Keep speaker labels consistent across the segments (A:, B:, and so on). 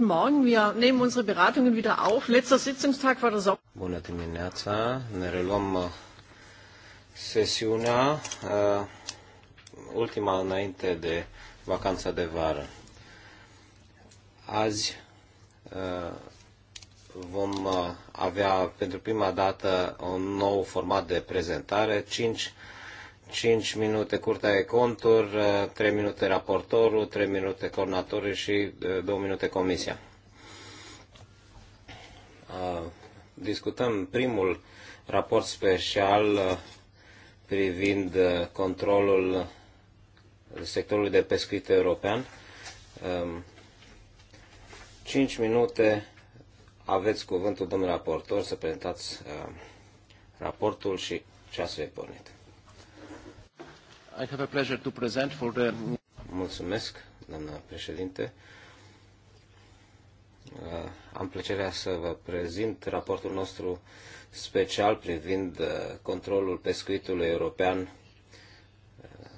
A: guten Morgen. Wir nehmen unsere Beratungen wieder auf. Letzter Sitzungstag vor der Sommer.
B: Bună dimineața. Ne reluăm uh, sesiunea, uh, ultima înainte de vacanța de vară. Azi uh, vom avea pentru prima dată un nou format de prezentare, 5 5 minute curtea de conturi, 3 eh, minute raportorul, 3 minute coordonatorii și 2 eh, minute comisia. Discutăm primul raport special eh, privind controlul sectorului de pescuit european. 5 ehm, minute aveți cuvântul, domnul raportor, să prezentați raportul și ceasul e pornit. I have a pleasure to present for the... Mulțumesc, doamna președinte. Uh, am plăcerea să vă prezint raportul nostru special privind uh, controlul pescuitului european, uh,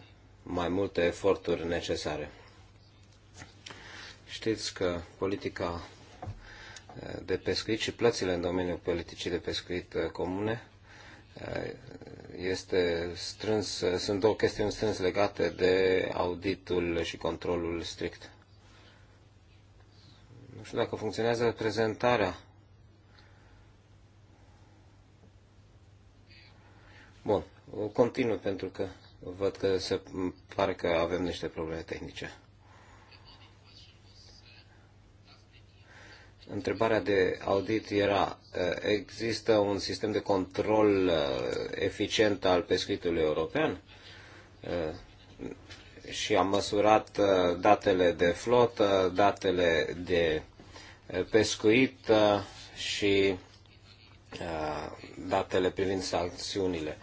B: mai multe eforturi necesare. Știți că politica de pescuit și plățile în domeniul politicii de pescuit comune este strâns, sunt două chestiuni strâns legate de auditul și controlul strict. Nu știu dacă funcționează prezentarea. Bun, continuu pentru că văd că se pare că avem niște probleme tehnice. Întrebarea de audit era, eh, există un sistem de control eh, eficient al pescuitului european? Eh, și am măsurat datele de flotă, datele de pescuit și datele privind sancțiunile.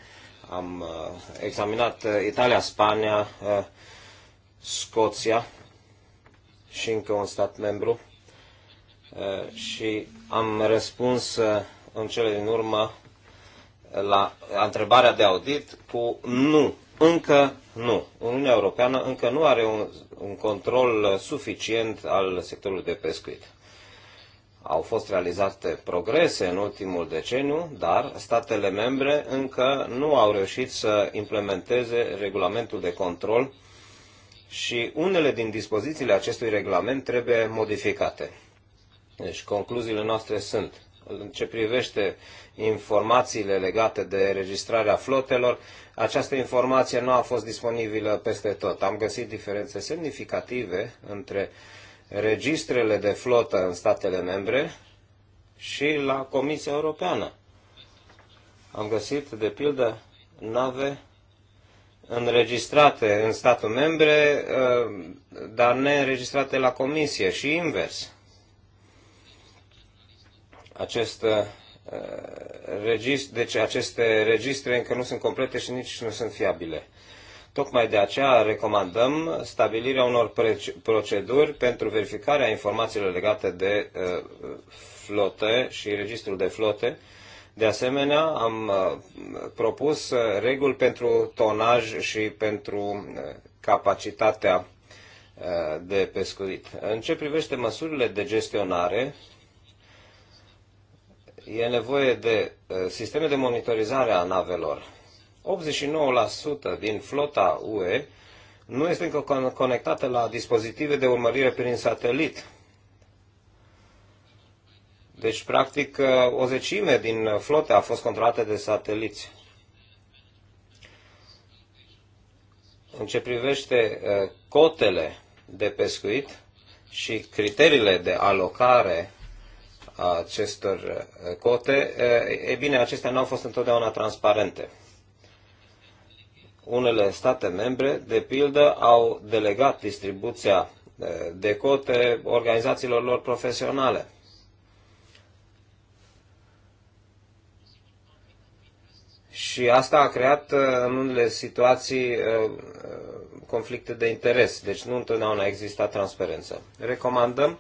B: Am examinat Italia, Spania, Scoția și încă un stat membru și am răspuns în cele din urmă la întrebarea de audit cu nu. Încă nu. Uniunea Europeană încă nu are un, un control suficient al sectorului de pescuit. Au fost realizate progrese în ultimul deceniu, dar statele membre încă nu au reușit să implementeze regulamentul de control și unele din dispozițiile acestui regulament trebuie modificate. Deci concluziile noastre sunt, în ce privește informațiile legate de registrarea flotelor, această informație nu a fost disponibilă peste tot. Am găsit diferențe semnificative între registrele de flotă în statele membre și la Comisia Europeană. Am găsit, de pildă, nave înregistrate în statul membre, ă, dar neînregistrate la Comisie și invers. Acest uh, registru, deci aceste registre încă nu sunt complete și nici nu sunt fiabile. Tocmai de aceea recomandăm stabilirea unor proceduri pentru verificarea informațiilor legate de uh, flote și registrul de flote. De asemenea, am uh, propus reguli pentru tonaj și pentru capacitatea de pescuit. În ce privește măsurile de gestionare, e nevoie de sisteme de monitorizare a navelor. 89% din flota UE nu este încă conectată la dispozitive de urmărire prin satelit. Deci, practic, o zecime din flote a fost controlată de sateliți. În ce privește cotele de pescuit și criteriile de alocare acestor uh, cote, uh, e bine, acestea nu au fost întotdeauna transparente. Unele state membre, de pildă, au delegat distribuția uh, de cote organizațiilor lor profesionale. Și asta a creat în unele situații conflicte de interes, deci nu întotdeauna existat transparență. Recomandăm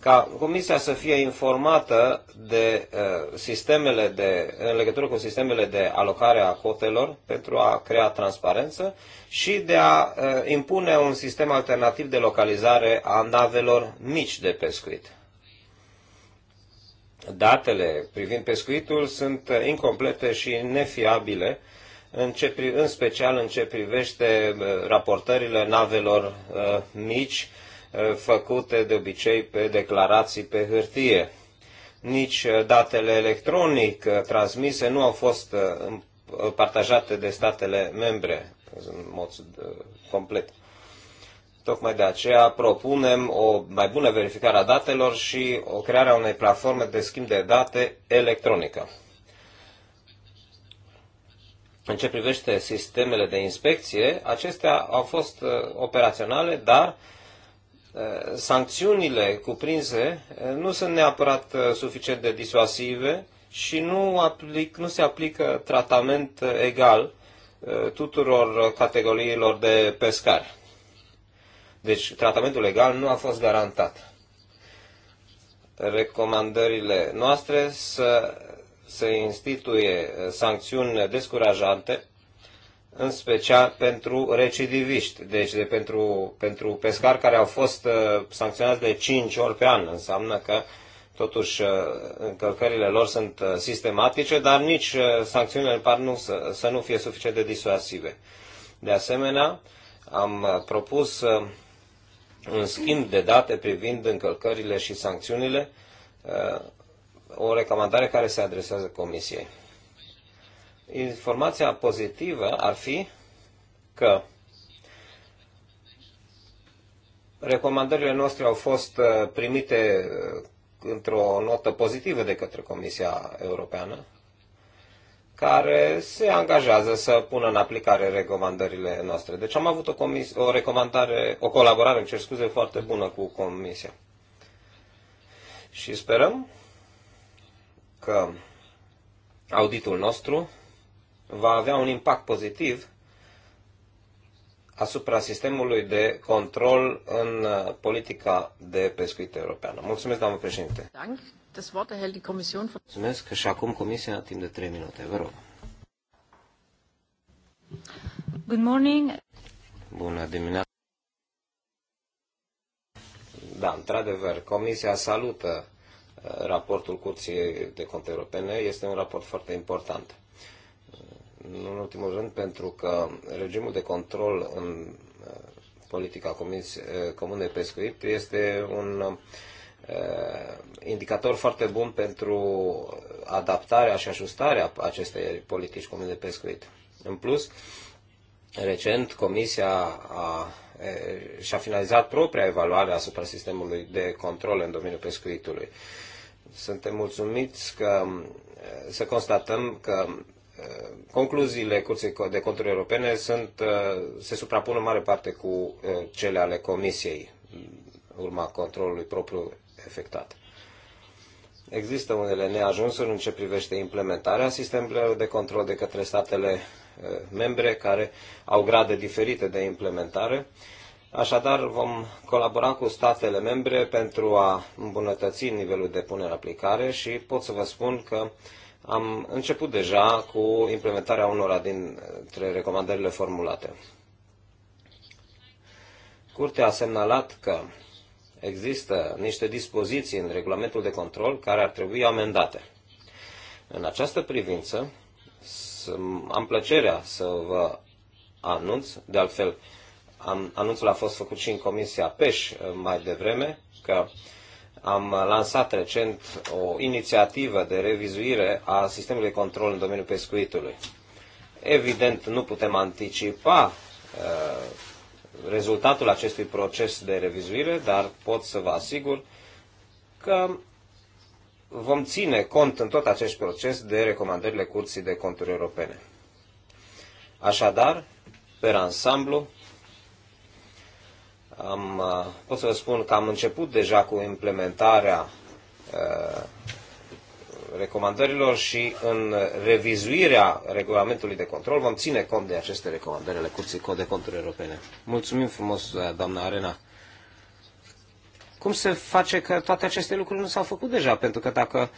B: ca Comisia să fie informată de uh, sistemele de, în legătură cu sistemele de alocare a cotelor pentru a crea transparență și de a uh, impune un sistem alternativ de localizare a navelor mici de pescuit. Datele privind pescuitul sunt uh, incomplete și nefiabile, în, ce, în special în ce privește uh, raportările navelor uh, mici, uh, Eh, făcute de obicei pe declarații pe hârtie. Nici eh, datele electronic eh, transmise nu au fost partajate de statele membre în mod complet. Tocmai de aceea propunem o mai bună verificare a datelor și o crearea unei platforme de schimb de date electronică. În ce privește sistemele de inspecție, acestea au fost operaționale, dar uh, Eh, sancțiunile cuprinse eh, nu sunt neapărat eh, suficient de disuasive și nu, aplic, nu se aplică tratament egal tuturor categoriilor de pescari. Deci tratamentul legal nu a fost garantat. Recomandările noastre să se instituie sancțiuni descurajante în special pentru recidiviști, deci de pentru, pentru pescari care au fost uh, sancționați de 5 ori pe an. Înseamnă că totuși uh, încălcările lor sunt uh, sistematice, dar nici sancțiunile par nu, să, să nu fie suficient de disuasive. De asemenea, am propus un schimb de date privind încălcările și sancțiunile, o recomandare care se adresează Comisiei informația pozitivă ar fi că recomandările noastre au fost uh, primite uh, într-o notă pozitivă de către Comisia Europeană, care se angajează să pună în aplicare recomandările noastre. Deci am avut o, comis- o recomandare, o colaborare, îmi cer scuze, foarte bună cu Comisia. Și sperăm că auditul nostru va avea un impact pozitiv asupra sistemului de control în uh, politica de pescuit europeană. Mulțumesc, doamnă președinte. Mulțumesc și acum Comisia timp de 3 minute. Vă rog.
C: Good morning.
B: Bună dimineața. Da, într-adevăr, Comisia salută uh, raportul Curții de Conte Europene. Este un raport foarte important nu în ultimul rând pentru că regimul de control în uh, politica uh, comunei pescuit este un uh, indicator foarte bun pentru adaptarea și ajustarea acestei politici comune de pescuit. În plus, recent Comisia a, e, și-a finalizat propria evaluare asupra sistemului de control în domeniul pescuitului. Suntem mulțumiți că să constatăm că Uh, concluziile Curții de Conturi Europene sunt, uh, se suprapun în mare parte cu uh, cele ale Comisiei, urma controlului propriu efectat. Există unele neajunsuri în ce privește implementarea sistemelor de control de către statele membre care au grade diferite de implementare. Așadar, vom colabora cu statele membre pentru a îmbunătăți nivelul de punere aplicare și pot să vă spun că uh, am început deja cu implementarea unora dintre recomandările formulate. Curtea a semnalat că există niște dispoziții în regulamentul de control care ar trebui amendate. În această privință, am plăcerea să vă anunț, de altfel, anunțul a fost făcut și în Comisia PEș uh, mai devreme, că uh, am lansat recent o inițiativă de revizuire a sistemului de control în domeniul pescuitului. Evident, nu putem anticipa uh, rezultatul acestui proces de revizuire, dar pot să vă asigur că vom ține cont în tot acest proces de recomandările Curții de Conturi Europene. Așadar, pe ansamblu, am, uh, pot să vă spun că am început deja cu implementarea uh, recomandărilor și în revizuirea regulamentului de control vom ține cont de aceste recomandări ale Curții de Conturi Europene. Mulțumim frumos, uh, doamna Arena. Cum se face că toate aceste lucruri nu s-au făcut deja? Pentru că dacă,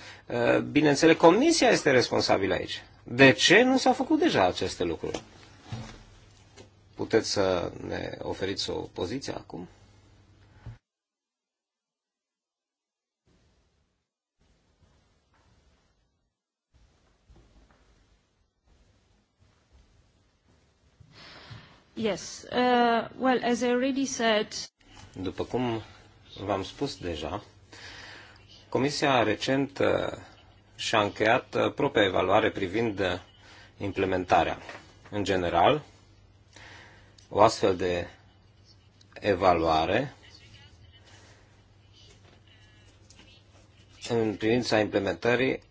B: bineînțeles, Comisia este responsabilă aici. De ce nu s-au făcut deja aceste lucruri? Puteți să ne oferiți o poziție acum?
C: Yes. Uh, well, as I already said...
B: După cum v-am spus deja, Comisia recent uh, și-a încheiat uh, propria evaluare privind uh, implementarea. În general, o astfel de evaluare în privința implementării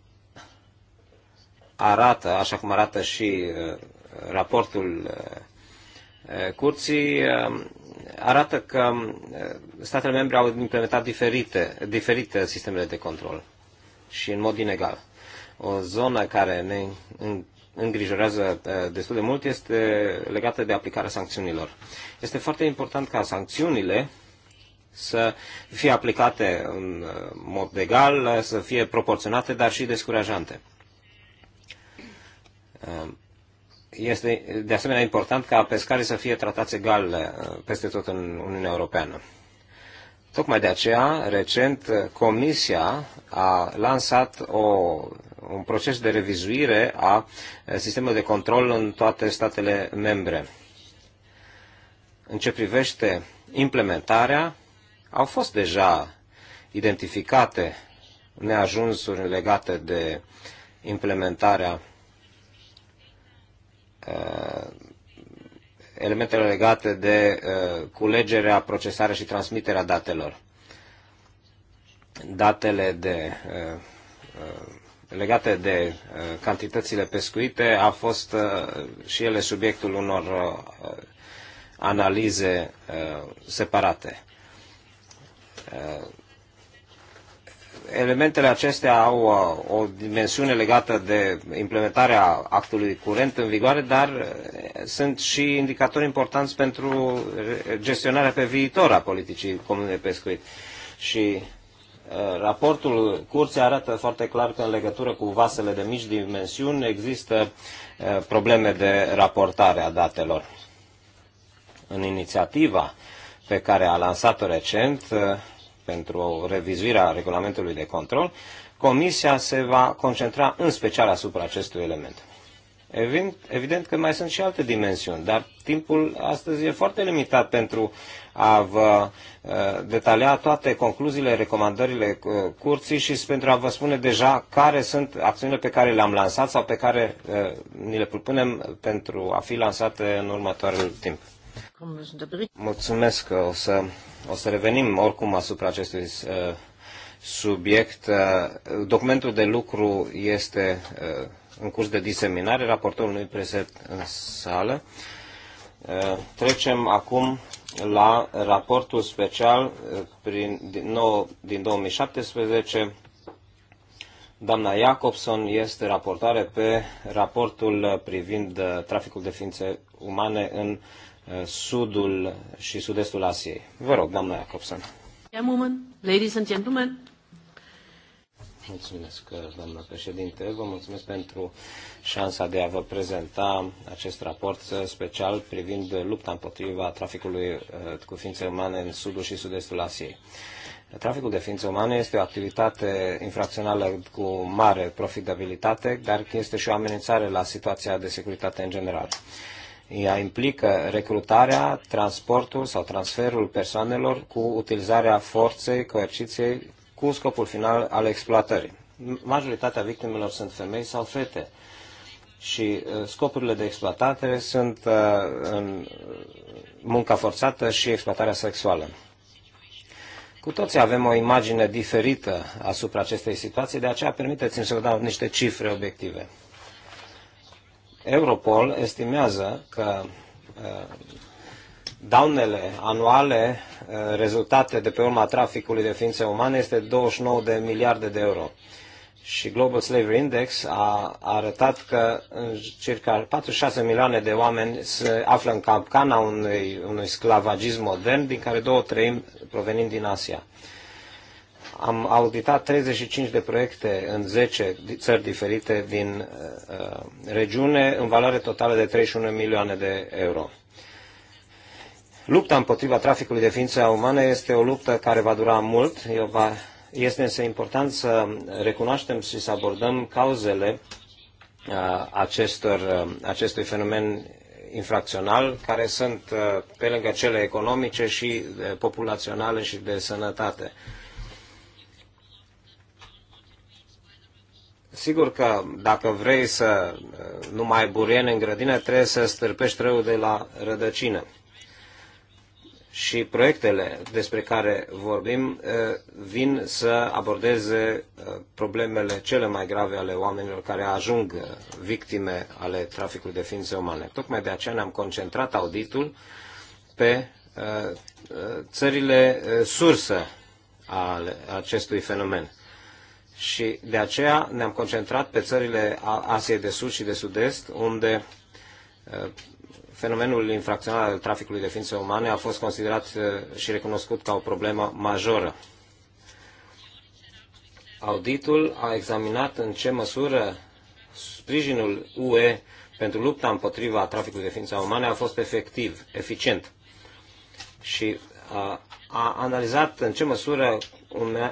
B: arată, așa cum arată și uh, raportul uh, uh, curții, arată că statele membre au implementat diferite, diferite sistemele de control și în mod inegal. O zonă care ne îngrijorează uh, destul de mult este legată de aplicarea sancțiunilor. Este foarte important ca sancțiunile să fie aplicate în uh, mod legal, uh, să fie proporționate, dar și descurajante. Este de asemenea important ca pescarii să fie tratați egal peste tot în Uniunea Europeană. Tocmai de aceea, recent, Comisia a lansat o un proces de revizuire a sistemului de control în toate statele membre. În ce privește implementarea, au fost deja identificate neajunsuri legate de implementarea uh, elementelor legate de uh, culegerea, procesarea și transmiterea datelor. Datele de uh, legate de uh, cantitățile pescuite a fost uh, și ele subiectul unor uh, analize separate. Elementele acestea au o dimensiune legată de implementarea actului curent în vigoare, dar sunt și indicatori importanți pentru gestionarea pe viitor a politicii comune de pescuit. Și Eh, raportul curții arată foarte clar că în legătură cu vasele de mici dimensiuni există eh, probleme de raportare a datelor. În inițiativa pe care a lansat-o recent eh, pentru revizuirea regulamentului de control, Comisia se va concentra în special asupra acestui element. Evident, evident că mai sunt și alte dimensiuni, dar timpul astăzi e foarte limitat pentru a vă uh, detalia toate concluziile, recomandările uh, curții și pentru a vă spune deja care sunt acțiunile pe care le-am lansat sau pe care uh, ni le propunem pentru a fi lansate în următoarele timp. Mulțumesc, că o să, o să revenim oricum asupra acestui subiect. Documentul de lucru este în curs de diseminare, raportorul nu-i prezent în sală. Trecem acum la raportul special eh, prin, din, nou, din 2017. Doamna Jacobson este raportare pe raportul eh, privind eh, traficul de ființe umane în sudul și sud-estul Asiei. Vă rog, doamna Jacobson. Gentlemen, ladies and gentlemen, Mulțumesc, doamnă președinte. Vă mulțumesc pentru șansa de a vă prezenta acest raport special privind lupta împotriva traficului uh, cu ființe umane în sudul și sud-estul Asiei. Traficul de ființe umane este o activitate infracțională cu mare profitabilitate, dar este și o amenințare la situația de securitate în general. Ea implică recrutarea, transportul sau transferul persoanelor cu utilizarea forței, coerciției, cu scopul final al exploatării. Majoritatea victimelor sunt femei sau fete și uh, scopurile de exploatare sunt uh, în munca forțată și exploatarea sexuală. Cu toții avem o imagine diferită asupra acestei situații, de aceea permiteți-mi să vă dau niște cifre obiective. Europol estimează că uh, Daunele anuale eh, rezultate de pe urma traficului de ființe umane este 29 de miliarde de euro. Și Global Slavery Index a arătat că circa 46 milioane de oameni se află în capcana unui, unui sclavagism modern, din care două treimi provenind din Asia. Am auditat 35 de proiecte în 10 țări diferite din uh, regiune, în valoare totală de 31 milioane de euro. Lupta împotriva traficului de ființe umane este o luptă care va dura mult. Este însă important să recunoaștem și să abordăm cauzele uh, acestor, uh, acestui fenomen infracțional, care sunt uh, pe lângă cele economice și populaționale și de sănătate. Sigur că dacă vrei să nu mai ai buriene în grădină, trebuie să stârpești răul de la rădăcină și proiectele despre care vorbim uh, vin să abordeze uh, problemele cele mai grave ale oamenilor care ajung uh, victime ale traficului de ființe umane. Tocmai de aceea ne-am concentrat auditul pe țările sursă ale acestui fenomen. Și de aceea ne-am concentrat pe țările Asiei de Sud și de Sud-Est, unde Fenomenul infracțional al traficului de ființe umane a fost considerat uh, și recunoscut ca o problemă majoră. Auditul a examinat în ce măsură sprijinul UE pentru lupta împotriva traficului de ființe umane a fost efectiv, eficient și uh, a, a analizat în ce măsură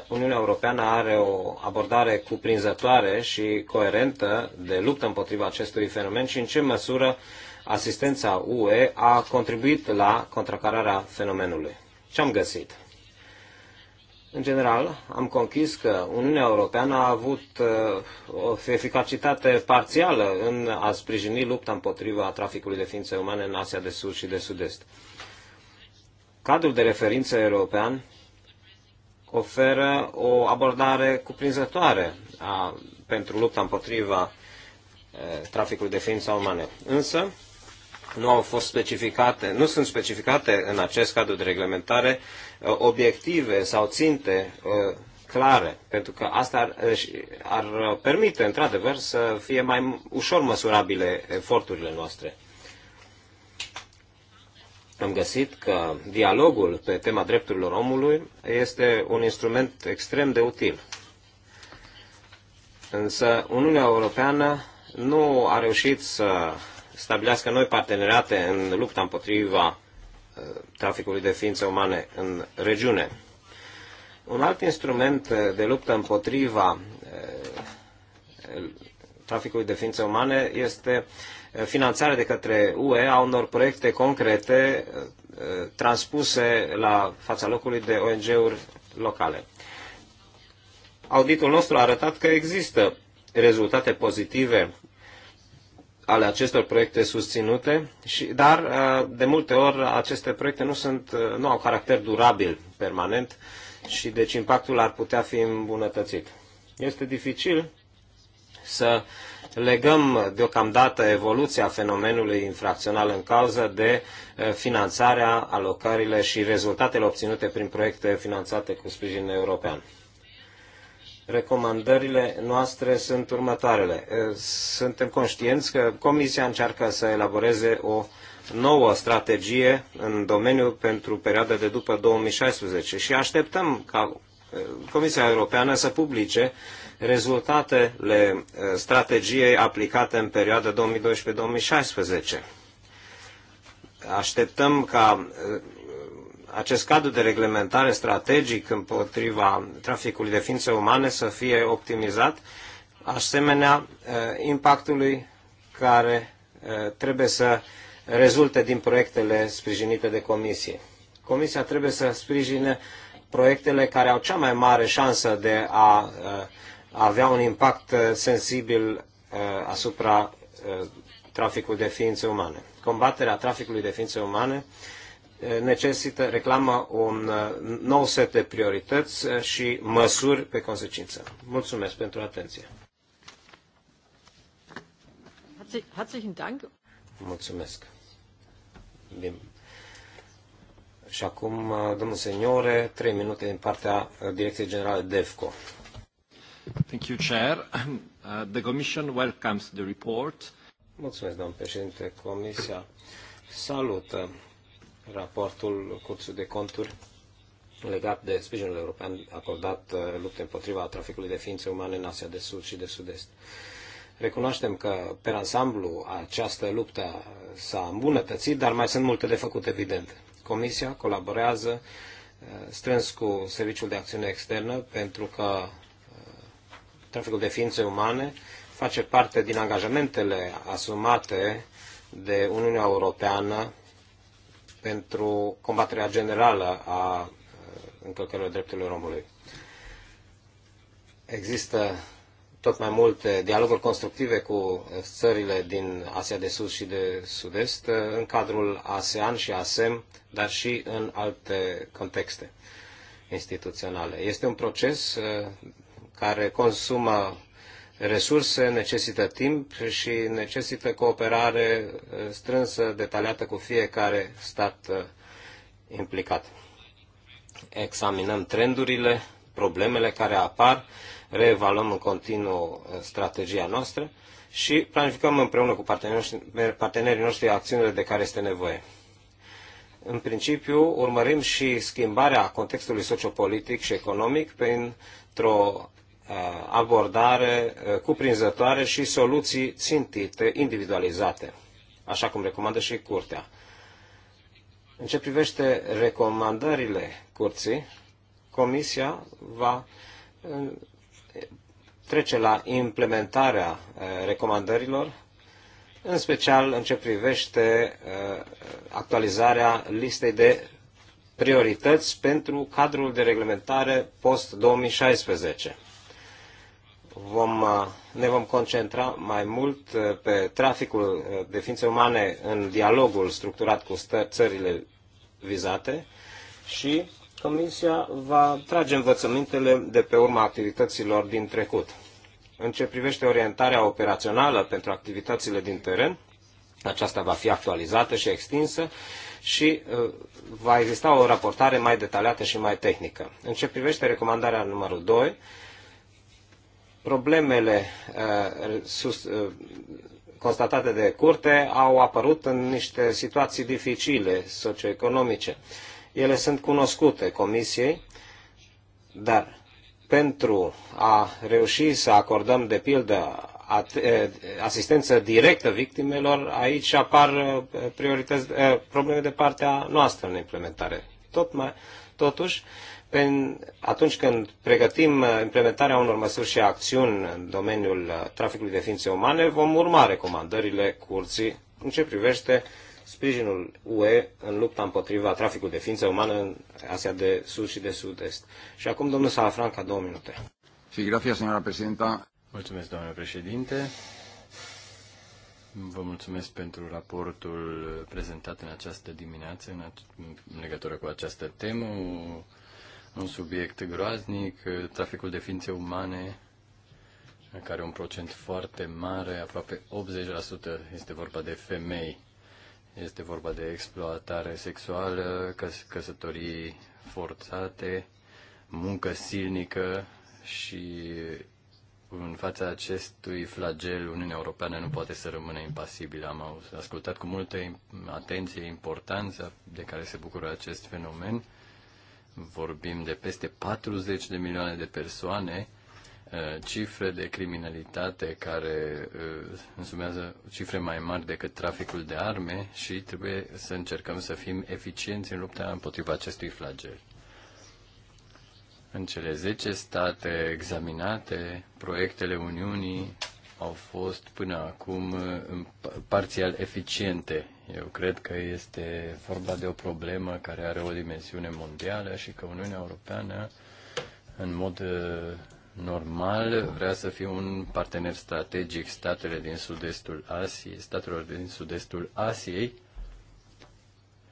B: Uniunea Europeană are o abordare cuprinzătoare și coerentă de luptă împotriva acestui fenomen și în ce măsură asistența UE a contribuit la contracararea fenomenului. Ce am găsit? În general, am conchis că Uniunea Europeană a avut uh, o eficacitate parțială în a sprijini lupta împotriva traficului de ființe umane în Asia de Sud și de Sud-Est. Cadrul de referință european oferă o abordare cuprinzătoare a, pentru lupta împotriva uh, traficului de ființe umane. Însă, nu au fost specificate, nu sunt specificate în acest cadru de reglementare uh, obiective sau ținte uh, clare, pentru că asta ar, ar uh, permite, într-adevăr, să fie mai ușor măsurabile eforturile noastre. Am găsit că dialogul pe tema drepturilor omului este un instrument extrem de util. Însă Uniunea Europeană nu a reușit să stabilească noi parteneriate în lupta împotriva uh, traficului de ființe umane în regiune. Un alt instrument uh, de luptă împotriva uh, traficului de ființe umane este finanțarea de către UE a unor proiecte concrete transpuse la fața locului de ONG-uri locale. Auditul nostru a arătat că există rezultate pozitive ale acestor proiecte susținute, și, dar uh, de multe ori aceste proiecte nu, sunt, uh, nu au caracter durabil permanent și deci impactul ar putea fi îmbunătățit. Este dificil să legăm deocamdată evoluția fenomenului infracțional în cauză de uh, finanțarea, alocările și rezultatele obținute prin proiecte finanțate cu sprijin european. Recomandările noastre sunt următoarele. Suntem conștienți că Comisia încearcă să elaboreze o nouă strategie în domeniu pentru perioada de după 2016 și așteptăm ca Comisia Europeană să publice rezultatele strategiei aplicate în perioada 2012-2016. Așteptăm ca acest cadru de reglementare strategic împotriva traficului de ființe umane să fie optimizat, asemenea impactului care trebuie să rezulte din proiectele sprijinite de comisie. Comisia trebuie să sprijine proiectele care au cea mai mare șansă de a avea un impact sensibil asupra traficului de ființe umane. Combaterea traficului de ființe umane necesită, reclamă un uh, nou set de priorități uh, și măsuri pe consecință. Mulțumesc pentru atenție.
A: Herzlichen Dank.
B: Mulțumesc. Bim. Și acum, uh, domnul seniore, trei minute din partea Direcției Generale DEFCO. Thank you, Chair. The Commission welcomes the report. Mulțumesc, domnul președinte. Comisia salută raportul Curții de Conturi legat de sprijinul european acordat uh, luptei împotriva traficului de ființe umane în Asia de Sud și de Sud-Est. Recunoaștem că, pe ansamblu, această luptă s-a îmbunătățit, dar mai sunt multe de făcut, evident. Comisia colaborează uh, strâns cu Serviciul de Acțiune Externă pentru că uh, traficul de ființe umane face parte din angajamentele asumate de Uniunea Europeană pentru combaterea generală a încălcărilor drepturilor omului. Există tot mai multe dialoguri constructive cu țările din Asia de Sud și de Sud-Est în cadrul ASEAN și ASEM, dar și în alte contexte instituționale. Este un proces uh, care consumă resurse, necesită timp și necesită cooperare eh, strânsă, detaliată cu fiecare stat eh, implicat. Examinăm trendurile, problemele care apar, reevaluăm în continuu eh, strategia noastră și planificăm împreună cu partenerii noștri acțiunile de care este nevoie. În principiu, urmărim și schimbarea contextului sociopolitic și economic printr-o abordare cuprinzătoare și soluții țintite, individualizate, așa cum recomandă și Curtea. În ce privește recomandările Curții, Comisia va trece la implementarea recomandărilor, în special în ce privește actualizarea listei de priorități pentru cadrul de reglementare post-2016 vom, uh, ne vom concentra mai mult uh, pe traficul uh, de ființe umane în dialogul structurat cu țările vizate și Comisia va trage învățămintele de pe urma activităților din trecut. În ce privește orientarea operațională pentru activitățile din teren, aceasta va fi actualizată și extinsă și va exista o raportare mai detaliată și mai tehnică. În ce privește recomandarea numărul 2, problemele uh, sus, uh, constatate de curte au apărut în niște situații dificile socioeconomice. Ele sunt cunoscute Comisiei, dar pentru a reuși să acordăm, de pildă, uh, asistență directă victimelor, aici apar priorități, probleme de partea noastră în implementare. Tot mai, totuși, atunci când pregătim uh, implementarea unor măsuri și acțiuni în domeniul uh, traficului de ființe umane, vom urma recomandările curții în ce privește sprijinul UE în lupta împotriva traficului de ființe umane în Asia de Sud și de Sud-Est. Și acum, domnul Salafranca, două minute.
A: Și grafia, senora președinta. Mulțumesc, domnule președinte. Vă mulțumesc pentru raportul prezentat în această dimineață în legătură cu această temă, un subiect groaznic, traficul de ființe umane, care un procent foarte mare, aproape 80% este vorba de femei. Este vorba de exploatare sexuală, căs- căsătorii forțate, muncă silnică și în fața acestui flagel Uniunea Europeană nu poate să rămână impasibilă. Am ascultat cu multă atenție importanța de care se bucură acest fenomen vorbim de peste 40 de milioane de persoane, uh, cifre de criminalitate care uh, însumează cifre mai mari decât traficul de arme și trebuie să încercăm să fim eficienți în lupta împotriva acestui flagel. În cele 10 state examinate, proiectele Uniunii au fost până acum uh, parțial eficiente eu cred că este vorba de o problemă care are o dimensiune mondială și că Uniunea Europeană, în mod uh, normal, vrea să fie un partener strategic statele din sud-estul Asiei, statelor din sud-estul Asiei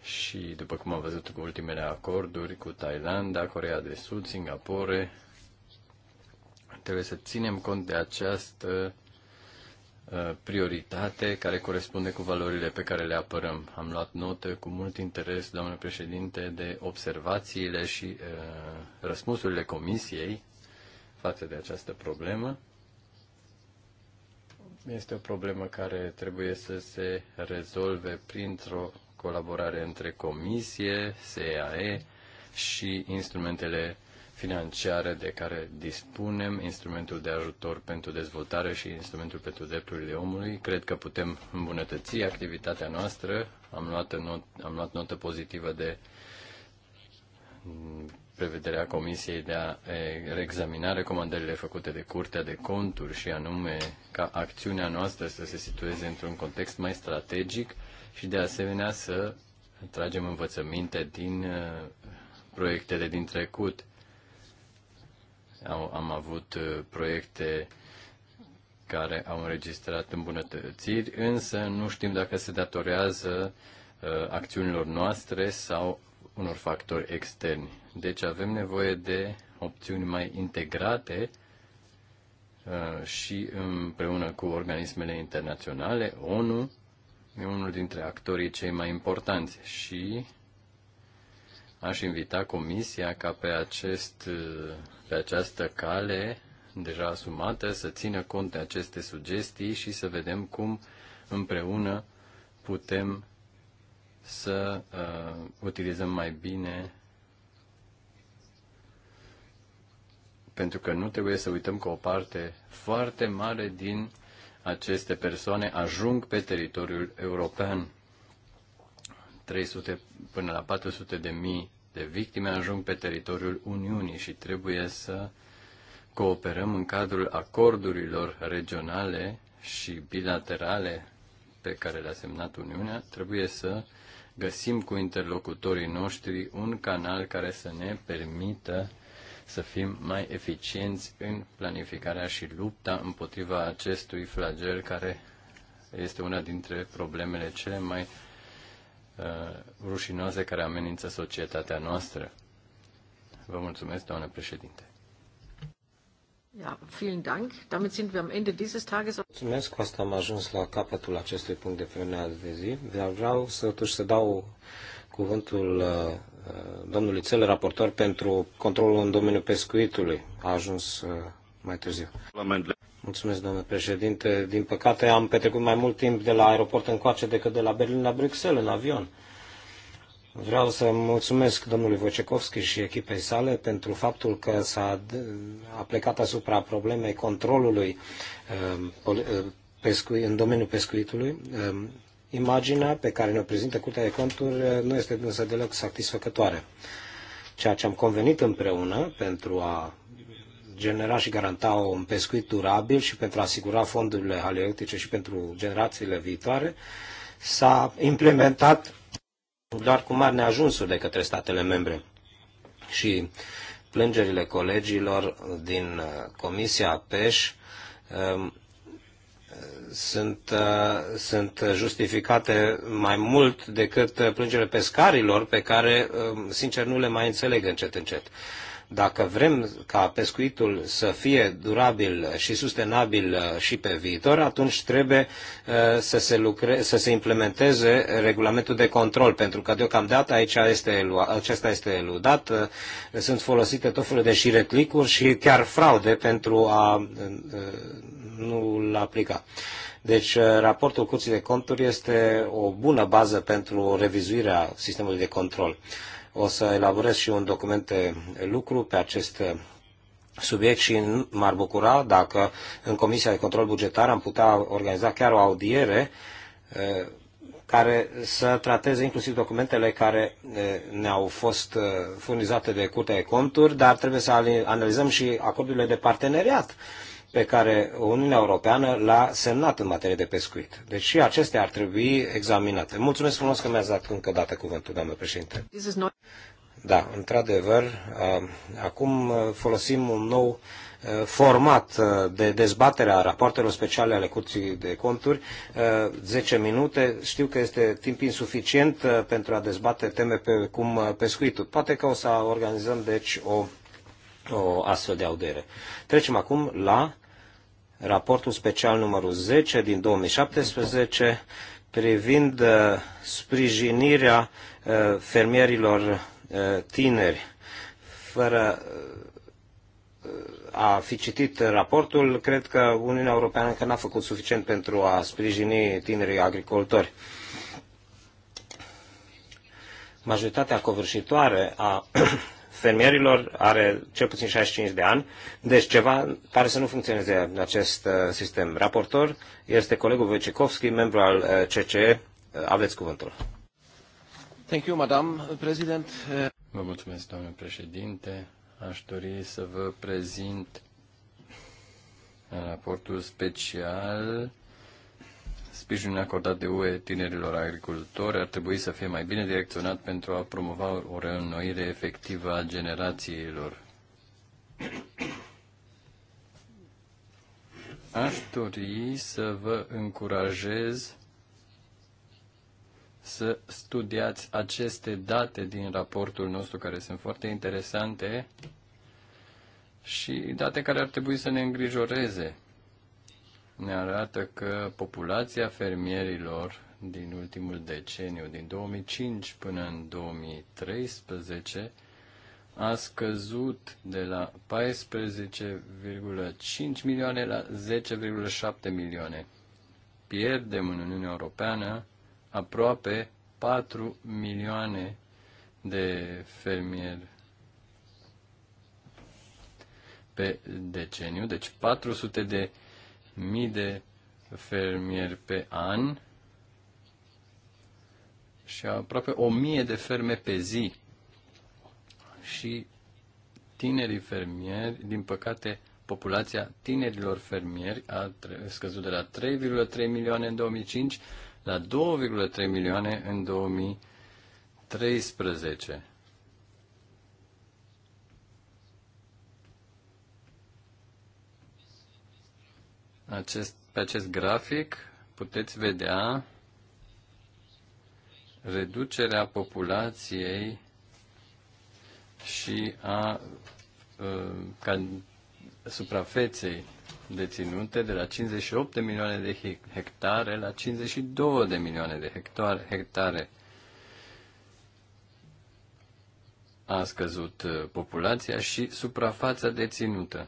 A: și, după cum am văzut cu ultimele acorduri cu Thailanda, Corea de Sud, Singapore, trebuie să ținem cont de această Uh, prioritate care corespunde cu valorile pe care le apărăm. Am luat note cu mult interes, doamnă președinte, de observațiile și uh, răspunsurile comisiei față de această problemă. Este o problemă care trebuie să se rezolve printr-o colaborare între comisie, SEAE și instrumentele financiare de care dispunem, instrumentul de ajutor pentru dezvoltare și instrumentul pentru drepturile omului. Cred că putem îmbunătăți activitatea noastră. Am luat, not, am luat notă pozitivă de prevederea Comisiei de a reexaminare recomandările făcute de Curtea de Conturi și anume ca acțiunea noastră să se situeze într-un context mai strategic și de asemenea să tragem învățăminte din uh, proiectele din trecut au, am avut uh, proiecte care au înregistrat îmbunătățiri, însă nu știm dacă se datorează uh, acțiunilor noastre sau unor factori externi. Deci avem nevoie de opțiuni mai integrate uh, și împreună cu organismele internaționale, ONU, e unul dintre actorii cei mai importanți și Aș invita Comisia ca pe, acest, pe această cale deja asumată să țină cont de aceste sugestii și să vedem cum împreună putem să uh, utilizăm mai bine pentru că nu trebuie să uităm că o parte foarte mare din aceste persoane ajung pe teritoriul european 300 până la 400 de mii de victime ajung pe teritoriul Uniunii și trebuie să cooperăm în cadrul acordurilor regionale și bilaterale pe care le-a semnat Uniunea, trebuie să găsim cu interlocutorii noștri un canal care să ne permită să fim mai eficienți în planificarea și lupta împotriva acestui flagel care este una dintre problemele cele mai Uh, rușinoase care amenință societatea noastră. Vă mulțumesc, doamnă președinte. Ja, vielen Dank. Damit sind wir am Ende dieses Tages. Mulțumesc, cu asta am ajuns la capătul
B: acestui punct de plenare de zi. Dar vreau să, totuși, să dau cuvântul uh, uh, domnului Țel, raportor pentru controlul în domeniul pescuitului. A ajuns uh, mai târziu. Mulțumesc, doamnă președinte. Din păcate am petrecut mai mult timp de la aeroport încoace decât de la Berlin la Bruxelles, în avion. Vreau să mulțumesc domnului Wojciechowski și echipei sale pentru faptul că s-a a plecat asupra problemei controlului um, uh, în domeniul pescuitului. Um, imaginea pe care ne-o prezintă Curtea de Conturi uh, nu este însă deloc satisfăcătoare. Ceea ce am convenit împreună pentru a genera și garanta un pescuit durabil și pentru a asigura fondurile haleutice și pentru generațiile viitoare, s-a implementat doar cu mari neajunsuri de către statele membre. Și plângerile colegilor din uh, Comisia PEș um, sunt, uh, sunt justificate mai mult decât plângerile pescarilor pe care, um, sincer, nu le mai înțeleg încet încet. Dacă vrem ca pescuitul să fie durabil și sustenabil uh, și pe viitor, atunci trebuie uh, să se, lucre, să se implementeze regulamentul de control, pentru că deocamdată aici este, acesta este eludat, uh, sunt folosite tot felul de șireclicuri și chiar fraude pentru a nu-l aplica. Deci, raportul Curții de Conturi este o bună bază pentru revizuirea sistemului de control. O să elaborez și un document de lucru pe acest uh, subiect și m-ar bucura dacă în Comisia de Control Bugetar am putea organiza chiar o audiere uh, care să trateze inclusiv documentele care uh, ne-au fost furnizate de Curtea de Conturi, dar trebuie să analizăm și acordurile de parteneriat pe care Uniunea Europeană l-a semnat în materie de pescuit. Deci și acestea ar trebui examinate. Mulțumesc frumos că mi-ați dat încă o dată cuvântul, doamnă președinte. Da, într-adevăr, uh, acum uh, folosim un nou uh, format de dezbatere a rapoartelor speciale ale Curții de Conturi, 10 minute. Știu că este timp insuficient pentru a dezbate teme pe cum pescuitul. Poate că o să organizăm, deci, o o astfel de audiere. Trecem acum la raportul special numărul 10 din 2017 privind uh, sprijinirea uh, fermierilor uh, tineri. Fără a fi citit raportul, cred că Uniunea Europeană încă n-a făcut suficient pentru a sprijini tinerii agricultori. Majoritatea covârșitoare a fermierilor are cel puțin 65 de ani, deci ceva pare să nu funcționeze în acest uh, sistem. Raportor este colegul Wojciechowski, membru al uh, CCE. Uh, aveți cuvântul. Thank you, Madam President.
A: Vă mulțumesc, domnule președinte. Aș dori să vă prezint raportul special Sprijinul acordat de UE tinerilor agricultori ar trebui să fie mai bine direcționat pentru a promova o reînnoire efectivă a generațiilor. Aș dori să vă încurajez să studiați aceste date din raportul nostru, care sunt foarte interesante și date care ar trebui să ne îngrijoreze ne arată că populația fermierilor din ultimul deceniu, din 2005 până în 2013, a scăzut de la 14,5 milioane la 10,7 milioane. Pierdem în Uniunea Europeană aproape 4 milioane de fermieri pe deceniu, deci 400 de mii de fermieri pe an și aproape o mie de ferme pe zi. Și tinerii fermieri, din păcate, populația tinerilor fermieri a scăzut de la 3,3 milioane în 2005 la 2,3 milioane în 2013. acest, pe acest grafic puteți vedea reducerea populației și a ă, ca, suprafeței deținute de la 58 de milioane de hectare la 52 de milioane de hectare. hectare. A scăzut ă, populația și suprafața deținută.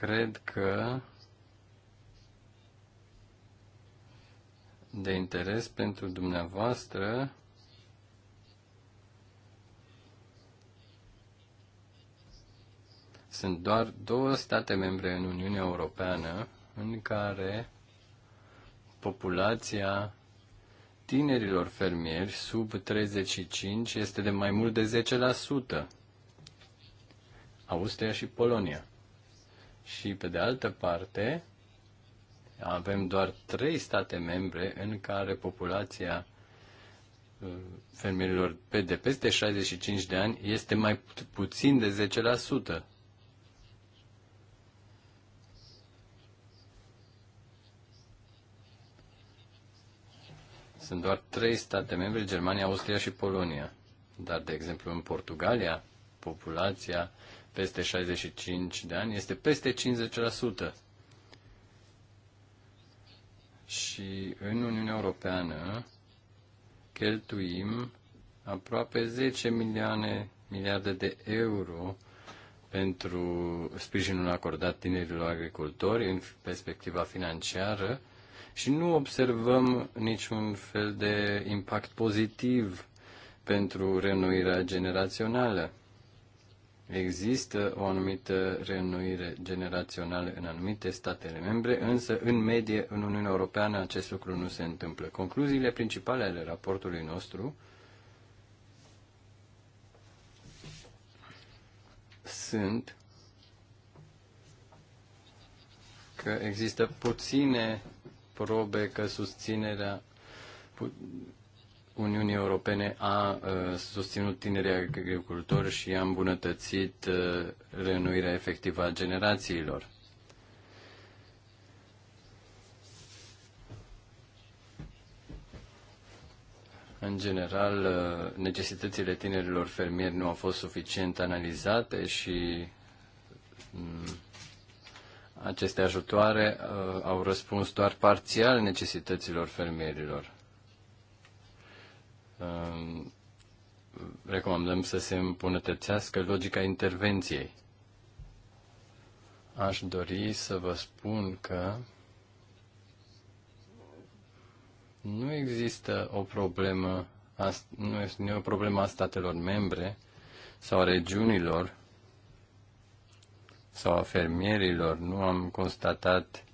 A: cred că de interes pentru dumneavoastră sunt doar două state membre în Uniunea Europeană în care populația tinerilor fermieri sub 35 este de mai mult de 10%. Austria și Polonia și pe de altă parte avem doar trei state membre în care populația uh, fermierilor pe de peste 65 de ani este mai puțin de 10%. Sunt doar trei state membre, Germania, Austria și Polonia. Dar, de exemplu, în Portugalia, populația peste 65 de ani este peste 50%. Și în Uniunea Europeană cheltuim aproape 10 milioane, miliarde de euro pentru sprijinul acordat tinerilor agricultori în perspectiva financiară și nu observăm niciun fel de impact pozitiv pentru renuirea generațională. Există o anumită reînnoire generațională în anumite statele membre, însă, în medie, în Uniunea Europeană, acest lucru nu se întâmplă. Concluziile principale ale raportului nostru sunt că există puține probe că susținerea Uniunii Europene a susținut tinerii agricultori și a îmbunătățit reînnoirea efectivă a generațiilor. În general, necesitățile tinerilor fermieri nu au fost suficient analizate și aceste ajutoare au răspuns doar parțial necesităților fermierilor. Um, recomandăm să se îmbunătățească logica intervenției. Aș dori să vă spun că nu există o problemă, nu este o problemă a statelor membre sau a regiunilor sau a fermierilor. Nu am constatat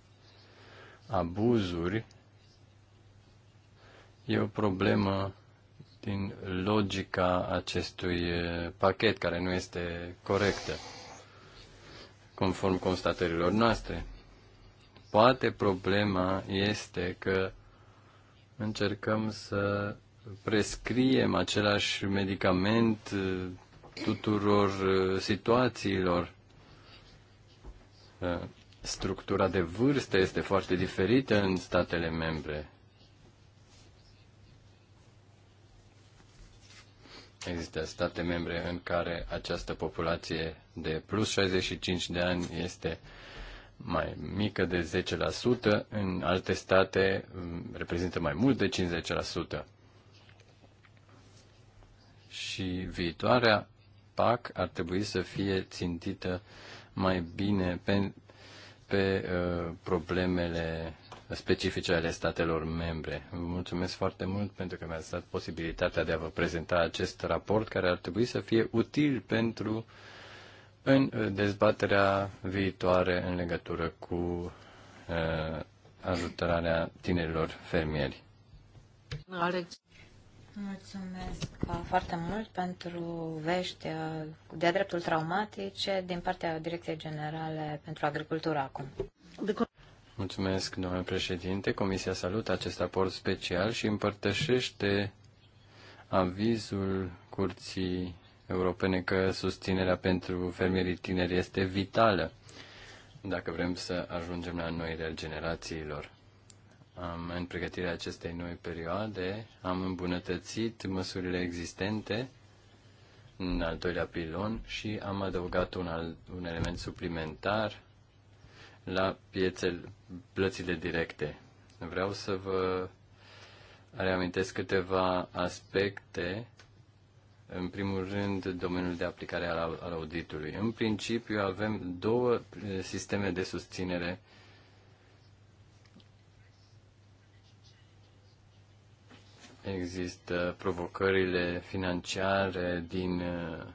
A: abuzuri. E o problemă din logica acestui eh, pachet, care nu este corectă, conform constatărilor noastre. Poate problema este că încercăm să prescriem același medicament eh, tuturor eh, situațiilor. Structura de vârstă este foarte diferită în statele membre Există state membre în care această populație de plus 65 de ani este mai mică de 10%, în alte state mm, reprezintă mai mult de 50%. Și viitoarea PAC ar trebui să fie țintită mai bine pe, pe uh, problemele specifice ale statelor membre. Vă mulțumesc foarte mult pentru că mi-ați dat posibilitatea de a vă prezenta acest raport care ar trebui să fie util pentru în uh, dezbaterea viitoare în legătură cu uh, ajutorarea tinerilor fermieri. Alex.
C: Mulțumesc uh, foarte mult pentru vești uh, de-a dreptul traumatice din partea Direcției Generale pentru Agricultură acum.
A: Mulțumesc, domnule președinte. Comisia salută acest raport special și împărtășește avizul Curții Europene că susținerea pentru fermierii tineri este vitală dacă vrem să ajungem la noile generațiilor. Am, în pregătirea acestei noi perioade am îmbunătățit măsurile existente în al doilea pilon și am adăugat un, alt, un element suplimentar la piețele plățile directe. Vreau să vă reamintesc câteva aspecte. În primul rând, domeniul de aplicare al, al auditului. În principiu, avem două eh, sisteme de susținere există provocările financiare din eh,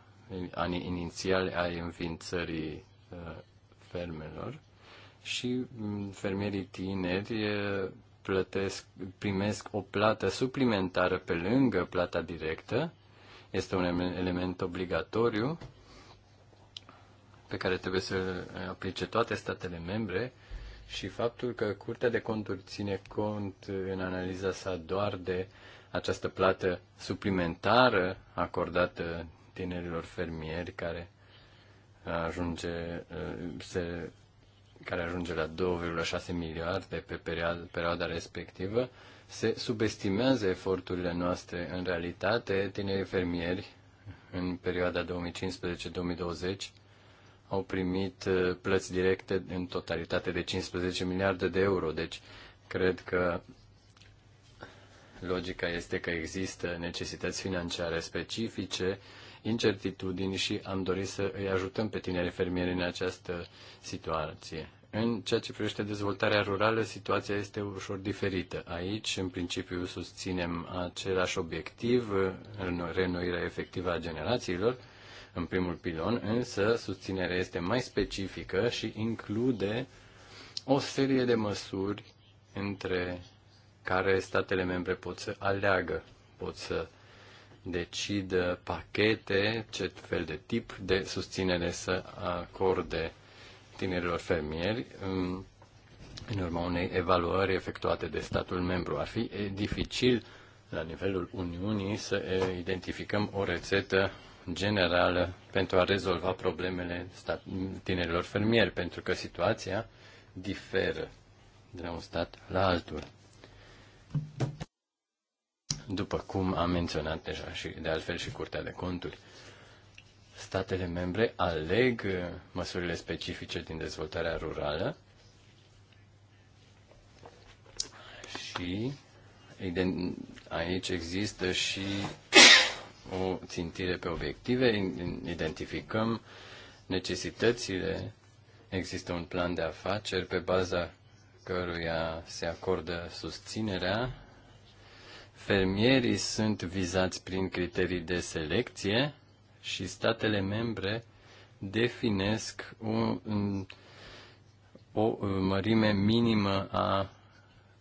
A: anii inițiali ai înființării eh, fermelor și mm, fermierii tineri plătesc, primesc o plată suplimentară pe lângă plata directă. Este un element obligatoriu pe care trebuie să aplice toate statele membre și faptul că Curtea de Conturi ține cont în analiza sa doar de această plată suplimentară acordată tinerilor fermieri care ajunge, se care ajunge la 2,6 miliarde pe perioada respectivă, se subestimează eforturile noastre. În realitate, tinerii fermieri în perioada 2015-2020 au primit uh, plăți directe în totalitate de 15 miliarde de euro. Deci, cred că logica este că există necesități financiare specifice, incertitudini și am dorit să îi ajutăm pe tineri fermieri în această situație. În ceea ce privește dezvoltarea rurală, situația este ușor diferită. Aici, în principiu, susținem același obiectiv, renoirea efectivă a generațiilor, în primul pilon, însă susținerea este mai specifică și include o serie de măsuri între care statele membre pot să aleagă, pot să decidă pachete, ce fel de tip de susținere să acorde tinerilor fermieri în urma unei evaluări efectuate de statul membru. Ar fi dificil la nivelul Uniunii să identificăm o rețetă generală pentru a rezolva problemele tinerilor fermieri, pentru că situația diferă de la un stat la altul. După cum am menționat deja și de altfel și Curtea de Conturi statele membre aleg uh, măsurile specifice din dezvoltarea rurală și aici există și o țintire pe obiective, identificăm necesitățile, există un plan de afaceri pe baza căruia se acordă susținerea. Fermierii sunt vizați prin criterii de selecție, și statele membre definesc o, o uh, mărime minimă a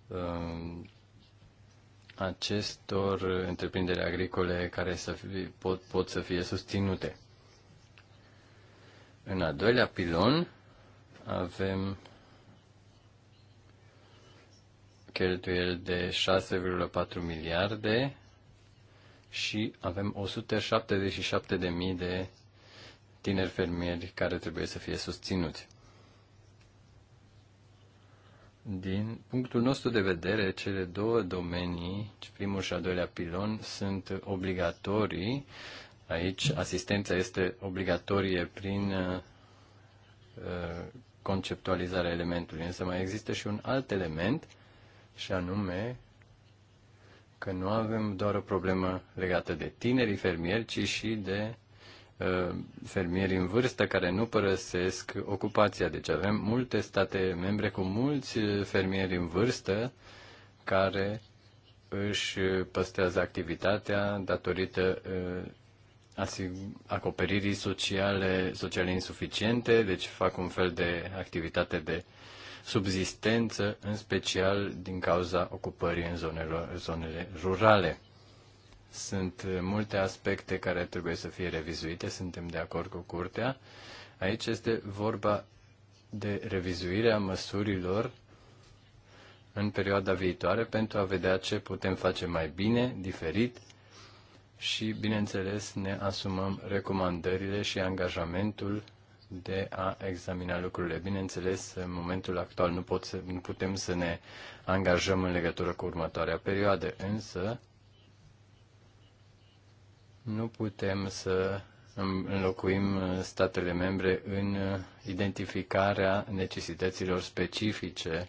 A: um, acestor întreprinderi agricole care să fie, pot, pot să fie susținute. În al doilea pilon avem cheltuieli de 6,4 miliarde și avem 177.000 de tineri fermieri care trebuie să fie susținuți. Din punctul nostru de vedere, cele două domenii, primul și al doilea pilon, sunt obligatorii. Aici asistența este obligatorie prin uh, conceptualizarea elementului, însă mai există și un alt element, și anume că nu avem doar o problemă legată de tinerii fermieri, ci și de uh, fermieri în vârstă care nu părăsesc ocupația. Deci avem multe state membre cu mulți uh, fermieri în vârstă care își păstrează activitatea datorită uh, acoperirii sociale, sociale insuficiente, deci fac un fel de activitate de subzistență, în special din cauza ocupării în zonele, zonele rurale. Sunt multe aspecte care trebuie să fie revizuite, suntem de acord cu curtea. Aici este vorba de revizuirea măsurilor în perioada viitoare pentru a vedea ce putem face mai bine, diferit și, bineînțeles, ne asumăm recomandările și angajamentul de a examina lucrurile. Bineînțeles, în momentul actual nu, pot să, nu putem să ne angajăm în legătură cu următoarea perioadă, însă nu putem să înlocuim statele membre în identificarea necesităților specifice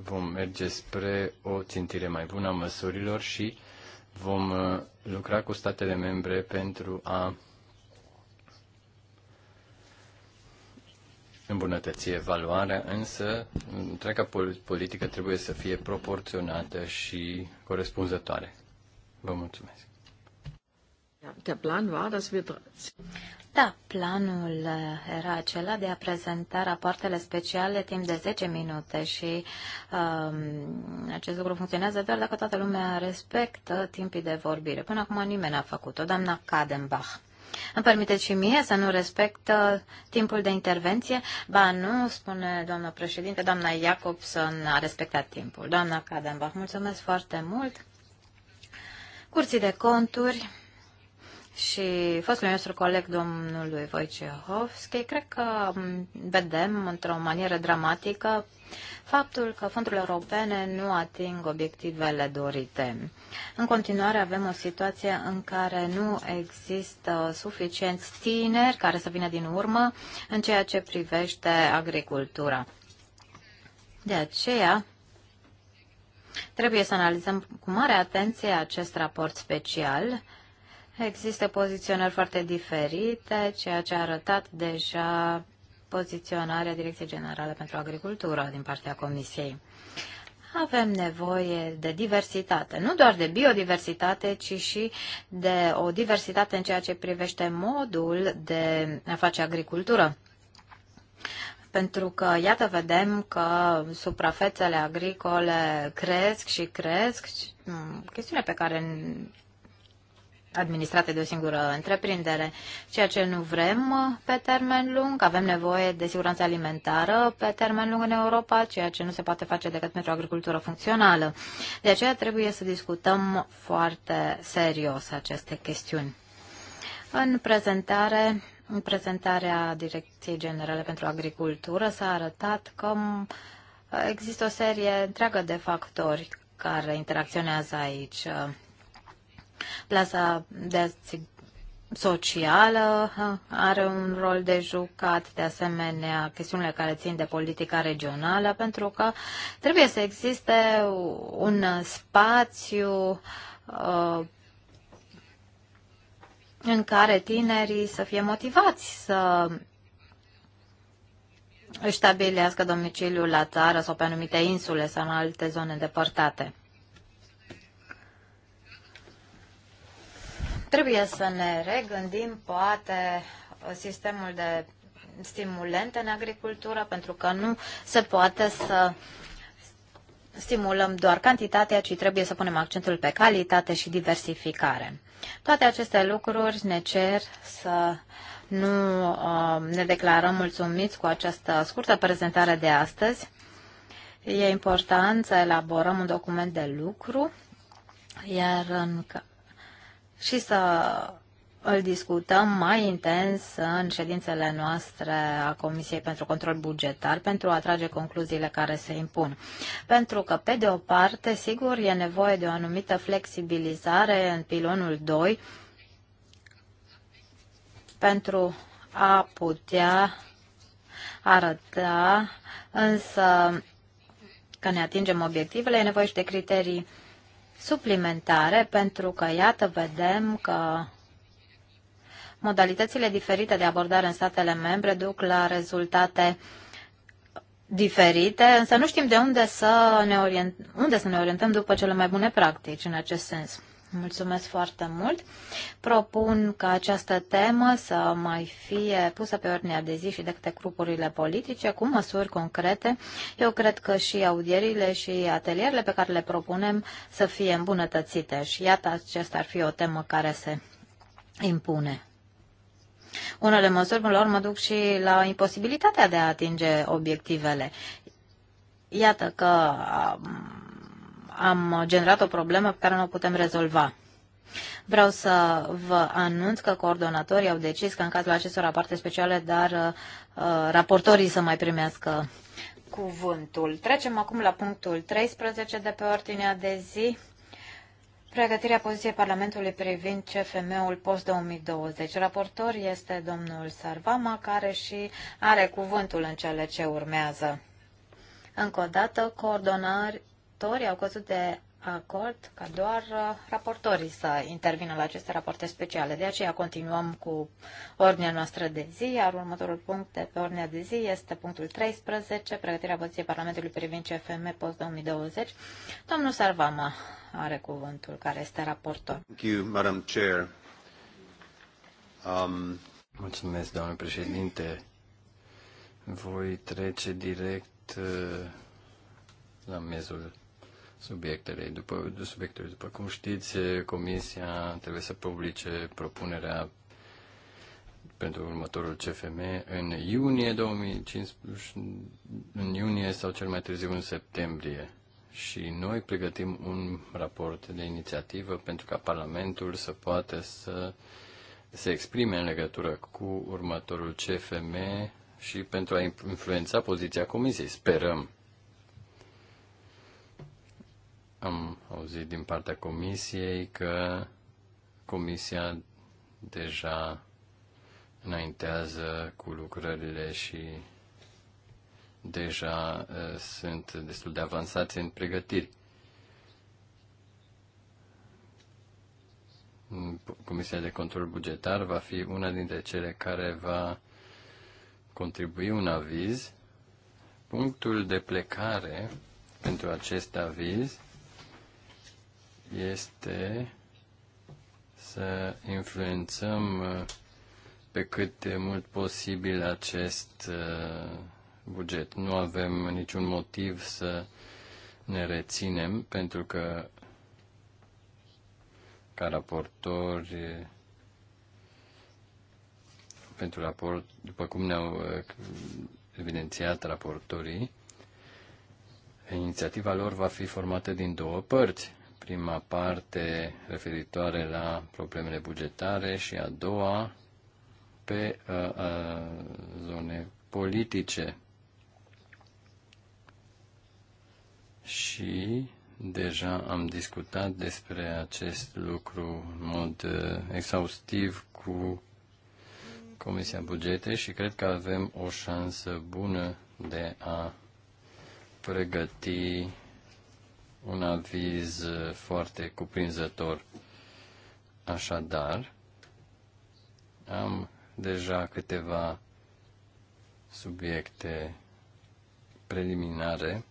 A: vom merge spre o țintire mai bună a măsurilor și vom uh, lucra cu statele membre pentru a îmbunătăți evaluarea, însă întreaga politică trebuie să fie proporționată și corespunzătoare. Vă mulțumesc. Der Plan war, dass wir
C: da, planul uh, era acela de a prezenta rapoartele speciale timp de 10 minute și um, acest lucru funcționează doar dacă toată lumea respectă timpii de vorbire. Până acum nimeni n-a făcut-o. Doamna Kadenbach. Îmi permiteți și mie să nu respect uh, timpul de intervenție? Ba nu, spune doamna președinte, doamna Iacobson a respectat timpul. Doamna Kadenbach, mulțumesc foarte mult. Curții de conturi, și fostul nostru coleg domnului Wojciechowski, cred că vedem într-o manieră dramatică faptul că fondurile europene nu ating obiectivele dorite. În continuare avem o situație în care nu există suficienți tineri care să vină din urmă în ceea ce privește agricultura. De aceea, trebuie să analizăm cu mare atenție acest raport special Există poziționări foarte diferite, ceea ce a arătat deja poziționarea Direcției Generale pentru Agricultură din partea Comisiei. Avem nevoie de diversitate, nu doar de biodiversitate, ci și de o diversitate în ceea ce privește modul de a face agricultură pentru că, iată, vedem că suprafețele agricole cresc și cresc, chestiune pe care administrate de o singură întreprindere, ceea ce nu vrem uh, pe termen lung. Avem nevoie de siguranță alimentară pe termen lung în Europa, ceea ce nu se poate face decât pentru o agricultură funcțională. De aceea trebuie să discutăm foarte serios aceste chestiuni. În prezentare, în prezentarea Direcției Generale pentru Agricultură s-a arătat că um, există o serie întreagă de factori care interacționează aici. Plasa de socială are un rol de jucat, de asemenea chestiunile care țin de politica regională, pentru că trebuie să existe un spațiu uh, în care tinerii să fie motivați să își stabilească domiciliul la țară sau pe anumite insule sau în alte zone depărtate. Trebuie să ne regândim, poate, sistemul de stimulente în agricultură, pentru că nu se poate să stimulăm doar cantitatea, ci trebuie să punem accentul pe calitate și diversificare. Toate aceste lucruri ne cer să nu uh, ne declarăm mulțumiți cu această scurtă prezentare de astăzi. E important să elaborăm un document de lucru, iar în și să îl discutăm mai intens în ședințele noastre a Comisiei pentru Control Bugetar pentru a trage concluziile care se impun. Pentru că, pe de o parte, sigur, e nevoie de o anumită flexibilizare în pilonul 2 pentru a putea arăta, însă când ne atingem obiectivele, e nevoie și de criterii suplimentare, pentru că, iată, vedem că modalitățile diferite de abordare în statele membre duc la rezultate diferite, însă nu știm de unde să ne, orientăm, unde să ne orientăm după cele mai bune practici în acest sens. Mulțumesc foarte mult. Propun ca această temă să mai fie pusă pe ordinea de zi și de câte grupurile politice cu măsuri concrete. Eu cred că și audierile și atelierele pe care le propunem să fie îmbunătățite și iată aceasta ar fi o temă care se impune. Unele măsuri, până la urmă, duc și la imposibilitatea de a atinge obiectivele. Iată că am generat o problemă pe care nu o putem rezolva. Vreau să vă anunț că coordonatorii au decis că în cazul acestor rapoarte speciale, dar uh, raportorii să mai primească cuvântul. Trecem acum la punctul 13 de pe ordinea de zi. Pregătirea poziției Parlamentului privind CFM-ul post-2020. Raportor este domnul Sarvama, care și are cuvântul în cele ce urmează. Încă o dată, coordonari, raportori au căzut de acord ca doar uh, raportorii să intervină la aceste rapoarte speciale. De aceea continuăm cu ordinea noastră de zi, iar următorul punct de pe ordinea de zi este punctul 13, pregătirea poziției Parlamentului privind CFM post-2020. Domnul Sarvama are cuvântul, care este raportor.
A: Thank you, Madam Chair. Um... Mulțumesc, doamne președinte. Voi trece direct uh, la mezul subiectele. După, subiectele. după cum știți, Comisia trebuie să publice propunerea pentru următorul CFM în iunie 2015, în iunie sau cel mai târziu în septembrie. Și noi pregătim un raport de inițiativă pentru ca Parlamentul să poată să se exprime în legătură cu următorul CFM și pentru a influența poziția Comisiei. Sperăm. Am auzit din partea comisiei că comisia deja înaintează cu lucrările și deja uh, sunt destul de avansați în pregătiri. Comisia de control bugetar va fi una dintre cele care va contribui un aviz. Punctul de plecare pentru acest aviz este să influențăm uh, pe cât de mult posibil acest uh, buget. Nu avem niciun motiv să ne reținem, pentru că ca raportori pentru raport, după cum ne-au uh, evidențiat raportorii, inițiativa lor va fi formată din două părți prima parte referitoare la problemele bugetare și a doua pe a, a, zone politice. Și deja am discutat despre acest lucru în mod exhaustiv cu Comisia Bugete și cred că avem o șansă bună de a pregăti un aviz uh, foarte cuprinzător. Așadar, am deja câteva subiecte preliminare.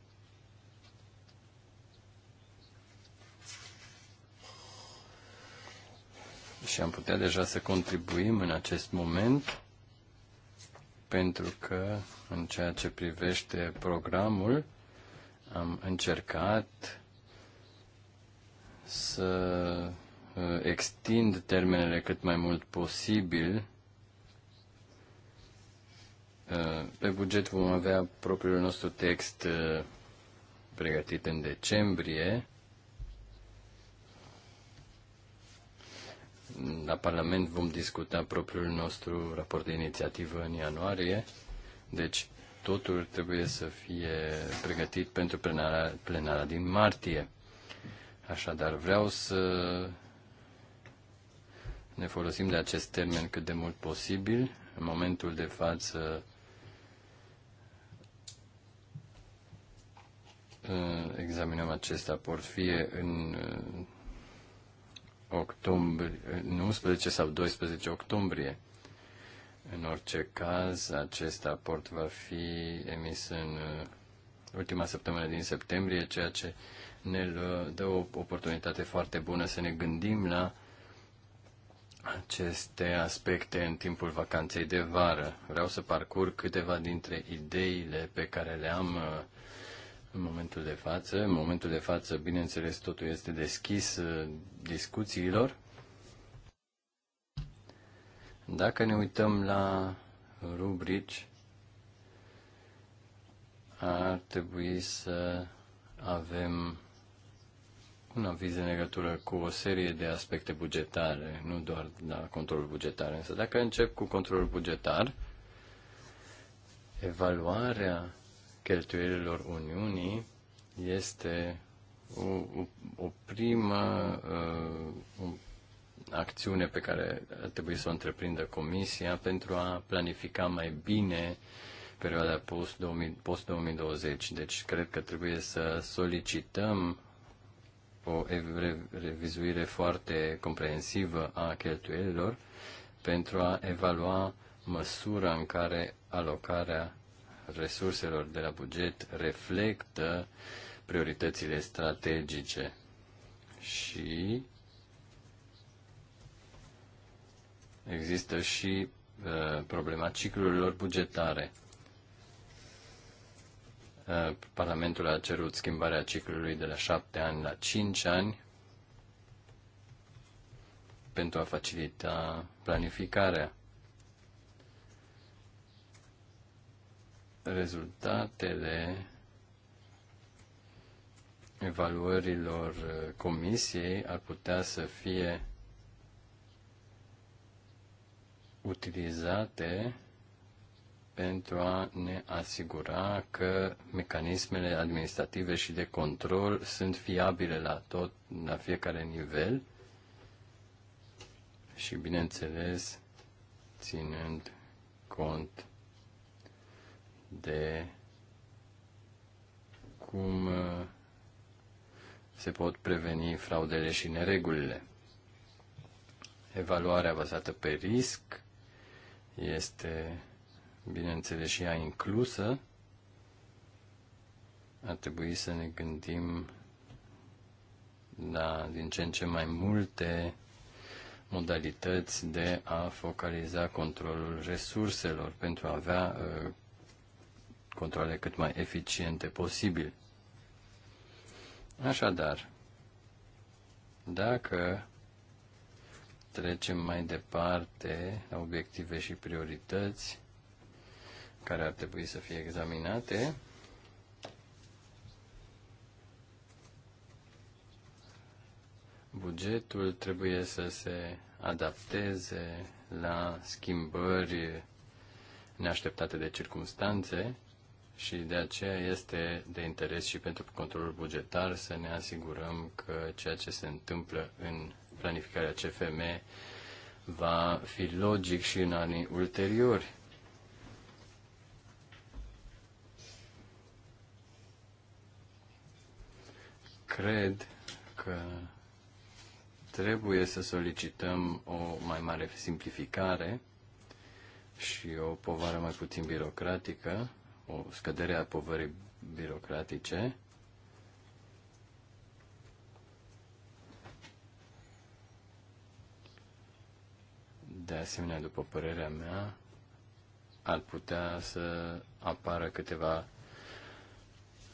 A: Și am putea deja să contribuim în acest moment pentru că în ceea ce privește programul am încercat să uh, extind termenele cât mai mult posibil. Uh, pe buget vom avea propriul nostru text uh, pregătit în decembrie. La Parlament vom discuta propriul nostru raport de inițiativă în ianuarie, deci totul trebuie să fie pregătit pentru plenara, plenara din martie. Așadar, vreau să ne folosim de acest termen cât de mult posibil. În momentul de față uh, examinăm acest raport fie în uh, octombrie, în 11 sau 12 octombrie. În orice caz, acest raport va fi emis în uh, ultima săptămână din septembrie, ceea ce ne uh, dă o oportunitate foarte bună să ne gândim la aceste aspecte în timpul vacanței de vară. Vreau să parcurg câteva dintre ideile pe care le am uh, în momentul de față. În momentul de față, bineînțeles, totul este deschis uh, discuțiilor. Dacă ne uităm la rubrici, ar trebui să avem un aviz în legătură cu o serie de aspecte bugetare, nu doar la da, controlul bugetar. Însă dacă încep cu controlul bugetar, evaluarea cheltuielilor Uniunii este o, o, o primă uh, un, acțiune pe care ar trebui să o întreprindă Comisia pentru a planifica mai bine perioada post-2020. Deci cred că trebuie să solicităm o revizuire foarte comprehensivă a cheltuielilor pentru a evalua măsura în care alocarea resurselor de la buget reflectă prioritățile strategice și există și uh, problema ciclurilor bugetare. Uh, Parlamentul a cerut schimbarea ciclului de la șapte ani la cinci ani pentru a facilita planificarea. Rezultatele evaluărilor uh, comisiei ar putea să fie utilizate pentru a ne asigura că mecanismele administrative și de control sunt fiabile la tot, la fiecare nivel și, bineînțeles, ținând cont de cum uh, se pot preveni fraudele și neregulile. Evaluarea bazată pe risc este bineînțeles și ea inclusă, ar trebui să ne gândim la din ce în ce mai multe modalități de a focaliza controlul resurselor pentru a avea uh, controle cât mai eficiente posibil. Așadar, dacă trecem mai departe la obiective și priorități, care ar trebui să fie examinate. Bugetul trebuie să se adapteze la schimbări neașteptate de circumstanțe și de aceea este de interes și pentru controlul bugetar să ne asigurăm că ceea ce se întâmplă în planificarea CFM va fi logic și în anii ulteriori. cred că trebuie să solicităm o mai mare simplificare și o povară mai puțin birocratică, o scădere a povării birocratice. De asemenea, după părerea mea, ar putea să apară câteva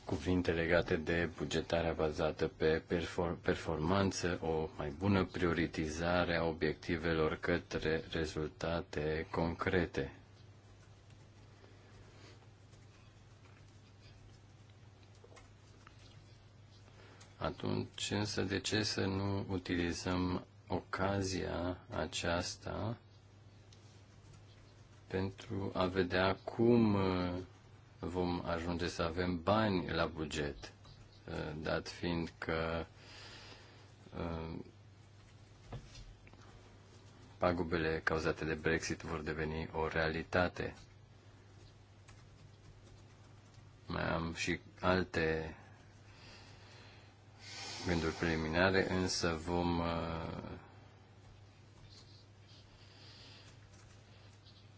A: cuvinte legate de bugetarea bazată pe perform- performanță, o mai bună prioritizare a obiectivelor către rezultate concrete. Atunci însă de ce să nu utilizăm ocazia aceasta pentru a vedea cum uh, vom ajunge să avem bani la buget, uh, dat fiind că uh, pagubele cauzate de Brexit vor deveni o realitate. Mai am și alte gânduri preliminare, însă vom uh,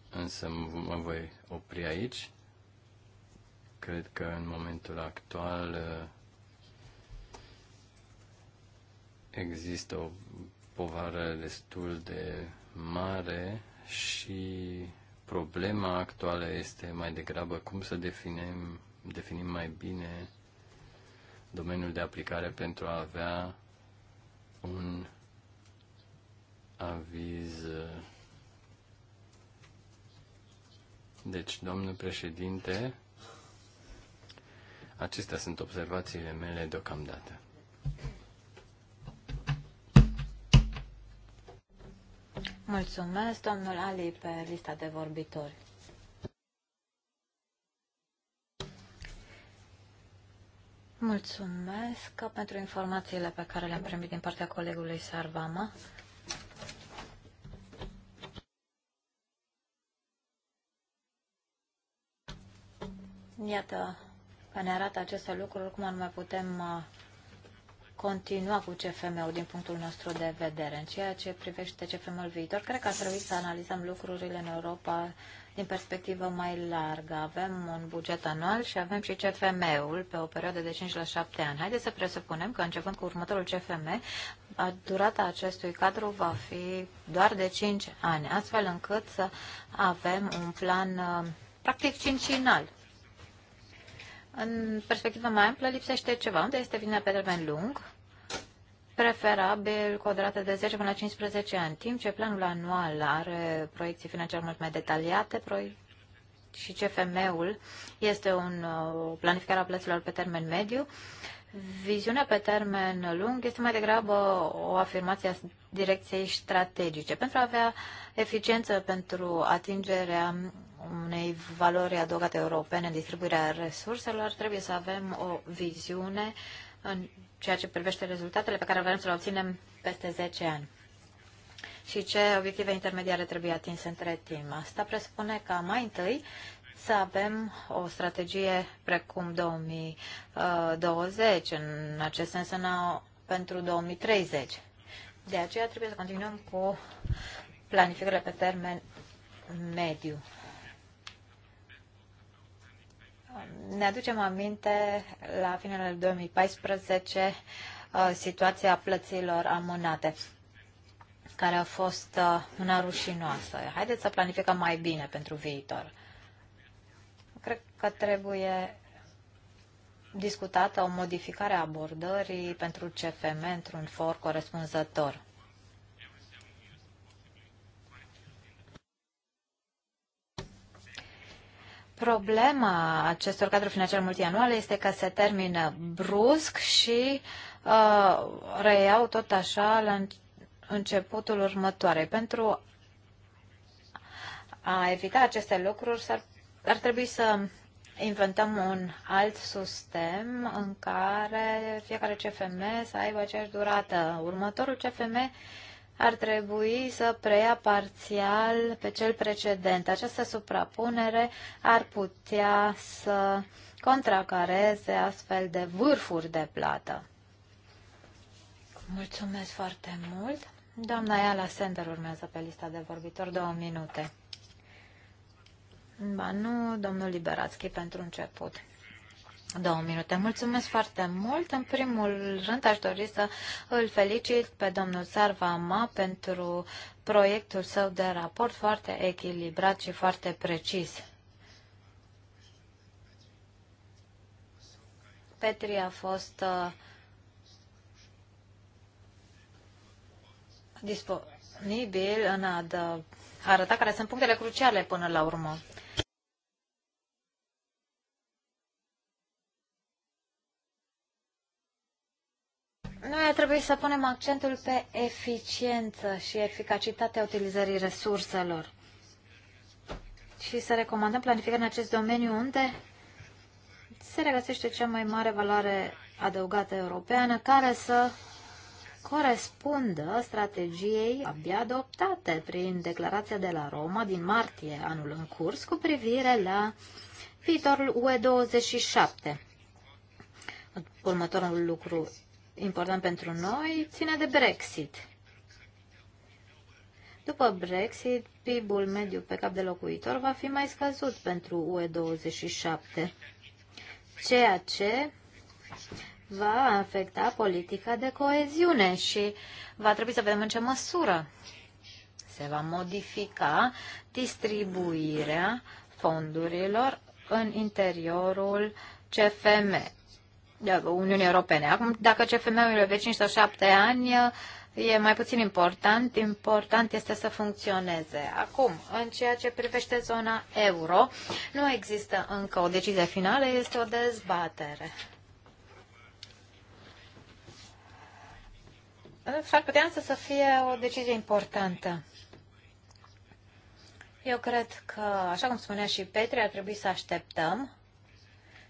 A: însă mă voi opri aici. Cred că în momentul actual uh, există o povară destul de mare și problema actuală este mai degrabă cum să definim, definim mai bine domeniul de aplicare pentru a avea un aviz. Uh, deci, domnul președinte, Acestea sunt observațiile mele deocamdată.
C: Mulțumesc, domnul Ali, pe lista de vorbitori. Mulțumesc pentru informațiile pe care le-am primit din partea colegului Sarvama. Iată, că ne arată aceste lucruri, cum mai putem uh, continua cu CFM-ul din punctul nostru de vedere. În ceea ce privește CFM-ul viitor, cred că ar trebui să analizăm lucrurile în Europa din perspectivă mai largă. Avem un buget anual și avem și CFM-ul pe o perioadă de 5 la 7 ani. Haideți să presupunem că începând cu următorul CFM, durata acestui cadru va fi doar de 5 ani, astfel încât să avem un plan uh, practic cincinal în perspectivă mai amplă lipsește ceva. Unde este vina pe termen lung? preferabil cu o durată de 10 până la 15 ani, timp ce planul anual are proiecții financiare mult mai detaliate și CFM-ul este un uh, planificare a plăților pe termen mediu. Viziunea pe termen lung este mai degrabă o afirmație a direcției strategice pentru a avea eficiență pentru atingerea unei valori adăugate europene în distribuirea resurselor, trebuie să avem o viziune în ceea ce privește rezultatele pe care vrem să le obținem peste 10 ani și ce obiective intermediare trebuie atinse între timp. Asta presupune ca mai întâi să avem o strategie precum 2020, în acest sens în pentru 2030. De aceea trebuie să continuăm cu planificările pe termen mediu ne aducem aminte la finele 2014 uh, situația plăților amânate care a fost uh, una rușinoasă. Haideți să planificăm mai bine pentru viitor. Cred că trebuie discutată o modificare a abordării pentru CFM într-un for corespunzător. Problema acestor cadre financiare multianuale este că se termină brusc și uh, reiau tot așa la începutul următoarei. Pentru a evita aceste lucruri, ar ar trebui să inventăm un alt sistem în care fiecare CFM să aibă aceeași durată. Următorul CFM ar trebui să preia parțial pe cel precedent. Această suprapunere ar putea să contracareze astfel de vârfuri de plată. Mulțumesc foarte mult. Doamna Iala Sender urmează pe lista de vorbitori două minute. Ba nu, domnul Liberațchi pentru început. Două minute. Mulțumesc foarte mult. În primul rând aș dori să îl felicit pe domnul Sarvama pentru proiectul său de raport foarte echilibrat și foarte precis. Petri a fost uh, disponibil în a arăta care sunt punctele cruciale până la urmă. Noi ar trebui să punem accentul pe eficiență și eficacitatea utilizării resurselor și să recomandăm planificarea în acest domeniu unde se regăsește cea mai mare valoare adăugată europeană care să corespundă strategiei abia adoptate prin declarația de la Roma din martie anul în curs cu privire la viitorul UE27. Următorul lucru important pentru noi ține de Brexit. După Brexit, PIB-ul mediu pe cap de locuitor va fi mai scăzut pentru UE27, ceea ce va afecta politica de coeziune și va trebui să vedem în ce măsură se va modifica distribuirea fondurilor în interiorul CFM. Uniunii Europene. Acum, dacă CFM-urile de 5 sau 7 ani e mai puțin important, important este să funcționeze. Acum, în ceea ce privește zona euro, nu există încă o decizie finală, este o dezbatere. S-ar putea însă să fie o decizie importantă. Eu cred că, așa cum spunea și Petri, ar trebui să așteptăm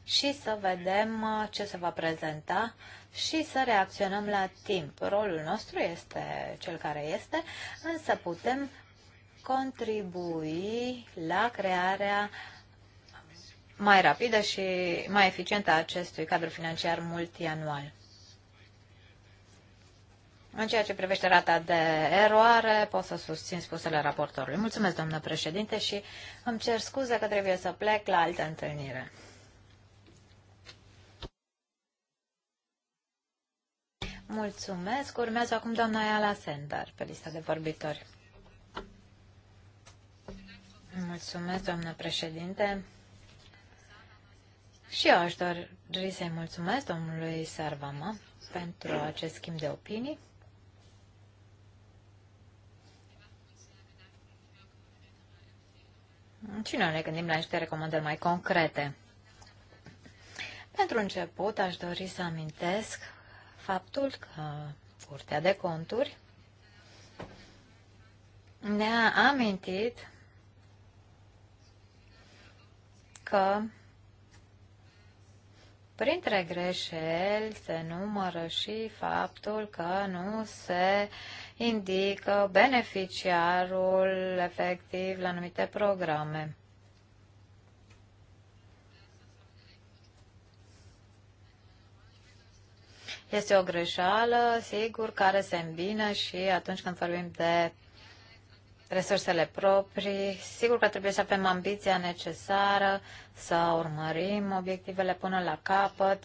C: și să vedem uh, ce se va prezenta și să reacționăm la timp. Rolul nostru este cel care este, însă putem contribui la crearea mai rapidă și mai eficientă a acestui cadru financiar multianual. În ceea ce privește rata de eroare, pot să susțin spusele raportorului. Mulțumesc, doamnă președinte, și îmi cer scuze că trebuie să plec la altă întâlnire. Mulțumesc. Urmează acum doamna Ayala Sender pe lista de vorbitori. Mulțumesc, doamnă președinte. Și eu aș dori să-i mulțumesc domnului Sarvama pentru acest schimb de opinii. Și noi ne gândim la niște recomandări mai concrete. Pentru început, aș dori să amintesc faptul că Curtea de Conturi ne-a amintit că printre greșeli se numără și faptul că nu se indică beneficiarul efectiv la anumite programe. Este o greșeală, sigur, care se îmbină și atunci când vorbim de resursele proprii, sigur că trebuie să avem ambiția necesară, să urmărim obiectivele până la capăt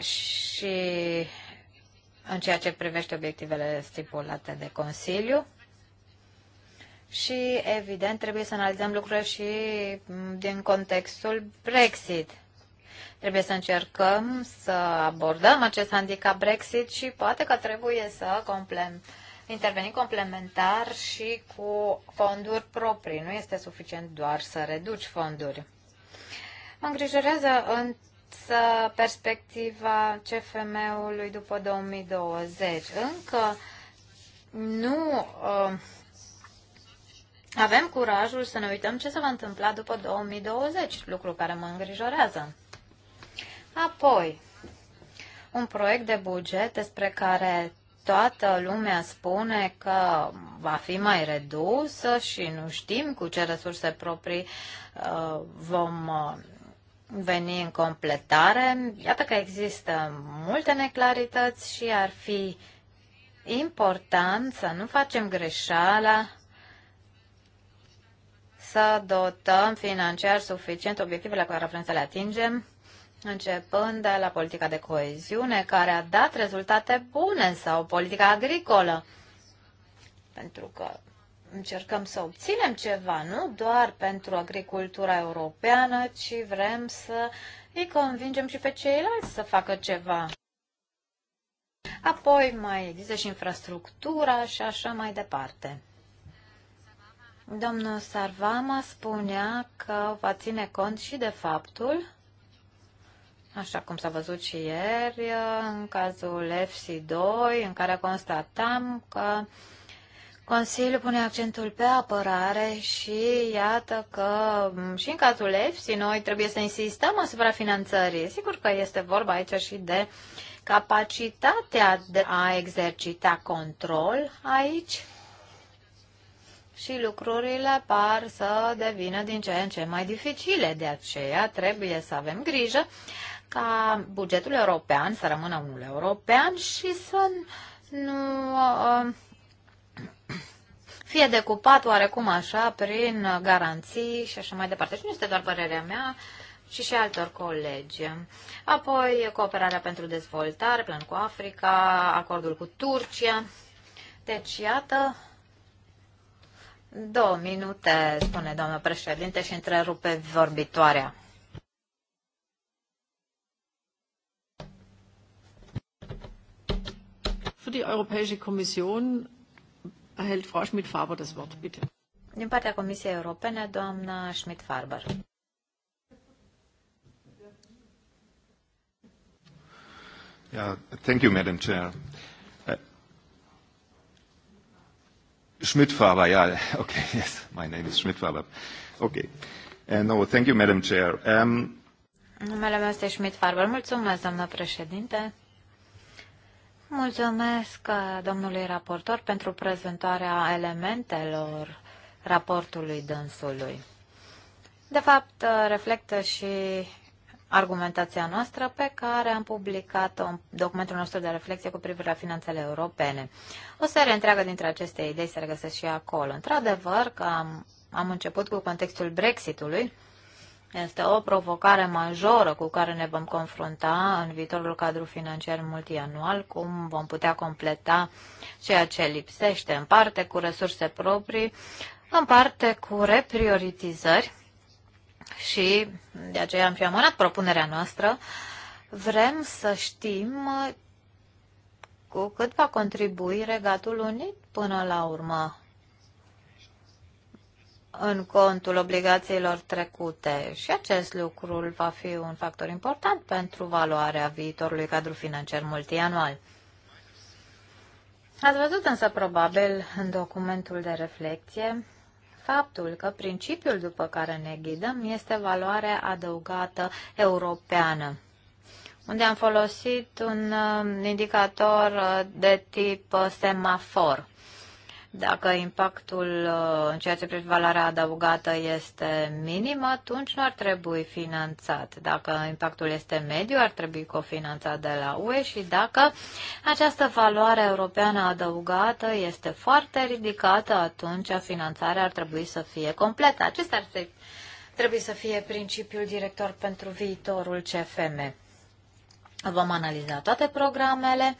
C: și în ceea ce privește obiectivele stipulate de Consiliu. Și, evident, trebuie să analizăm lucrurile și din contextul Brexit. Trebuie să încercăm să abordăm acest handicap Brexit și poate că trebuie să complem, intervenim complementar și cu fonduri proprii. Nu este suficient doar să reduci fonduri. Mă îngrijorează în însă perspectiva CFM-ului după 2020. Încă nu uh, avem curajul să ne uităm ce se va întâmpla după 2020, lucru care mă îngrijorează. Apoi, un proiect de buget despre care toată lumea spune că va fi mai redusă și nu știm cu ce resurse proprii uh, vom uh, veni în completare. Iată că există multe neclarități și ar fi important să nu facem greșeala să dotăm financiar suficient obiectivele pe care vrem să le atingem începând de la politica de coeziune, care a dat rezultate bune, sau politica agricolă, pentru că încercăm să obținem ceva, nu doar pentru agricultura europeană, ci vrem să îi convingem și pe ceilalți să facă ceva. Apoi mai există și infrastructura și așa mai departe. Domnul Sarvama spunea că va ține cont și de faptul așa cum s-a văzut și ieri, în cazul FC2, în care constatam că Consiliul pune accentul pe apărare și iată că și în cazul EFSI noi trebuie să insistăm asupra finanțării. Sigur că este vorba aici și de capacitatea de a exercita control aici și lucrurile par să devină din ce în ce mai dificile. De aceea trebuie să avem grijă ca bugetul european să rămână unul european și să nu uh, fie decupat oarecum așa prin garanții și așa mai departe. Și nu este doar părerea mea, ci și altor colegi. Apoi, cooperarea pentru dezvoltare, plan cu Africa, acordul cu Turcia. Deci, iată, două minute, spune doamna președinte și întrerupe vorbitoarea.
A: die Europäische Kommission erhält Frau Schmidt-Faber das Wort, bitte.
C: Din partea Comisiei Europene, doamna Schmidt-Farber. Yeah, thank you, Madam Chair. Uh, Schmidt-Faber, yeah, okay, yes, my name is Schmidt-Faber. Okay. Uh, no, thank you, Madam Chair. Um, Numele meu este Schmidt-Farber. Mulțumesc, doamnă președinte. Mulțumesc domnului raportor pentru prezentarea elementelor raportului dânsului. De fapt, reflectă și argumentația noastră pe care am publicat-o în documentul nostru de reflexie cu privire la finanțele europene. O serie întreagă dintre aceste idei se regăsesc și acolo. Într-adevăr că am, am început cu contextul Brexitului, este o provocare majoră cu care ne vom confrunta în viitorul cadru financiar multianual, cum vom putea completa ceea ce lipsește în parte cu resurse proprii, în parte cu reprioritizări și de aceea am fi amânat propunerea noastră. Vrem să știm cu cât va contribui Regatul Unit până la urmă în contul obligațiilor trecute și acest lucru va fi un factor important pentru valoarea viitorului cadru financiar multianual. Ați văzut însă probabil în documentul de reflecție faptul că principiul după care ne ghidăm este valoarea adăugată europeană, unde am folosit un um, indicator uh, de tip uh, semafor. Dacă impactul uh, în ceea ce privește valoarea adăugată este minim, atunci nu ar trebui finanțat. Dacă impactul este mediu, ar trebui cofinanțat de la UE și dacă această valoare europeană adăugată este foarte ridicată, atunci finanțarea ar trebui să fie completă. Acesta ar trebui să fie principiul director pentru viitorul CFM. Vom analiza toate programele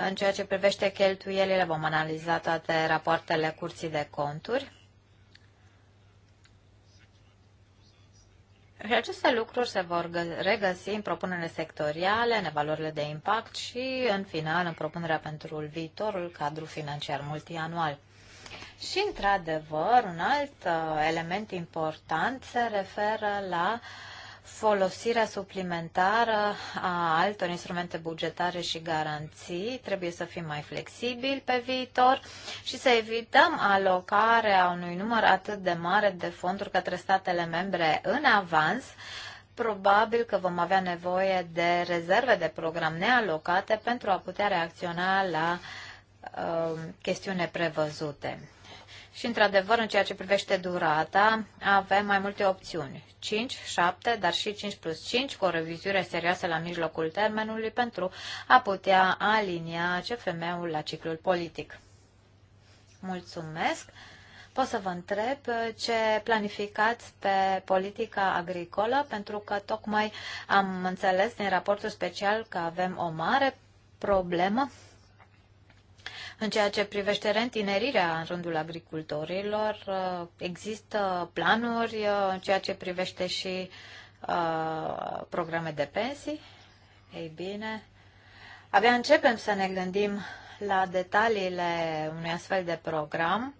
C: în ceea ce privește cheltuielile, vom analiza toate rapoartele curții de conturi. Și aceste lucruri se vor regăsi în propunerile sectoriale, în valorile de impact și, în final, în propunerea pentru viitorul cadru financiar multianual. Și, într-adevăr, un alt uh, element important se referă la uh, Folosirea suplimentară a altor instrumente bugetare și garanții trebuie să fim mai flexibili pe viitor și să evităm alocarea unui număr atât de mare de fonduri către statele membre în avans, probabil că vom avea nevoie de rezerve de program nealocate pentru a putea reacționa la uh, chestiune prevăzute. Și, într-adevăr, în ceea ce privește durata, avem mai multe opțiuni. 5, 7, dar și 5 plus 5, cu o revizuire serioasă la mijlocul termenului pentru a putea alinia CFM-ul la ciclul politic. Mulțumesc! Pot să vă întreb ce planificați pe politica agricolă, pentru că tocmai am înțeles din raportul special că avem o mare problemă în ceea ce privește rentinerirea în rândul agricultorilor, uh, există planuri uh, în ceea ce privește și uh, programe de pensii? Ei bine, abia începem să ne gândim la detaliile unui astfel de program.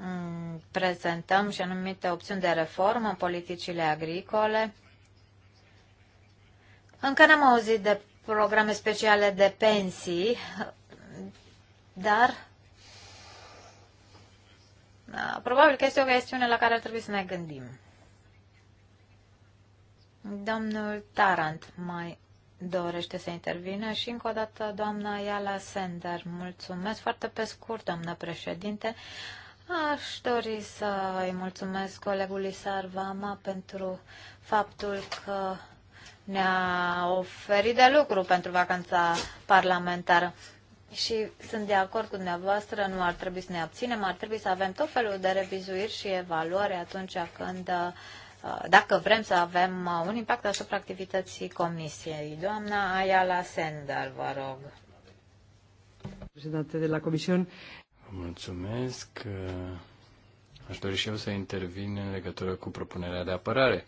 C: Mm, prezentăm și anumite opțiuni de reformă în politicile agricole. Încă n-am auzit de programe speciale de pensii, dar da, probabil că este o chestiune la care ar trebui să ne gândim. Domnul Tarant mai dorește să intervină și încă o dată doamna Iala Sender. Mulțumesc foarte pe scurt, doamnă președinte. Aș dori să îi mulțumesc colegului Sarvama pentru faptul că ne-a oferit de lucru pentru vacanța parlamentară. Și sunt de acord cu dumneavoastră, nu ar trebui să ne abținem, ar trebui să avem tot felul de revizuiri și evaluare atunci când, uh, dacă vrem să avem uh, un impact asupra activității comisiei. Doamna Ayala Sender, vă rog.
A: Președinte de la Comisiune. Mulțumesc. Aș dori și eu să intervin în legătură cu propunerea de apărare.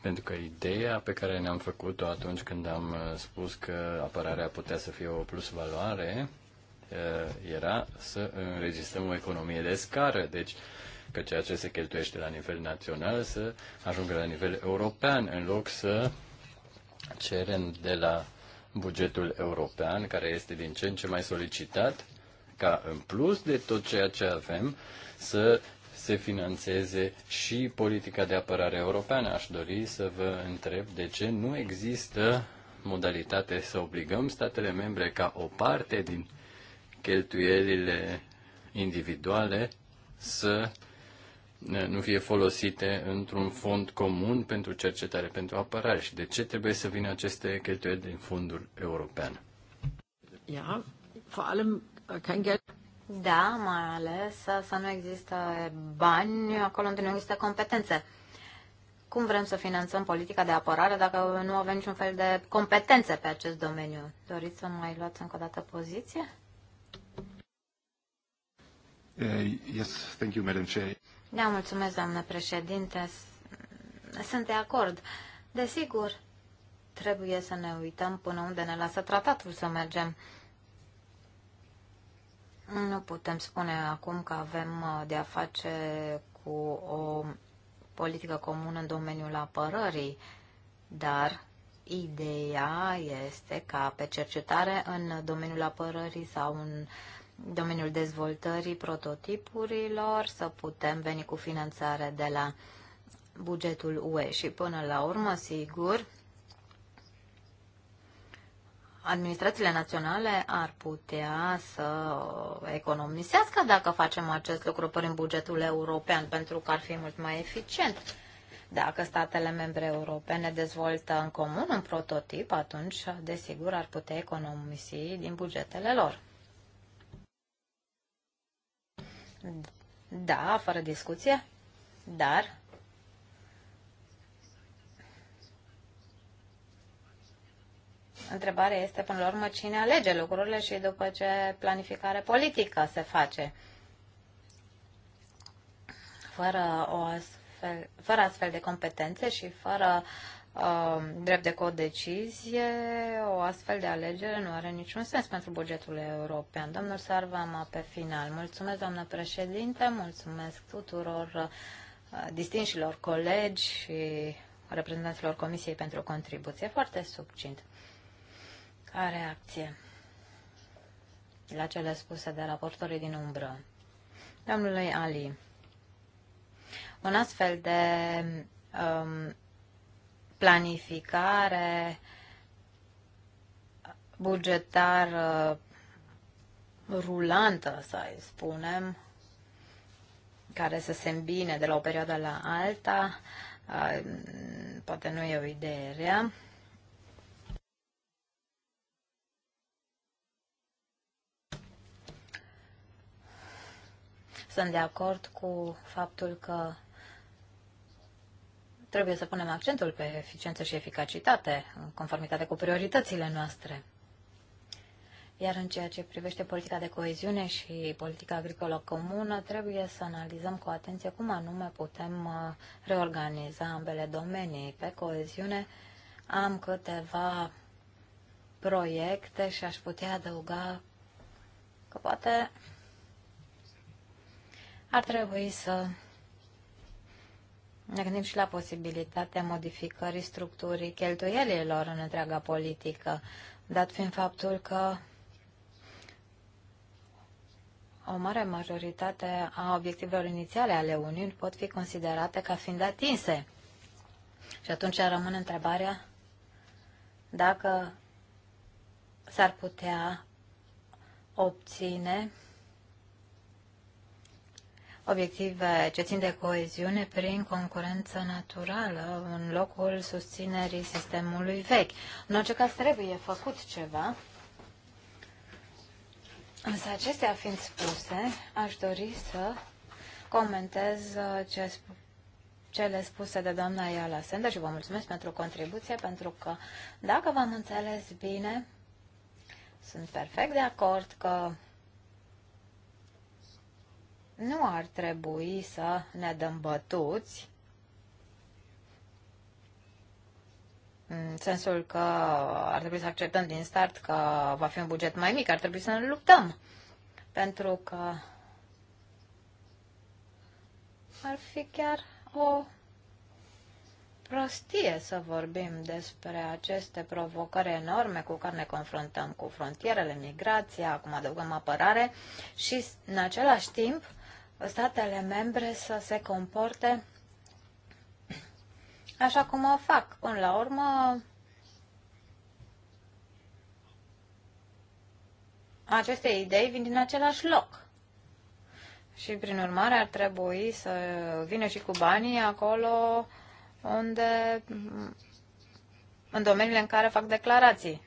A: Pentru că ideea pe care ne-am făcut-o atunci când am uh, spus că apărarea putea să fie o plusvaloare uh, era să înregistrăm o economie de scară, deci că ceea ce se cheltuiește la nivel național să ajungă la nivel european, în loc să cerem de la bugetul european, care este din ce în ce mai solicitat, ca în plus de tot ceea ce avem, să se financeze și politica de apărare europeană. Aș dori să vă întreb de ce nu există modalitate să obligăm statele membre ca o parte din cheltuielile individuale să nu fie folosite într-un fond comun pentru cercetare, pentru apărare și de ce trebuie să vină aceste cheltuieli din fondul european.
C: Ja, vor allem äh, kein Geld. Da, mai ales să nu există bani acolo unde nu există competențe. Cum vrem să finanțăm politica de apărare dacă nu avem niciun fel de competențe pe acest domeniu? Doriți să mai luați încă o dată poziție? Uh, yes, thank you, Madam Chair. Da, mulțumesc, doamnă președinte. Sunt de acord. Desigur, trebuie să ne uităm până unde ne lasă tratatul să mergem. Nu putem spune acum că avem uh, de a face cu o politică comună în domeniul apărării, dar ideea este ca pe cercetare în domeniul apărării sau în domeniul dezvoltării prototipurilor să putem veni cu finanțare de la bugetul UE și până la urmă, sigur, administrațiile naționale ar putea să economisească dacă facem acest lucru prin bugetul european, pentru că ar fi mult mai eficient. Dacă statele membre europene dezvoltă în comun un prototip, atunci, desigur, ar putea economisi din bugetele lor. Da, fără discuție, dar întrebarea este până la urmă cine alege lucrurile și după ce planificare politică se face. Fără, o astfel, fără astfel de competențe și fără uh, drept de codecizie, o astfel de alegere nu are niciun sens pentru bugetul european. Domnul Sarvama, pe final. Mulțumesc, doamnă președinte, mulțumesc tuturor uh, distinșilor colegi și reprezentanților Comisiei pentru contribuție. Foarte succint. A reacție la cele spuse de raportorii din umbră. Domnului Ali, un astfel de um, planificare bugetară uh, rulantă, să spunem, care să se îmbine de la o perioadă la alta, uh, poate nu e o idee rea, sunt de acord cu faptul că trebuie să punem accentul pe eficiență și eficacitate, în conformitate cu prioritățile noastre. Iar în ceea ce privește politica de coeziune și politica agricolă comună, trebuie să analizăm cu atenție cum anume putem uh, reorganiza ambele domenii. Pe coeziune am câteva proiecte și aș putea adăuga că poate ar trebui să ne gândim și la posibilitatea modificării structurii cheltuielilor în întreaga politică, dat fiind faptul că o mare majoritate a obiectivelor inițiale ale Uniunii pot fi considerate ca fiind atinse. Și atunci rămâne întrebarea dacă s-ar putea obține obiective ce țin de coeziune prin concurență naturală în locul susținerii sistemului vechi. În orice caz trebuie făcut ceva. Însă acestea fiind spuse, aș dori să comentez uh, ce cele spuse de doamna Iala Sender și vă mulțumesc pentru contribuție, pentru că, dacă v-am înțeles bine, sunt perfect de acord că nu ar trebui să ne dăm bătuți în sensul că ar trebui să acceptăm din start că va fi un buget mai mic, ar trebui să ne luptăm. Pentru că ar fi chiar o prostie să vorbim despre aceste provocări enorme cu care ne confruntăm cu frontierele, migrația, acum adăugăm apărare și în același timp statele membre să se comporte așa cum o fac. Până la urmă, aceste idei vin din același loc. Și, prin urmare, ar trebui să vină și cu banii acolo unde, în domeniile în care fac declarații.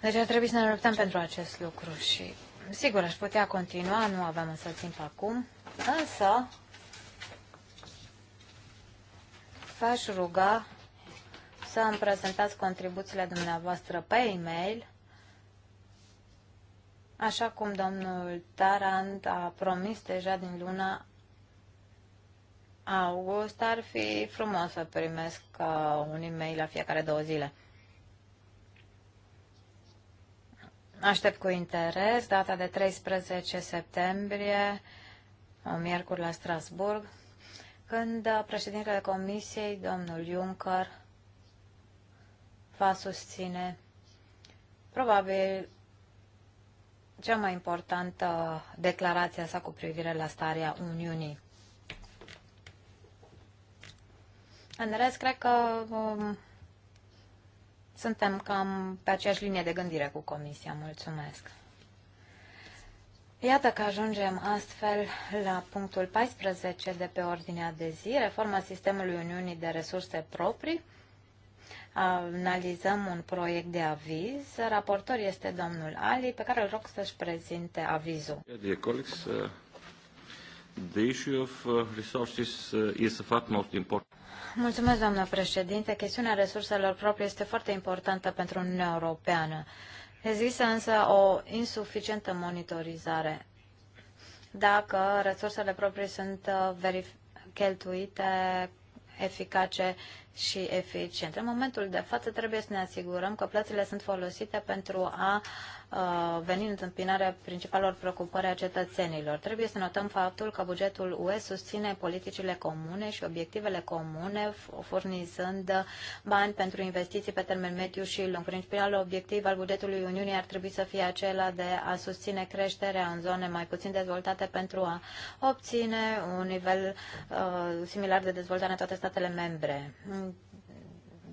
C: Deci ar trebui să ne luptăm pentru acest lucru și sigur aș putea continua, nu avem însă timp acum, însă v-aș ruga să îmi prezentați contribuțiile dumneavoastră pe e-mail, așa cum domnul Tarant a promis deja din luna august, ar fi frumos să primesc uh, un e-mail la fiecare două zile. Aștept cu interes data de 13 septembrie, uh, miercuri la Strasburg, când uh, președintele Comisiei, domnul Juncker, va susține probabil cea mai importantă declarație sa cu privire la starea Uniunii. În rest, cred că um, suntem cam pe aceeași linie de gândire cu Comisia. Mulțumesc! Iată că ajungem astfel la punctul 14 de pe ordinea de zi, reforma sistemului Uniunii de resurse proprii. Analizăm un proiect de aviz. Raportor este domnul Ali, pe care îl rog să-și prezinte avizul.
A: Dear colleagues, uh, The issue of uh, resources uh, is of utmost importance.
C: Mulțumesc, doamnă președinte. Chestiunea resurselor proprii este foarte importantă pentru Uniunea Europeană. Există însă o insuficientă monitorizare. Dacă resursele proprii sunt uh, cheltuite eficace și eficient. În momentul de față trebuie să ne asigurăm că plățile sunt folosite pentru a veni în întâmpinarea principalor preocupări a cetățenilor. Trebuie să notăm faptul că bugetul UE susține politicile comune și obiectivele comune, furnizând bani pentru investiții pe termen mediu și lung. Principalul obiectiv al bugetului Uniunii ar trebui să fie acela de a susține creșterea în zone mai puțin dezvoltate pentru a obține un nivel uh, similar de dezvoltare în toate statele membre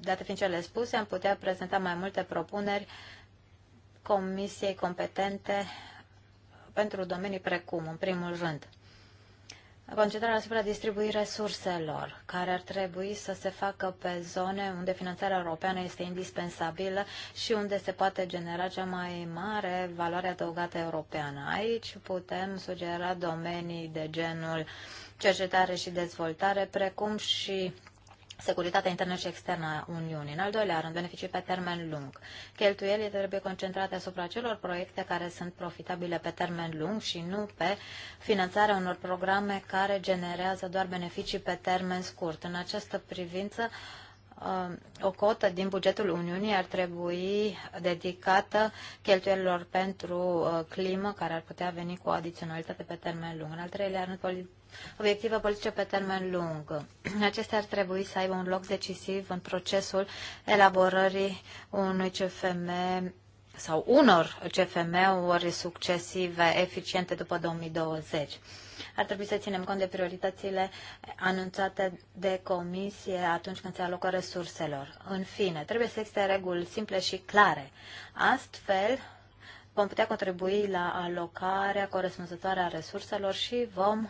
C: date fiind cele spuse, am putea prezenta mai multe propuneri comisiei competente pentru domenii precum, în primul rând, concentrarea asupra distribuirii resurselor, care ar trebui să se facă pe zone unde finanțarea europeană este indispensabilă și unde se poate genera cea mai mare valoare adăugată europeană. Aici putem sugera domenii de genul cercetare și dezvoltare, precum și securitatea internă și externă a Uniunii. În al doilea rând, beneficii pe termen lung. Cheltuielile trebuie concentrate asupra celor proiecte care sunt profitabile pe termen lung și nu pe finanțarea unor programe care generează doar beneficii pe termen scurt. În această privință, uh, o cotă din bugetul Uniunii ar trebui dedicată cheltuielilor pentru uh, climă, care ar putea veni cu o adiționalitate pe termen lung. În al treilea rând, obiective politice pe termen lung. Acestea ar trebui să aibă un loc decisiv în procesul elaborării unui CFM sau unor CFM-uri succesive eficiente după 2020. Ar trebui să ținem cont de prioritățile anunțate de comisie atunci când se alocă resurselor. În fine, trebuie să existe reguli simple și clare. Astfel, vom putea contribui la alocarea corespunzătoare a resurselor și vom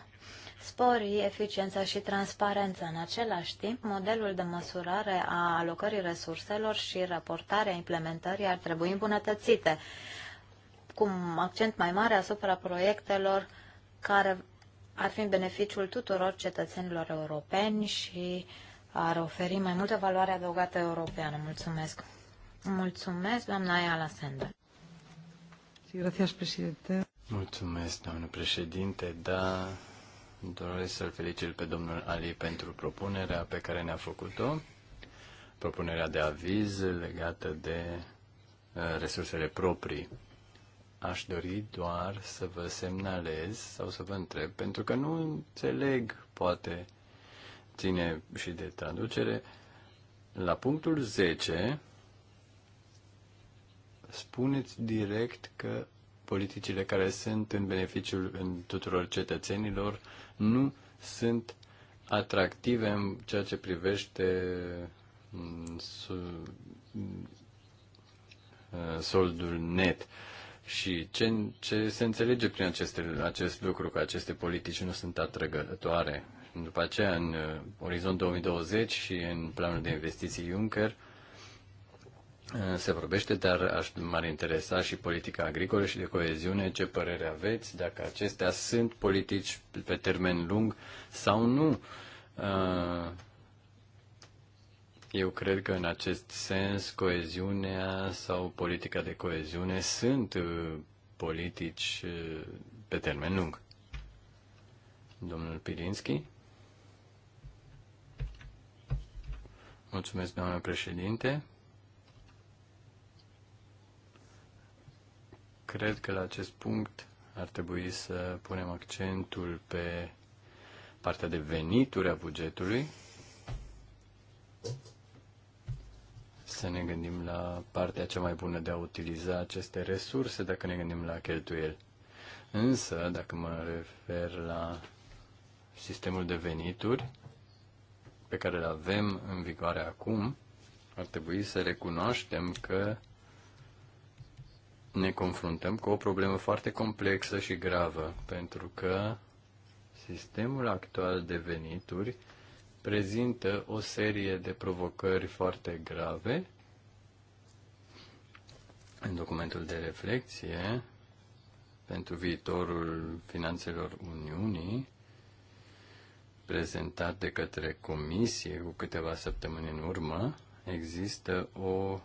C: spori eficiența și transparența. În același timp, modelul de măsurare a alocării resurselor și raportarea implementării ar trebui îmbunătățite, cu accent mai mare asupra proiectelor care ar fi în beneficiul tuturor cetățenilor europeni și ar oferi mai multă valoare adăugată europeană. Mulțumesc! Mulțumesc, doamna Ayala Sender.
A: Mulțumesc, doamnă președinte. Da, doresc să-l felicit pe domnul Ali pentru propunerea pe care ne-a făcut-o, propunerea de aviz legată de uh, resursele proprii. Aș dori doar să vă semnalez sau să vă întreb, pentru că nu înțeleg, poate ține și de traducere, la punctul 10 spuneți direct că politicile care sunt în beneficiul în tuturor cetățenilor nu sunt atractive în ceea ce privește mm, mm, soldul net. Și ce, ce se înțelege prin aceste, acest lucru, că aceste politici nu sunt atrăgătoare? După aceea, în uh, Orizont 2020 și în planul de investiții Juncker, se vorbește, dar aș, m-ar interesa și politica agricolă și de coeziune, ce părere aveți, dacă acestea sunt politici pe termen lung sau nu. Uh, eu cred că în acest sens coeziunea sau politica de coeziune sunt uh, politici uh, pe termen lung. Domnul Pirinski. Mulțumesc, doamnă președinte. cred că la acest punct ar trebui să punem accentul pe partea de venituri a bugetului, să ne gândim la partea cea mai bună de a utiliza aceste resurse dacă ne gândim la cheltuieli. Însă, dacă mă refer la sistemul de venituri pe care îl avem în vigoare acum, ar trebui să recunoaștem că ne confruntăm cu o problemă foarte complexă și gravă, pentru că sistemul actual de venituri prezintă o serie de provocări foarte grave. În documentul de reflexie pentru viitorul finanțelor Uniunii, prezentat de către Comisie cu câteva săptămâni în urmă, există o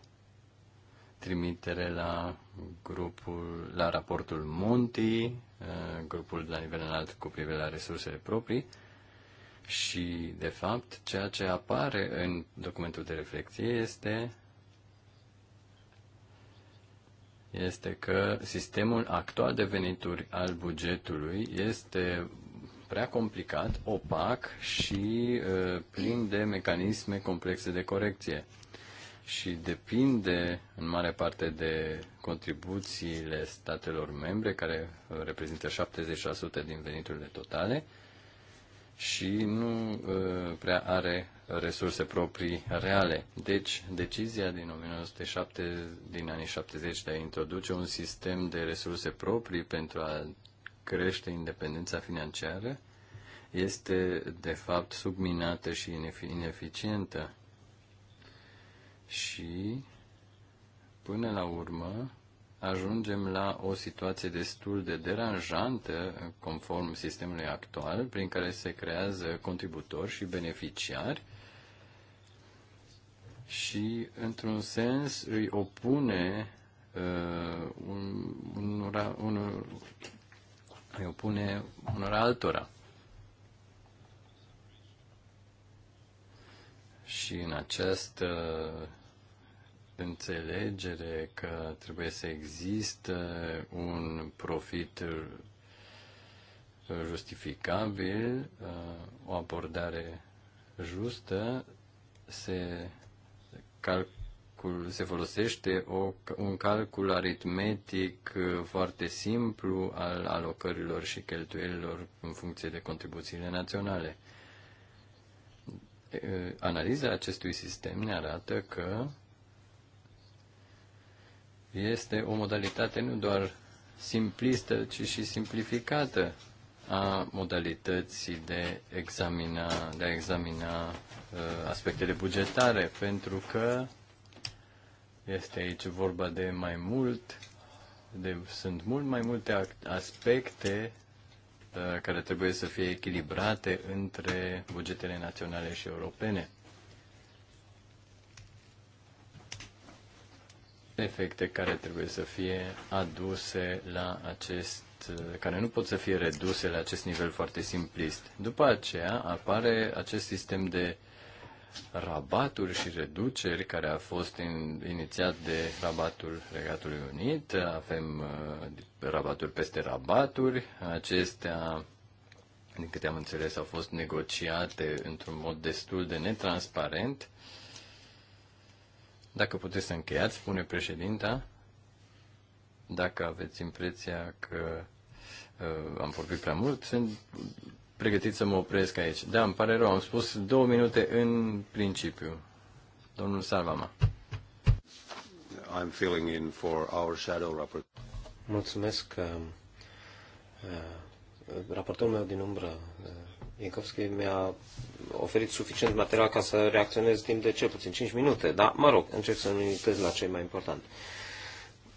A: trimitere la grupul, la raportul Monti, uh, grupul de la nivel înalt cu privire la resursele proprii și, de fapt, ceea ce apare în documentul de reflexie este este că sistemul actual de venituri al bugetului este prea complicat, opac și uh, plin de mecanisme complexe de corecție și depinde în mare parte de contribuțiile statelor membre, care uh, reprezintă 70% din veniturile totale și nu uh, prea are resurse proprii reale. Deci, decizia din 1907, din anii 70 de a introduce un sistem de resurse proprii pentru a crește independența financiară este, de fapt, subminată și ineficientă și până la urmă ajungem la o situație destul de deranjantă conform sistemului actual prin care se creează contributori și beneficiari și într-un sens îi opune uh, un, unora, unor, îi opune unora altora. Și în această uh, înțelegere că trebuie să există un profit uh, justificabil, uh, o abordare justă, se, calcul, se folosește o, un calcul aritmetic foarte simplu al alocărilor și cheltuielilor în funcție de contribuțiile naționale. Uh, analiza acestui sistem ne arată că este o modalitate nu doar simplistă, ci și simplificată a modalității de, examina, de a examina uh, aspectele bugetare, pentru că este aici vorba de mai mult, de, sunt mult mai multe aspecte uh, care trebuie să fie echilibrate între bugetele naționale și europene. efecte care trebuie să fie aduse la acest care nu pot să fie reduse la acest nivel foarte simplist. După aceea apare acest sistem de rabaturi și reduceri care a fost in, inițiat de rabatul Regatului Unit. Avem uh, rabaturi peste rabaturi. Acestea, din câte am înțeles, au fost negociate într-un mod destul de netransparent dacă puteți să încheiați, spune președinta, dacă aveți impresia că uh, am vorbit prea mult, sunt pregătit să mă opresc aici. Da, îmi pare rău, am spus două minute în principiu. Domnul Salvama. I'm filling in for our shadow rapport. Mulțumesc. Uh,
B: raportorul meu din umbră, uh, Vinkovski mi-a oferit suficient material ca să reacționez timp de cel puțin 5 minute, dar, mă rog, încerc să nu uitez la ce e mai important.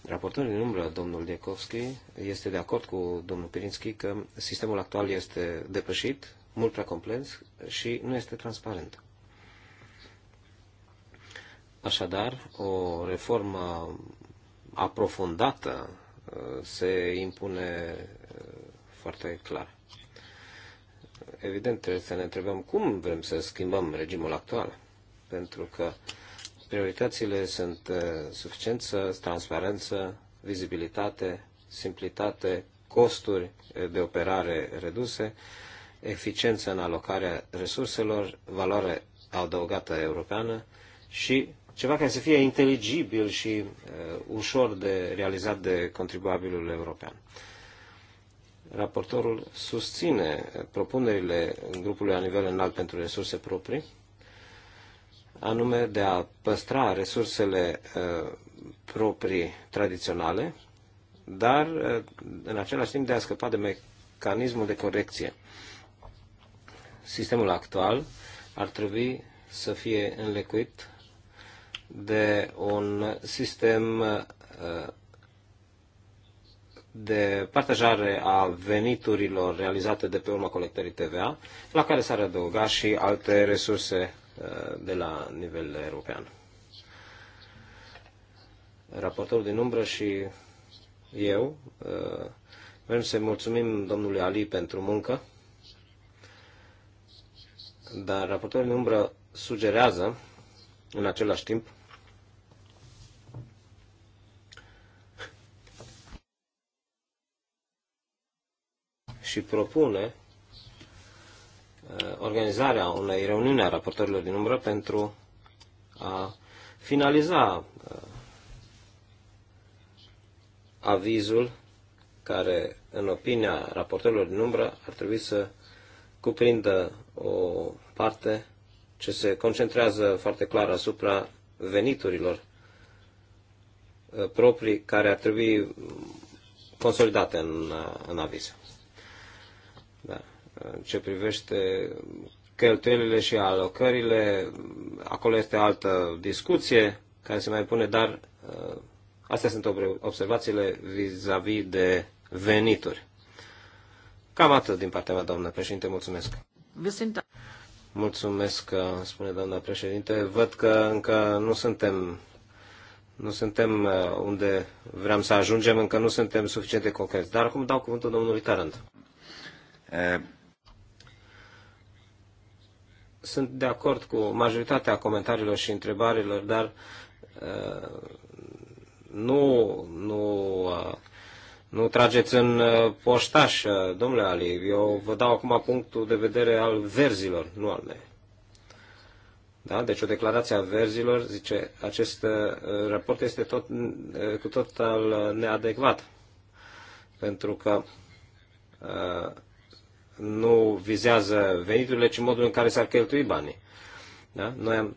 B: Raportorul din umbră, domnul Diekovski, este de acord cu domnul Pirinski că sistemul actual este depășit, mult prea complex și nu este transparent. Așadar, o reformă aprofundată uh, se impune uh, foarte clar evident, trebuie să ne întrebăm cum vrem să schimbăm regimul actual, pentru că prioritățile sunt uh, suficiență, transparență, vizibilitate, simplitate, costuri de operare reduse, eficiență în alocarea resurselor, valoare adăugată europeană și ceva care să fie inteligibil și uh, ușor de realizat de contribuabilul european. Raportorul susține propunerile grupului la nivel înalt pentru resurse proprii, anume de a păstra resursele uh, proprii tradiționale, dar uh, în același timp de a scăpa de mecanismul de corecție. Sistemul actual ar trebui să fie înlecuit de un sistem uh, de partajare a veniturilor realizate de pe urma colectării TVA, la care s-ar adăuga și alte resurse uh, de la nivel european. Raportorul din umbră și eu uh, vrem să mulțumim domnului Ali pentru muncă, dar raportorul din umbră sugerează în același timp și propune uh, organizarea unei reuniuni a raportorilor din umbră pentru a finaliza uh, avizul care, în opinia raportorilor din umbră, ar trebui să cuprindă o parte ce se concentrează foarte clar asupra veniturilor uh, proprii care ar trebui consolidate în, în aviz. Da. Ce privește cheltuielile și alocările, acolo este altă discuție care se mai pune, dar uh, astea sunt observațiile vis-a-vis -vis de venituri. Cam atât din partea mea, doamnă președinte, mulțumesc. Mulțumesc, uh, spune doamna președinte. Văd că încă nu suntem, nu suntem uh, unde vrem să ajungem, încă nu suntem suficient de concreți. Dar acum dau cuvântul domnului Tarant. Eh, sunt de acord cu majoritatea comentariilor și întrebărilor, dar eh, nu, nu, eh, nu trageți în poștaș, domnule Ali. Eu vă dau acum punctul de vedere al verzilor, nu al meu. Da? Deci o declarație a verzilor zice acest raport este tot, cu total neadecvat. Pentru că nu vizează veniturile, ci modul în care s-ar cheltui banii. Da? Noi, am,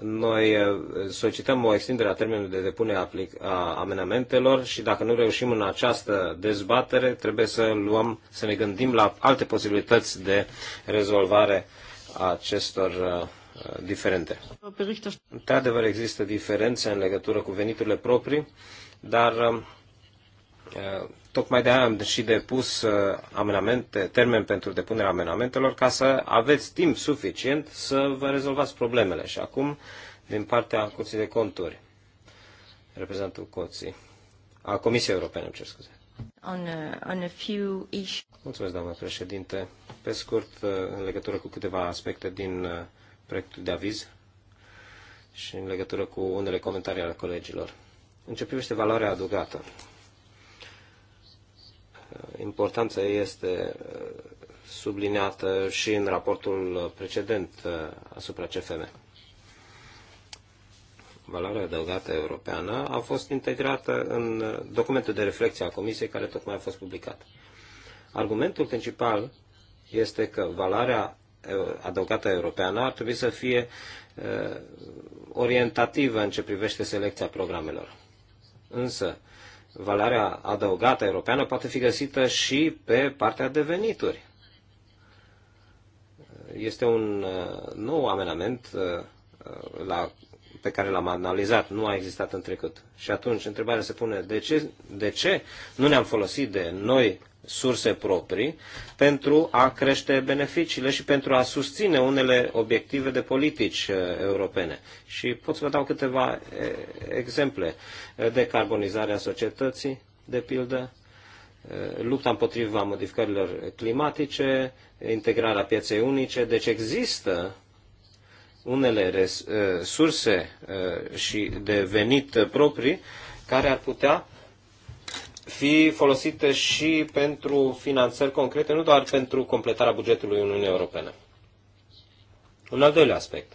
B: noi uh, solicităm o extindere a termenului de depunere aplic- a amenamentelor și dacă nu reușim în această dezbatere, trebuie să luăm, să ne gândim la alte posibilități de rezolvare a acestor uh, diferente. Într-adevăr, există diferențe în legătură cu veniturile proprii, dar uh, Tocmai de aia am și depus uh, amenamente, termen pentru depunerea amenamentelor, ca să aveți timp suficient să vă rezolvați problemele. Și acum, din partea Curții de Conturi, reprezentantul Curții, a Comisiei Europene, îmi cer scuze.
A: On a, uh, on a few issues.
B: Mulțumesc, doamnă președinte. Pe scurt, uh, în legătură cu câteva aspecte din proiectul de aviz și în legătură cu unele comentarii ale colegilor. În ce privește valoarea adăugată, importanță este uh, subliniată și în raportul precedent uh, asupra CFM. Valoarea adăugată europeană a fost integrată în uh, documentul de reflexie a Comisiei care tocmai a fost publicat. Argumentul principal este că valoarea adăugată europeană ar trebui să fie orientativă în ce privește selecția programelor. Însă, valoarea adăugată europeană poate fi găsită și pe partea de venituri. Este un uh, nou amenament uh, uh, la, pe care l-am analizat, nu a existat în trecut. Și atunci întrebarea se pune, de ce, de ce nu ne-am folosit de noi surse proprii pentru a crește beneficiile și pentru a susține unele obiective de politici uh, europene. Și pot să vă dau câteva uh, exemple. Uh, decarbonizarea societății, de pildă, lupta împotriva modificărilor climatice, integrarea pieței unice. Deci există unele surse și de venit proprii care ar putea fi folosite și pentru finanțări concrete, nu doar pentru completarea bugetului Uniunii Europene. Un al doilea aspect.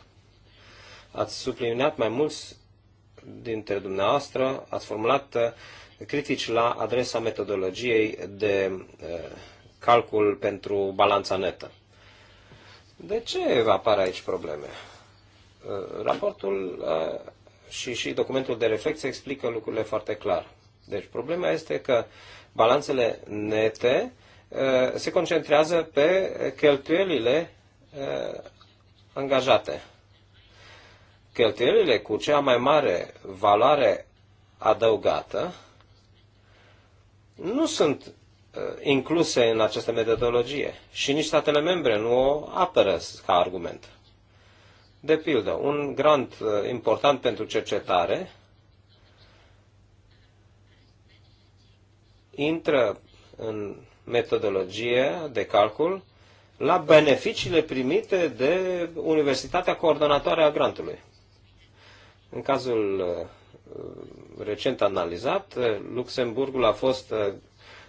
B: Ați subliniat mai mulți dintre dumneavoastră, ați formulat uh, critici la adresa metodologiei de uh, calcul pentru balanța netă. De ce apar aici probleme? Uh, raportul și, și documentul de reflexie explică lucrurile foarte clar. Deci problema este că balanțele nete uh, se concentrează pe cheltuielile uh, angajate. Cheltuielile cu cea mai mare valoare adăugată nu sunt uh, incluse în această metodologie și nici statele membre nu o apără ca argument. De pildă, un grant important pentru cercetare intră în metodologie de calcul la beneficiile primite de Universitatea Coordonatoare a Grantului. În cazul uh, recent analizat, uh, Luxemburgul a fost uh,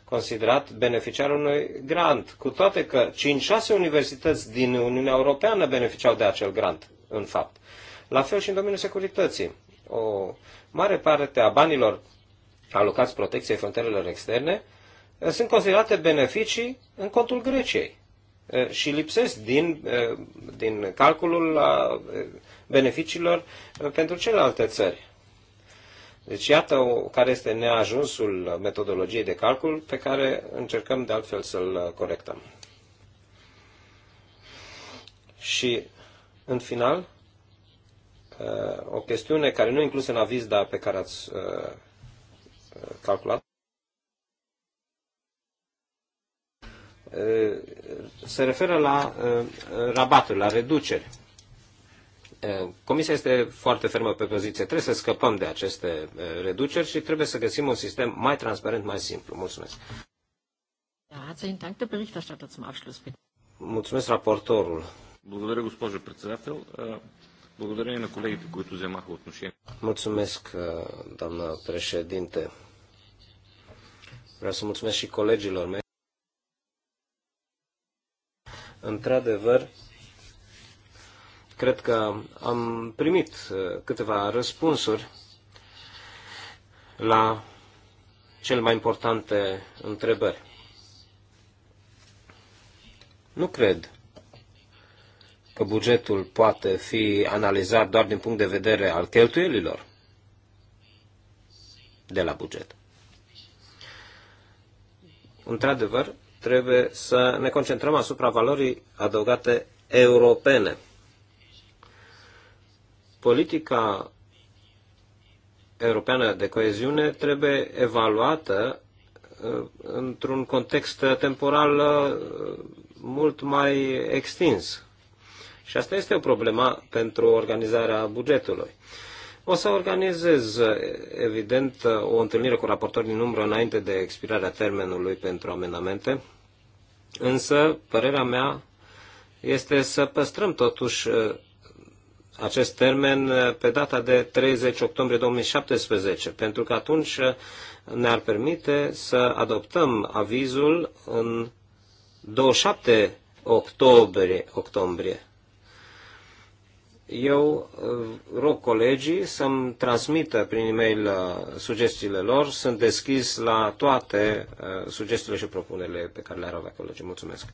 B: considerat beneficiarul unui grant, cu toate că 5-6 universități din Uniunea Europeană beneficiau de acel grant, în fapt. La fel și în domeniul securității. O mare parte a banilor alocați protecției frontierelor externe, eh, sunt considerate beneficii în contul Greciei eh, și lipsesc din, eh, din calculul beneficiilor pentru celelalte țări. Deci iată care este neajunsul metodologiei de calcul pe care încercăm de altfel să-l corectăm. Și în final, o chestiune care nu e inclusă în aviz, dar pe care ați calculat, se referă la rabaturi, la reduceri. Comisia este foarte fermă pe poziție. Trebuie să scăpăm de aceste reduceri și trebuie să găsim un sistem mai transparent, mai simplu. Mulțumesc. Mulțumesc raportorul. Mulțumesc, doamnă președinte. Vreau să mulțumesc și colegilor mei. Într-adevăr, cred că am primit uh, câteva răspunsuri la cele mai importante întrebări. Nu cred că bugetul poate fi analizat doar din punct de vedere al cheltuielilor de la buget. Într-adevăr, trebuie să ne concentrăm asupra valorii adăugate europene. Politica europeană de coeziune trebuie evaluată uh, într-un context temporal uh, mult mai extins. Și asta este o problemă pentru organizarea bugetului. O să organizez, evident, o întâlnire cu raportorii din umbră înainte de expirarea termenului pentru amendamente, însă părerea mea este să păstrăm totuși uh, acest termen uh, pe data de 30 octombrie 2017, pentru că atunci uh, ne-ar permite să adoptăm avizul în 27 octombrie. octombrie eu uh, rog colegii să-mi transmită prin e-mail uh, sugestiile lor. Sunt deschis la toate uh, sugestiile și propunerile pe care le-ar avea colegii. Mulțumesc!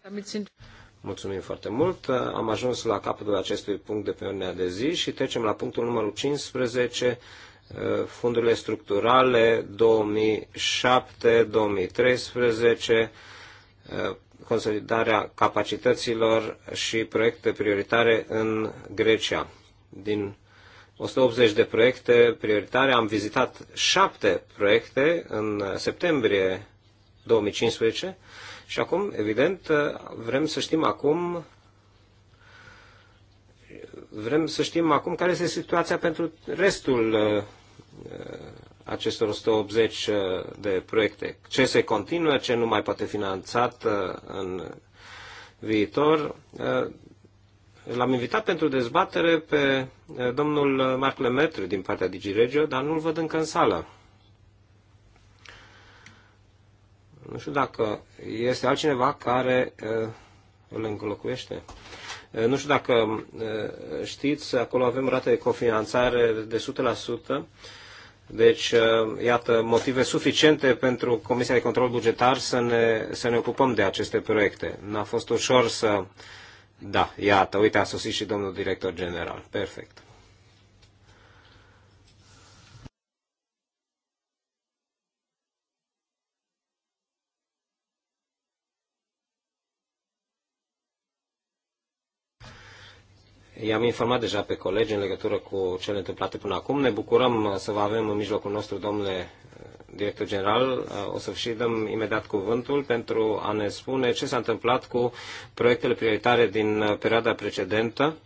B: Mulțumim foarte mult! Am ajuns la capătul acestui punct de pe ordinea de zi și trecem la punctul numărul 15, fundurile structurale 2007-2013, consolidarea capacităților și proiecte prioritare în Grecia. Din 180 de proiecte prioritare, am vizitat șapte proiecte în septembrie 2015 și acum, evident, vrem să știm acum vrem să știm acum care este situația pentru restul acestor 180 uh, de proiecte. Ce se continuă, ce nu mai poate finanțat uh, în viitor. Uh, l-am invitat pentru dezbatere pe domnul Marc Lemetru din partea DigiRegio, dar nu-l văd încă în sală. Nu știu dacă este altcineva care îl înlocuiește. Nu știu dacă știți, acolo avem rate de cofinanțare de 100%. Deci, uh, iată, motive suficiente pentru Comisia de Control Bugetar să ne, să ne ocupăm de aceste proiecte. N-a fost ușor să... Da, iată, uite, a sosit și domnul director general. Perfect. I-am informat deja pe colegi în legătură cu cele întâmplate până acum. Ne bucurăm uh, să vă avem în mijlocul nostru, domnule uh, director general. Uh, o să și dăm imediat cuvântul pentru a ne spune ce s-a întâmplat cu proiectele prioritare din perioada precedentă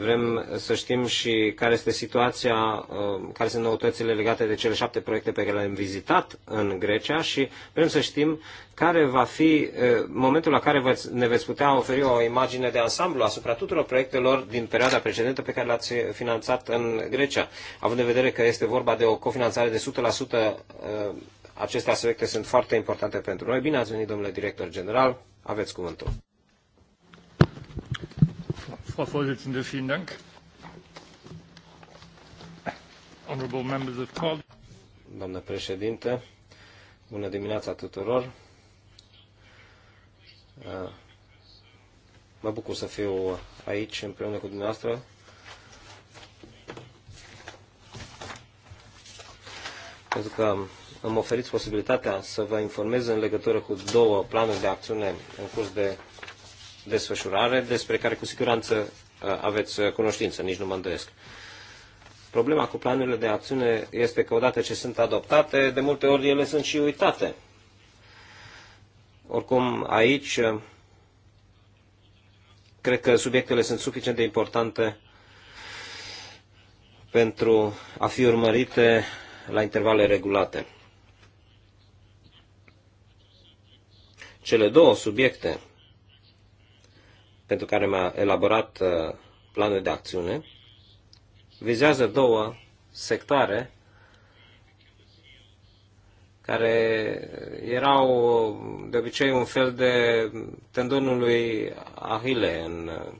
B: Vrem să știm și care este situația, uh, care sunt noutățile legate de cele șapte proiecte pe care le-am vizitat în Grecia și vrem să știm care va fi uh, momentul la care ne veți putea oferi o imagine de ansamblu asupra tuturor proiectelor din perioada precedentă pe care le-ați finanțat în Grecia, având în vedere că este vorba de o cofinanțare de 100%. Uh, aceste aspecte sunt foarte importante pentru noi. Bine ați venit, domnule director general. Aveți cuvântul.
A: Frau Vorsitzende,
B: Doamnă președinte, bună dimineața tuturor. Mă bucur să fiu aici împreună cu dumneavoastră. Pentru că îmi oferiți posibilitatea să vă informez în legătură cu două planuri de acțiune în curs de desfășurare, despre care cu siguranță uh, aveți uh, cunoștință, nici nu mă îndoiesc. Problema cu planurile de acțiune este că odată ce sunt adoptate, de multe ori ele sunt și uitate. Oricum, aici, uh, cred că subiectele sunt suficient de importante pentru a fi urmărite la intervale regulate. Cele două subiecte pentru care mi-a elaborat uh, planul de acțiune, vizează două sectare care erau uh, de obicei un fel de tendonul lui Ahile în uh,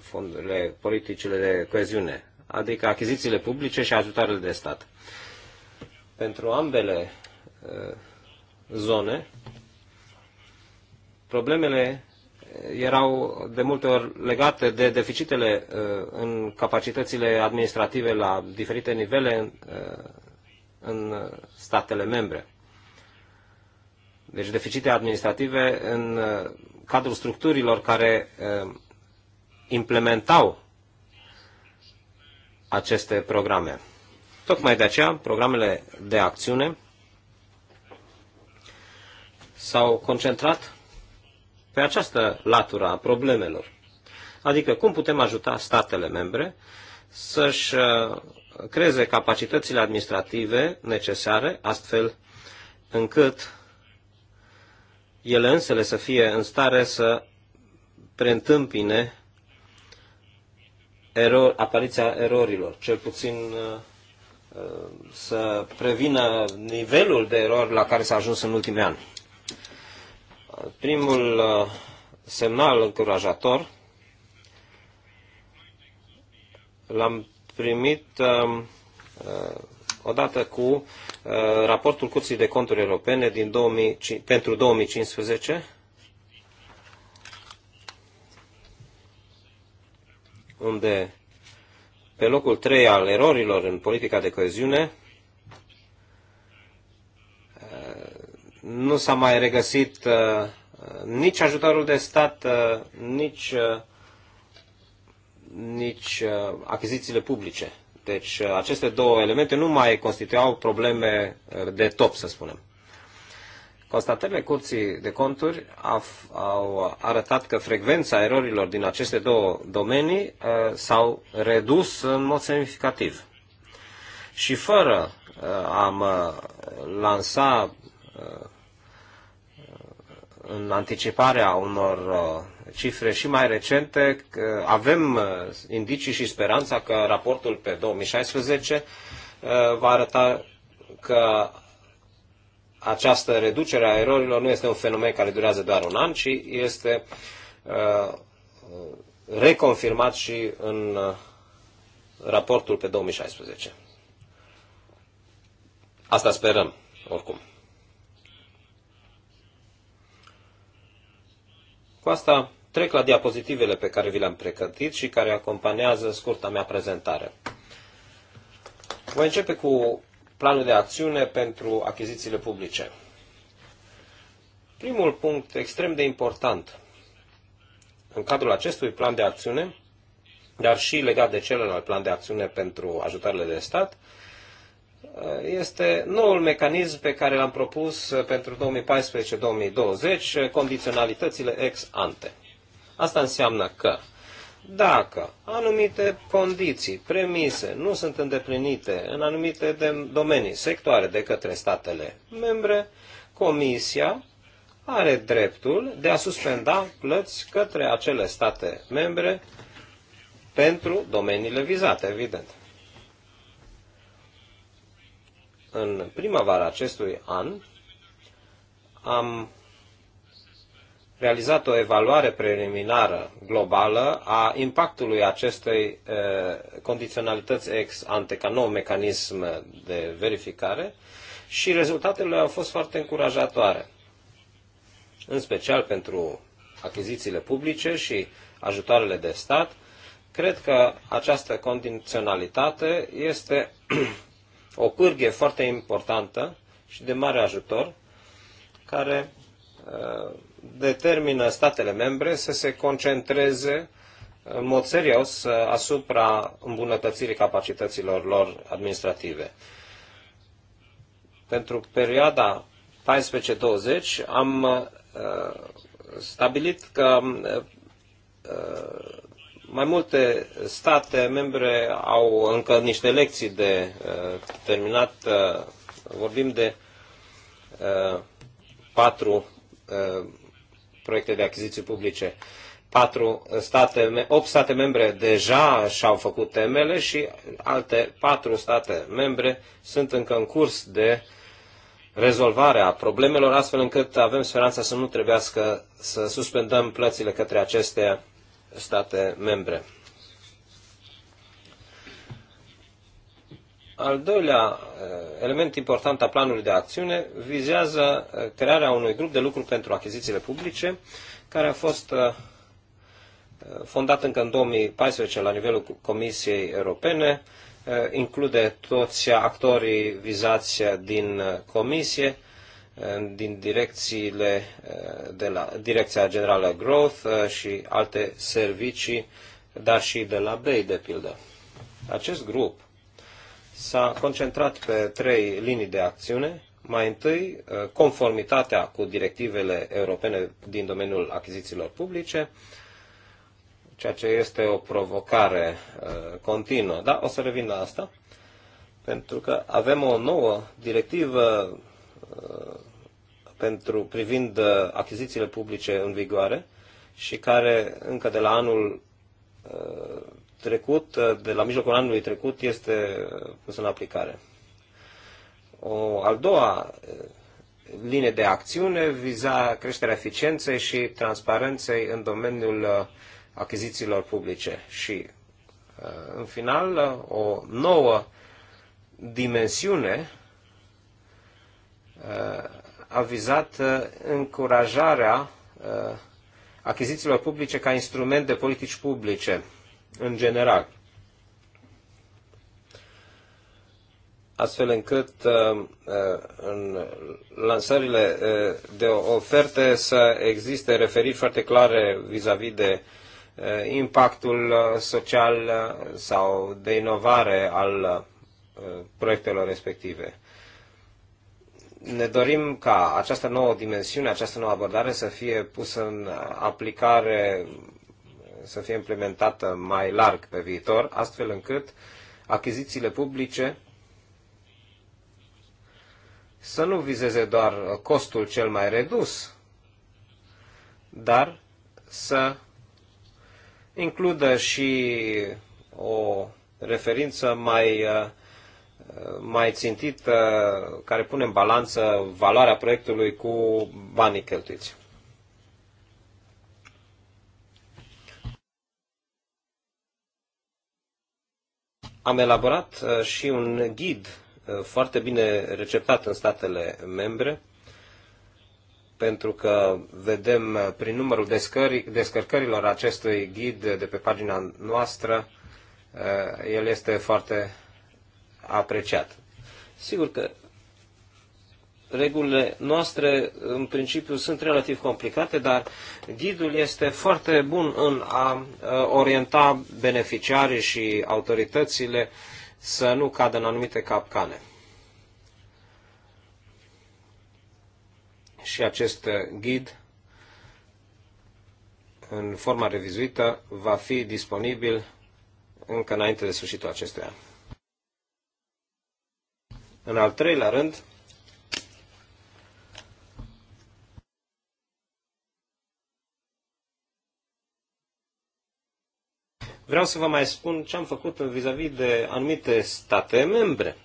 B: fondurile, politicile de coeziune, adică achizițiile publice și ajutarele de stat. Pentru ambele zone, problemele erau de multe ori legate de deficitele uh, în capacitățile administrative la diferite nivele uh, în statele membre. Deci deficite administrative în uh, cadrul structurilor care implementau aceste programe. Tocmai de aceea, programele de acțiune s-au concentrat pe această latură a problemelor. Adică cum putem ajuta statele membre să-și uh, creeze capacitățile administrative necesare, astfel încât ele însele să fie în stare să preîntâmpine ero- apariția erorilor, cel puțin uh, uh, să prevină nivelul de erori la care s-a ajuns în ultimii ani primul uh, semnal încurajator l-am primit uh, uh, odată cu raportul Curții de Conturi Europene din 2000, pentru 2015, unde pe locul 3 al erorilor în politica de coeziune nu s-a mai regăsit uh, nici ajutorul de stat, uh, nici, uh, nici achizițiile publice. Deci aceste două elemente nu mai constituiau probleme de top, să spunem. Constatările Curții de Conturi au arătat că frecvența erorilor din aceste două domenii s-au redus în mod semnificativ. Și fără a mă lansa în anticiparea unor uh, cifre și mai recente, avem uh, indicii și speranța că raportul pe 2016 uh, va arăta că această reducere a erorilor nu este un fenomen care durează doar un an, ci este reconfirmat și în raportul pe 2016. Asta sperăm, oricum. Cu asta trec la diapozitivele pe care vi le-am pregătit și care acompanează scurta mea prezentare. Voi începe cu planul de acțiune pentru achizițiile publice. Primul punct extrem de important în cadrul acestui plan de acțiune, dar și legat de celălalt plan de acțiune pentru ajutoarele de stat, Uh, este noul mecanism pe care l-am propus uh, pentru 2014-2020, uh, condiționalitățile ex ante. Asta înseamnă că dacă anumite condiții, premise nu sunt îndeplinite în anumite domenii, sectoare de către statele membre, Comisia are dreptul de a suspenda plăți către acele state membre pentru domeniile vizate, evident. în primăvara acestui an am realizat o evaluare preliminară globală a impactului acestei uh, condiționalități ex ante ca nou mecanism de verificare și rezultatele au fost foarte încurajatoare, în special pentru achizițiile publice și ajutoarele de stat. Cred că această condiționalitate este o pârghie foarte importantă și de mare ajutor, care uh, determină statele membre să se concentreze în mod serios uh, asupra îmbunătățirii capacităților lor administrative. Pentru perioada 14-20 am uh, stabilit că mai multe state membre au încă niște lecții de uh, terminat. Uh, vorbim de uh, patru uh, proiecte de achiziții publice. Patru state, opt state membre deja și-au făcut temele și alte patru state membre sunt încă în curs de rezolvarea problemelor, astfel încât avem speranța să nu trebuiască să suspendăm plățile către aceste state membre. Al doilea eh, element important al planului de acțiune vizează eh, crearea unui grup de lucru pentru achizițiile publice, care a fost eh, fondat încă în 2014 la nivelul Comisiei Europene, include toți actorii vizați din Comisie, din direcțiile eh, de la Direcția Generală Growth eh, și alte servicii, dar și de la BEI, de pildă. Acest grup s-a concentrat pe trei linii de acțiune. Mai întâi, eh, conformitatea cu directivele europene din domeniul achizițiilor publice, ceea ce este o provocare continuă. Da, o să revin la asta, pentru că avem o nouă directivă pentru privind uh, achizițiile publice în vigoare și care încă de la anul uh, trecut, uh, de la mijlocul anului trecut, este pus în aplicare. O al doua linie de acțiune viza creșterea eficienței și transparenței în domeniul achizițiilor publice și, în final, o nouă dimensiune a vizat încurajarea uh, achizițiilor publice ca instrument de politici publice în general. astfel încât uh, uh, în lansările de oferte să existe referiri foarte clare vis-a-vis -vis de impactul social sau de inovare al proiectelor respective ne dorim ca această nouă dimensiune, această nouă abordare să fie pusă în aplicare, să fie implementată mai larg pe viitor, astfel încât achizițiile publice să nu vizeze doar costul cel mai redus, dar să includă și o referință mai uh, mai țintit, care pune în balanță valoarea proiectului cu banii cheltuiți. Am elaborat uh, și un ghid uh, foarte bine receptat în statele membre, pentru că vedem uh, prin numărul descări, descărcărilor acestui ghid de pe pagina noastră, el este foarte apreciat. Sigur că regulile noastre în principiu sunt relativ complicate, dar ghidul este foarte bun în a orienta beneficiarii și autoritățile să nu cadă în anumite capcane. Și acest ghid, în forma revizuită, va fi disponibil încă înainte de sfârșitul acestui an. În al treilea rând, vreau să vă mai spun ce am făcut vis-a-vis -vis de anumite state membre.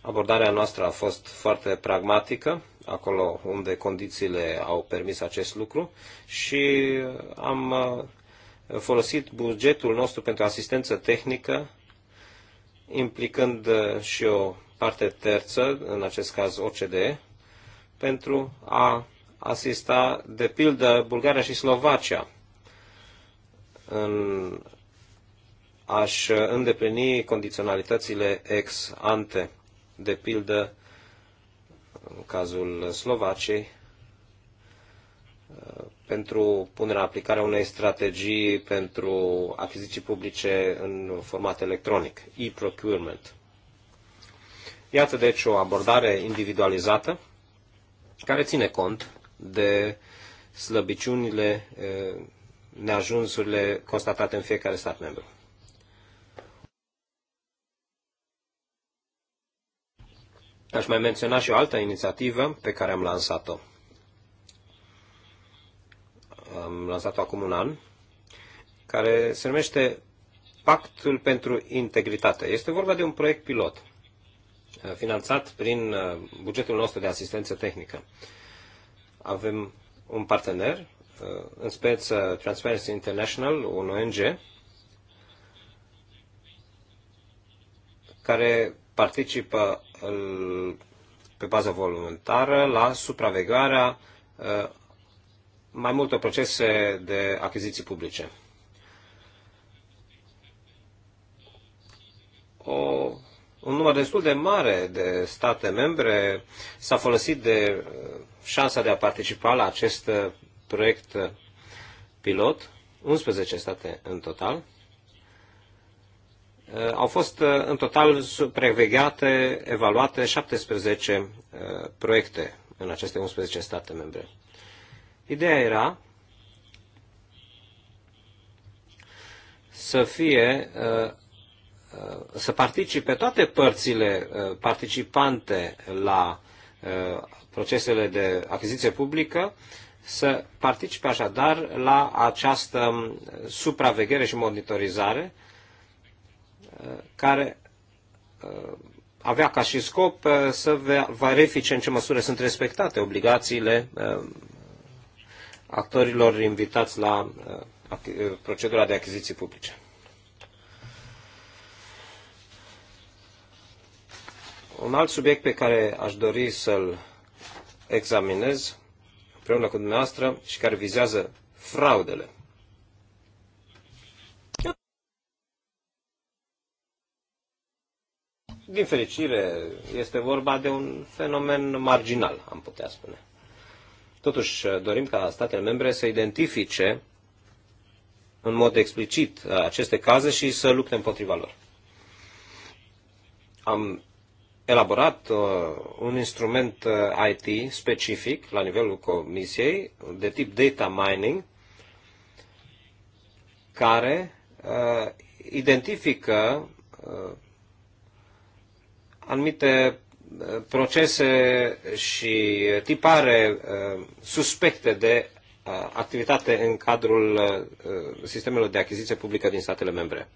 B: Abordarea noastră a fost foarte pragmatică, acolo unde condițiile au permis acest lucru și am uh, folosit bugetul nostru pentru asistență tehnică implicând uh, și o parte terță, în acest caz OCDE, pentru a asista, de pildă, Bulgaria și Slovacia în a-și uh, îndeplini condiționalitățile ex ante, de pildă, în cazul Slovaciei, uh, pentru punerea în aplicare a unei strategii pentru achiziții publice în format electronic, e-procurement. Iată deci o abordare individualizată care ține cont de slăbiciunile, neajunsurile constatate în fiecare stat membru. Aș mai menționa și o altă inițiativă pe care am lansat-o am lansat-o acum un an, care se numește Pactul pentru Integritate. Este vorba de un proiect pilot uh, finanțat prin uh, bugetul nostru de asistență tehnică. Avem un partener, uh, în speță Transparency International, un ONG, care participă pe bază voluntară la supravegherea mai multe procese de achiziții publice. O, un număr destul de mare de state membre s-a folosit de uh, șansa de a participa la acest uh, proiect uh, pilot, 11 state în total. Au fost în total supravegheate, evaluate 17 proiecte în aceste 11 state membre. Ideea era să fie uh, uh, să participe toate părțile uh, participante la procesele de achiziție publică, să participe așadar la această um, supraveghere și monitorizare care avea ca și scop să verifice în ce măsură sunt respectate obligațiile actorilor invitați la uh, uh, procedura de achiziții publice. Un alt subiect pe care aș dori să-l examinez împreună cu dumneavoastră și care vizează fraudele. Din fericire, este vorba de un fenomen marginal, am putea spune. Totuși, dorim ca statele membre să identifice în mod explicit uh, aceste caze și să lupte împotriva lor. Am elaborat uh, un instrument uh, IT specific la nivelul comisiei de tip data mining care identifică anumite procese și tipare uh, suspecte de uh, activitate în cadrul uh, sistemelor de achiziție publică din statele membre.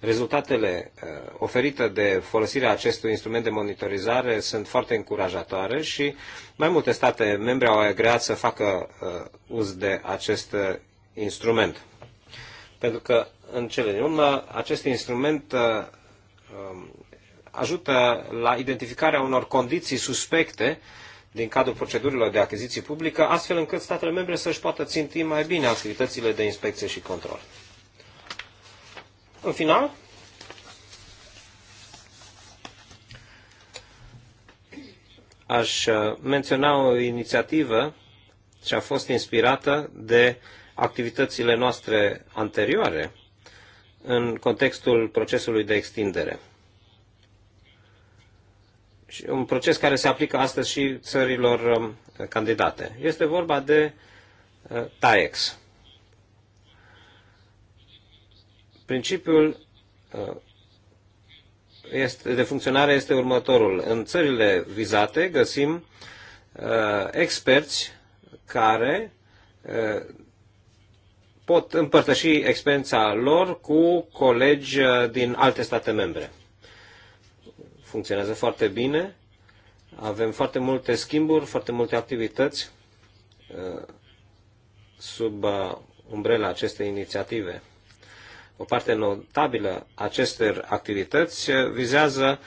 B: Rezultatele oferite de folosirea acestui instrument de monitorizare sunt foarte încurajatoare și mai multe state membre au agreat să facă uz de acest instrument. Pentru că, în cele din urmă, acest instrument um, ajută la identificarea unor condiții suspecte din cadrul procedurilor de achiziții publică, astfel încât statele membre să-și poată ținti mai bine activitățile de inspecție și control. În final, aș uh, menționa o inițiativă ce a fost inspirată de activitățile noastre anterioare în contextul procesului de extindere un proces care se aplică astăzi și țărilor um, candidate. Este vorba de uh, TAEX. Principiul uh, este, de funcționare este următorul. În țările vizate găsim uh, experți care pot împărtăși experiența lor cu colegi din alte state membre funcționează foarte bine. Avem foarte multe schimburi, foarte multe activități uh, sub uh, umbrela acestei inițiative. O parte notabilă acestor activități uh, vizează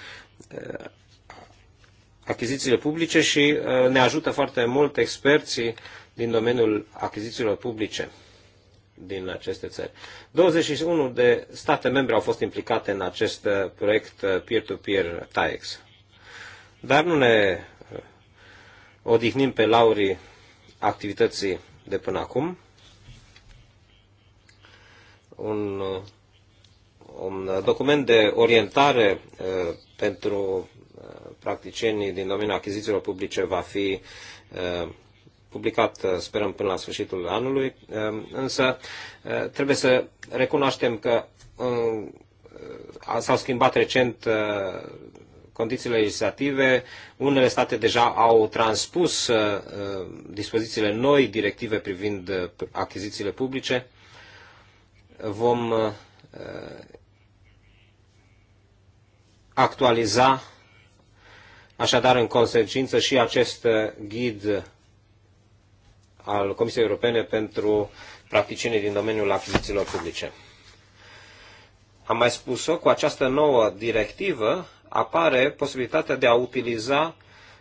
B: achizițiile publice și ne ajută foarte mult experții din domeniul achizițiilor publice din aceste țări. 21 de state membre au fost implicate în acest uh, proiect uh, peer-to-peer TAEX. Dar nu ne uh, odihnim pe laurii activității de până acum. Un, un document de orientare uh, pentru practicienii din domeniul achizițiilor publice va fi uh, publicat, uh, sperăm, până la sfârșitul anului, um, însă uh, trebuie să recunoaștem că uh, s-au schimbat recent condițiile legislative, unele state deja au transpus dispozițiile noi, directive privind achizițiile publice. Vom actualiza Așadar, în consecință, și acest ghid al Comisiei Europene pentru practicienii din domeniul achizițiilor publice. Am mai spus-o, cu această nouă directivă apare posibilitatea de a utiliza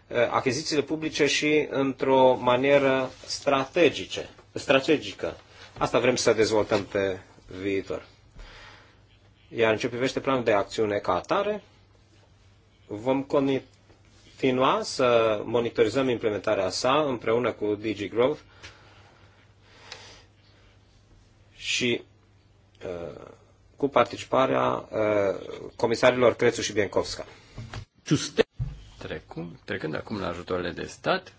B: eh, achizițiile publice și într-o manieră strategice, strategică. Asta vrem să dezvoltăm pe viitor. Iar în ce privește planul de acțiune ca atare, vom continua să monitorizăm implementarea sa împreună cu DigiGrowth și uh, cu participarea uh, comisarilor Crețu și Biencovska.
A: Trecum, trecând acum la ajutoarele de stat,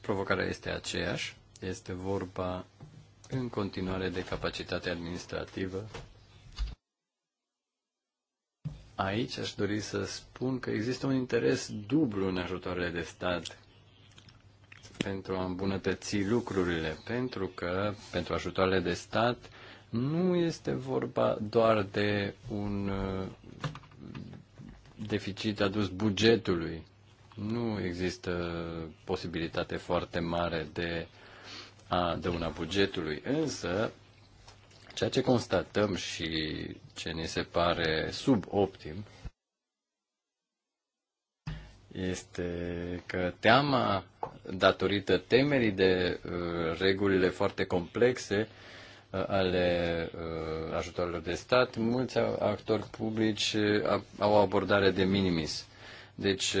A: provocarea este aceeași. Este vorba în continuare de capacitatea administrativă Aici aș dori să spun că există un interes dublu în ajutoarele de stat pentru a îmbunătăți lucrurile, pentru că pentru ajutoarele de stat nu este vorba doar de un uh, deficit adus bugetului. Nu există posibilitate foarte mare de a dăuna bugetului, însă Ceea ce constatăm și ce ne se pare suboptim este că teama, datorită temerii de uh, regulile foarte complexe uh, ale uh, ajutoarelor de stat, mulți actori publici au o abordare de minimis. Deci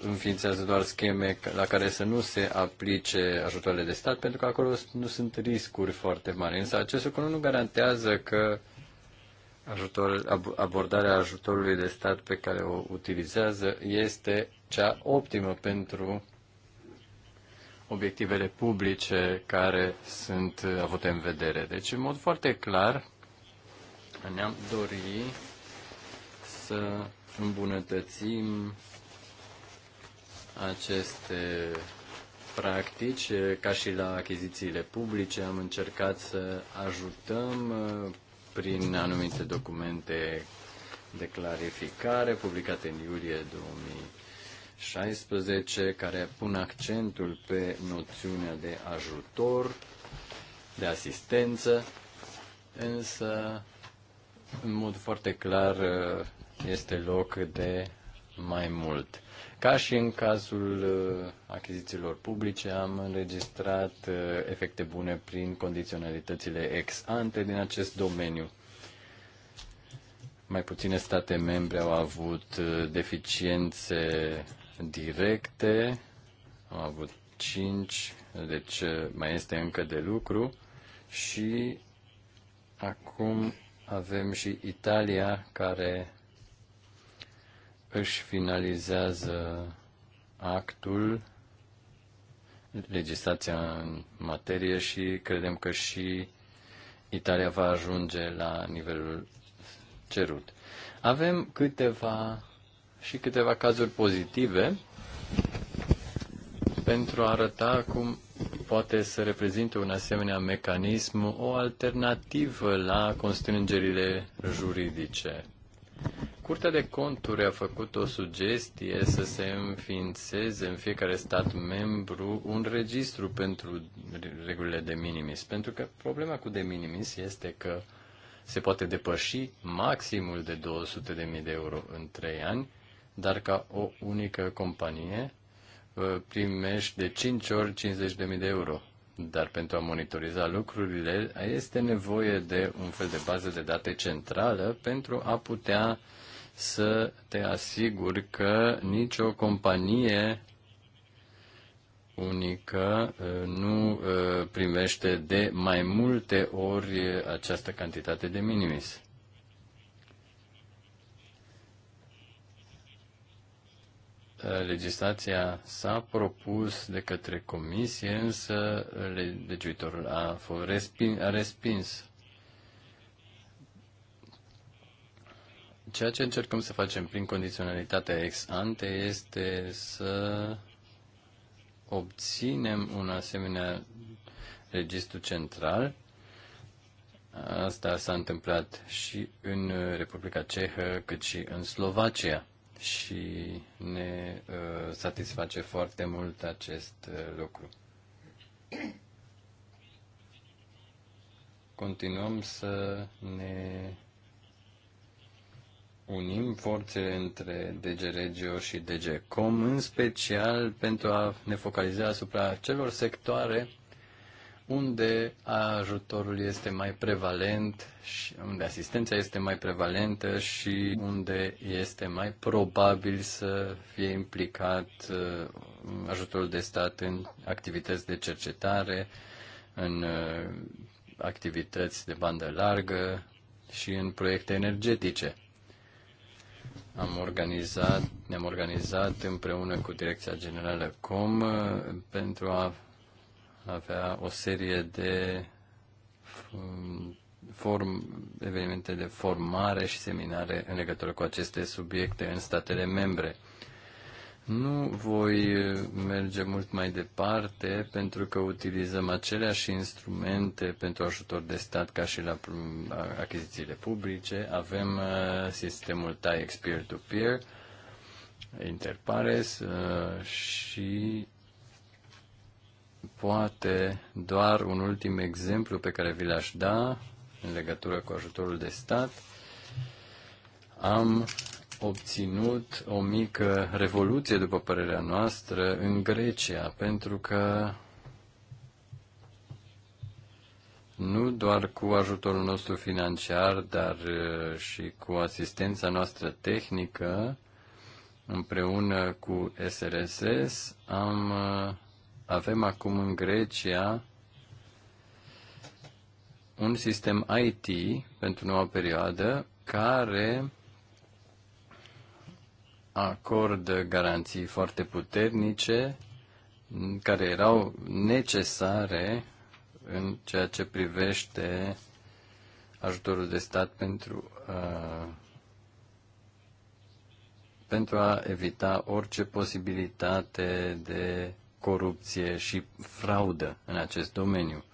A: înființează doar scheme la care să nu se aplice ajutoarele de stat, pentru că acolo nu sunt riscuri foarte mari. Însă acest lucru nu garantează că ajutor, abordarea ajutorului de stat pe care o utilizează este cea optimă pentru obiectivele publice care sunt uh, avute în vedere. Deci, în mod foarte clar, ne-am dorit să îmbunătățim aceste practici, ca și la achizițiile publice, am încercat să ajutăm uh, prin anumite documente de clarificare publicate în iulie 2016, care pun accentul pe noțiunea de ajutor, de asistență, însă, în mod foarte clar, uh, este loc de mai mult. Ca și în cazul uh, achizițiilor publice, am înregistrat uh, efecte bune prin condiționalitățile ex ante din acest domeniu. Mai puține state membre au avut uh, deficiențe directe, au avut 5, deci mai este încă de lucru și acum avem și Italia care își finalizează actul, legislația în materie și credem că și Italia va ajunge la nivelul cerut. Avem câteva și câteva cazuri pozitive pentru a arăta cum poate să reprezinte un asemenea mecanism o alternativă la constrângerile juridice Curtea de conturi a făcut o sugestie să se înființeze în fiecare stat membru un registru pentru regulile de minimis, pentru că problema cu de minimis este că se poate depăși maximul de 200.000 de euro în 3 ani, dar ca o unică companie uh, primești de 5 ori 50.000 de euro. Dar pentru a monitoriza lucrurile este nevoie de un fel de bază de date centrală pentru a putea să te asiguri că nicio companie unică uh, nu uh, primește de mai multe ori această cantitate de minimis. legislația s-a propus de către comisie, însă legiuitorul a, a respins Ceea ce încercăm să facem prin condiționalitatea ex ante este să obținem un asemenea registru central. Asta s-a întâmplat și în Republica Cehă, cât și în Slovacia și ne uh, satisface foarte mult acest uh, lucru. Continuăm să ne unim forțele între DG Regio și DG Com, în special pentru a ne focaliza asupra celor sectoare unde ajutorul este mai prevalent și unde asistența este mai prevalentă și unde este mai probabil să fie implicat uh, ajutorul de stat în activități de cercetare, în uh, activități de bandă largă și în proiecte energetice. Am organizat, ne-am organizat împreună cu Direcția Generală Com uh, pentru a avea o serie de form, evenimente de formare și seminare în legătură cu aceste subiecte în statele membre. Nu voi merge mult mai departe pentru că utilizăm aceleași instrumente pentru ajutor de stat ca și la achizițiile publice. Avem sistemul TAIEX peer-to-peer, Interpares și poate doar un ultim exemplu pe care vi l-aș da în legătură cu ajutorul de stat. Am obținut o mică revoluție, după părerea noastră, în Grecia, pentru că nu doar cu ajutorul nostru financiar, dar uh, și cu asistența noastră tehnică, împreună cu SRSS, am, uh, avem acum în Grecia un sistem IT pentru noua perioadă care acordă garanții foarte puternice care erau necesare în ceea ce privește ajutorul de stat pentru, uh, pentru a evita orice posibilitate de corupție și fraudă în acest domeniu.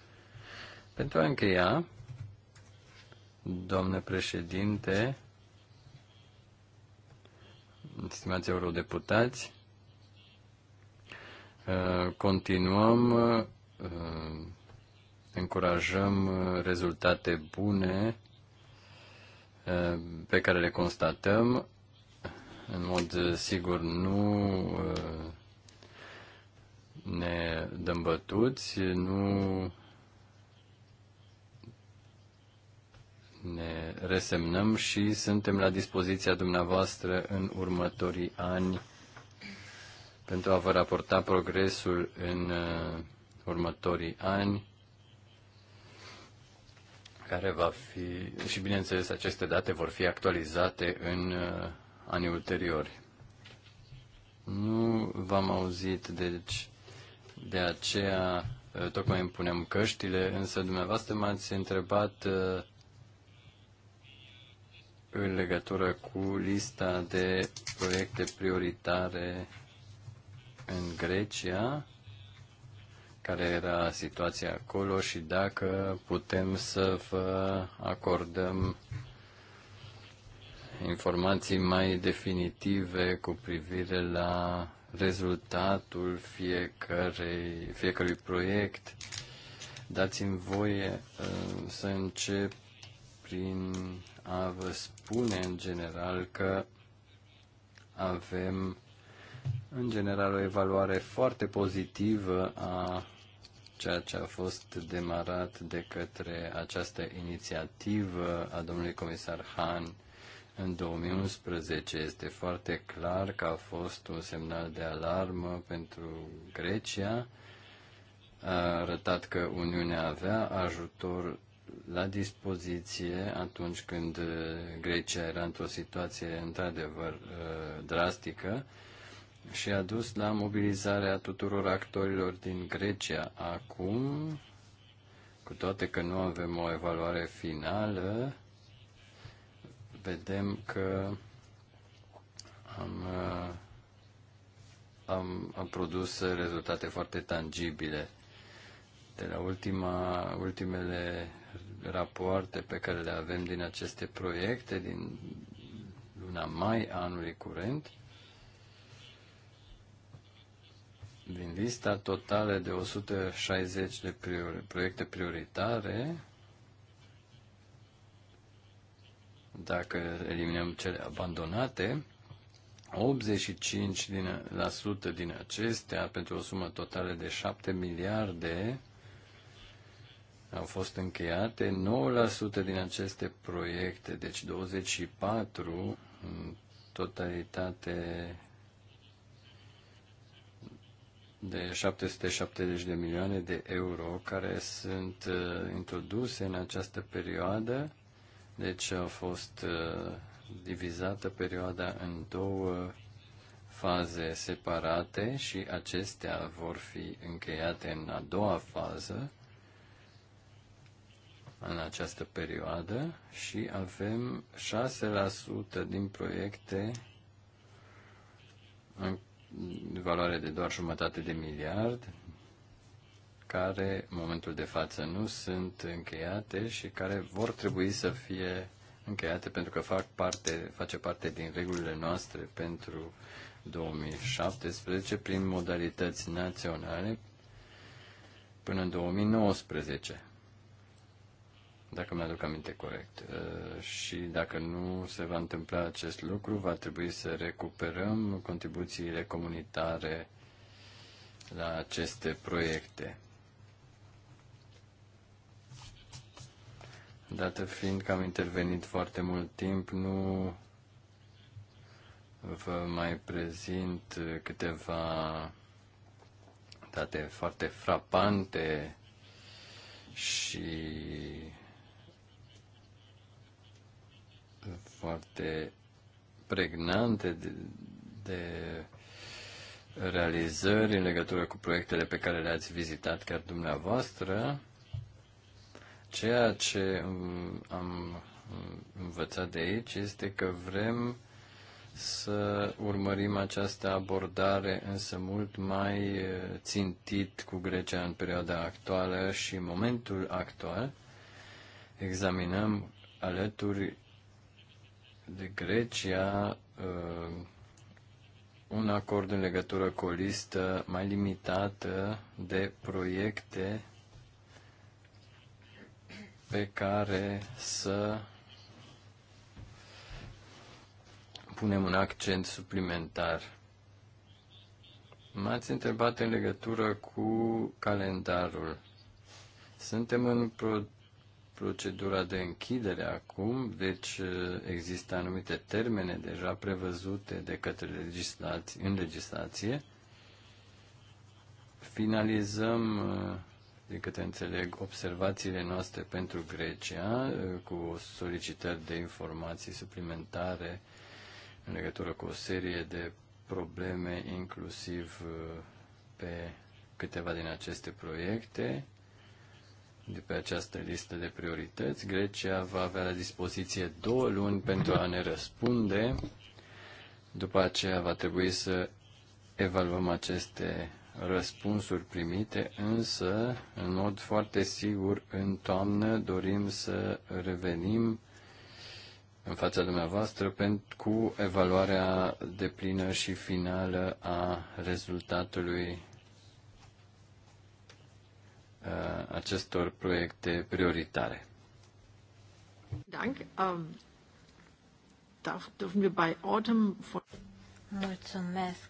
A: Pentru a încheia, domnule președinte, stimați eurodeputați, uh, continuăm, uh, încurajăm rezultate bune uh, pe care le constatăm. În mod sigur nu ne dăm bătuți, nu ne resemnăm și suntem la dispoziția dumneavoastră în următorii ani pentru a vă raporta progresul în uh, următorii ani care va fi și bineînțeles aceste date vor fi actualizate în uh, anii ulteriori. Nu v-am auzit, deci de aceea uh, tocmai îmi punem căștile, însă dumneavoastră m-ați întrebat uh, în legătură cu lista de proiecte prioritare în Grecia, care era situația acolo și dacă putem să vă acordăm informații mai definitive cu privire la rezultatul fiecărei, fiecărui proiect. Dați-mi voie uh, să încep prin a vă spune în general că avem în general o evaluare foarte pozitivă a ceea ce a fost demarat de către această inițiativă a domnului comisar Han în 2011. Este foarte clar că a fost un semnal de alarmă pentru Grecia. A arătat că Uniunea avea ajutor la dispoziție atunci când uh, Grecia era într-o situație într-adevăr uh, drastică și a dus la mobilizarea tuturor actorilor din Grecia. Acum, cu toate că nu avem o evaluare finală, vedem că am, uh, am, am produs rezultate foarte tangibile. De la ultima, ultimele rapoarte pe care le avem din aceste proiecte din luna mai anului curent. Din lista totală de 160 de priori, proiecte prioritare, dacă eliminăm cele abandonate, 85% din, la din acestea, pentru o sumă totală de 7 miliarde, au fost încheiate 9% din aceste proiecte, deci 24 în totalitate de 770 de milioane de euro care sunt uh, introduse în această perioadă. Deci a fost uh, divizată perioada în două faze separate și acestea vor fi încheiate în a doua fază în această perioadă și avem 6% din proiecte în valoare de doar jumătate de miliard, care în momentul de față nu sunt încheiate și care vor trebui să fie încheiate pentru că fac parte, face parte din regulile noastre pentru 2017 prin modalități naționale până în 2019 dacă mi-aduc aminte corect. Uh, și dacă nu se va întâmpla acest lucru, va trebui să recuperăm contribuțiile comunitare la aceste proiecte. Dată fiind că am intervenit foarte mult timp, nu vă mai prezint câteva date foarte frapante și foarte pregnante de, de realizări în legătură cu proiectele pe care le-ați vizitat chiar dumneavoastră. Ceea ce am învățat de aici este că vrem să urmărim această abordare, însă mult mai țintit cu Grecia în perioada actuală și în momentul actual. Examinăm alături de Grecia uh, un acord în legătură cu o listă mai limitată de proiecte pe care să punem un accent suplimentar. M-ați întrebat în legătură cu calendarul. Suntem în procedura de închidere acum, deci uh, există anumite termene deja prevăzute de către legislație, în legislație. Finalizăm, uh, de câte înțeleg, observațiile noastre pentru Grecia uh, cu solicitări de informații suplimentare în legătură cu o serie de probleme, inclusiv pe câteva din aceste proiecte de pe această listă de priorități. Grecia va avea la dispoziție două luni pentru a ne răspunde. După aceea va trebui să evaluăm aceste răspunsuri primite, însă, în mod foarte sigur, în toamnă dorim să revenim în fața dumneavoastră pentru, cu evaluarea deplină și finală a rezultatului Uh, acestor proiecte prioritare. Dank. Um, da,
C: Mulțumesc.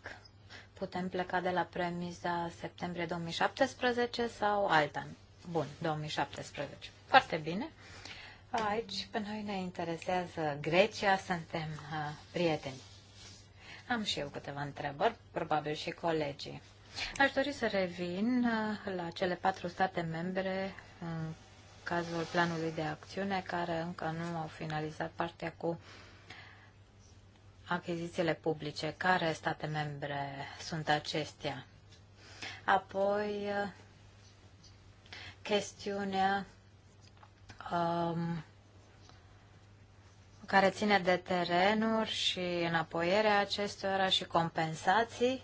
C: Putem pleca de la premiza septembrie 2017 sau alt an? Bun, 2017. Foarte bine. Aici pe noi ne interesează Grecia, suntem uh, prieteni. Am și eu câteva întrebări, probabil și colegii. Aș dori să revin uh, la cele patru state membre în cazul planului de acțiune care încă nu au finalizat partea cu achizițiile publice. Care state membre sunt acestea? Apoi, uh, chestiunea um, care ține de terenuri și înapoierea acestora și compensații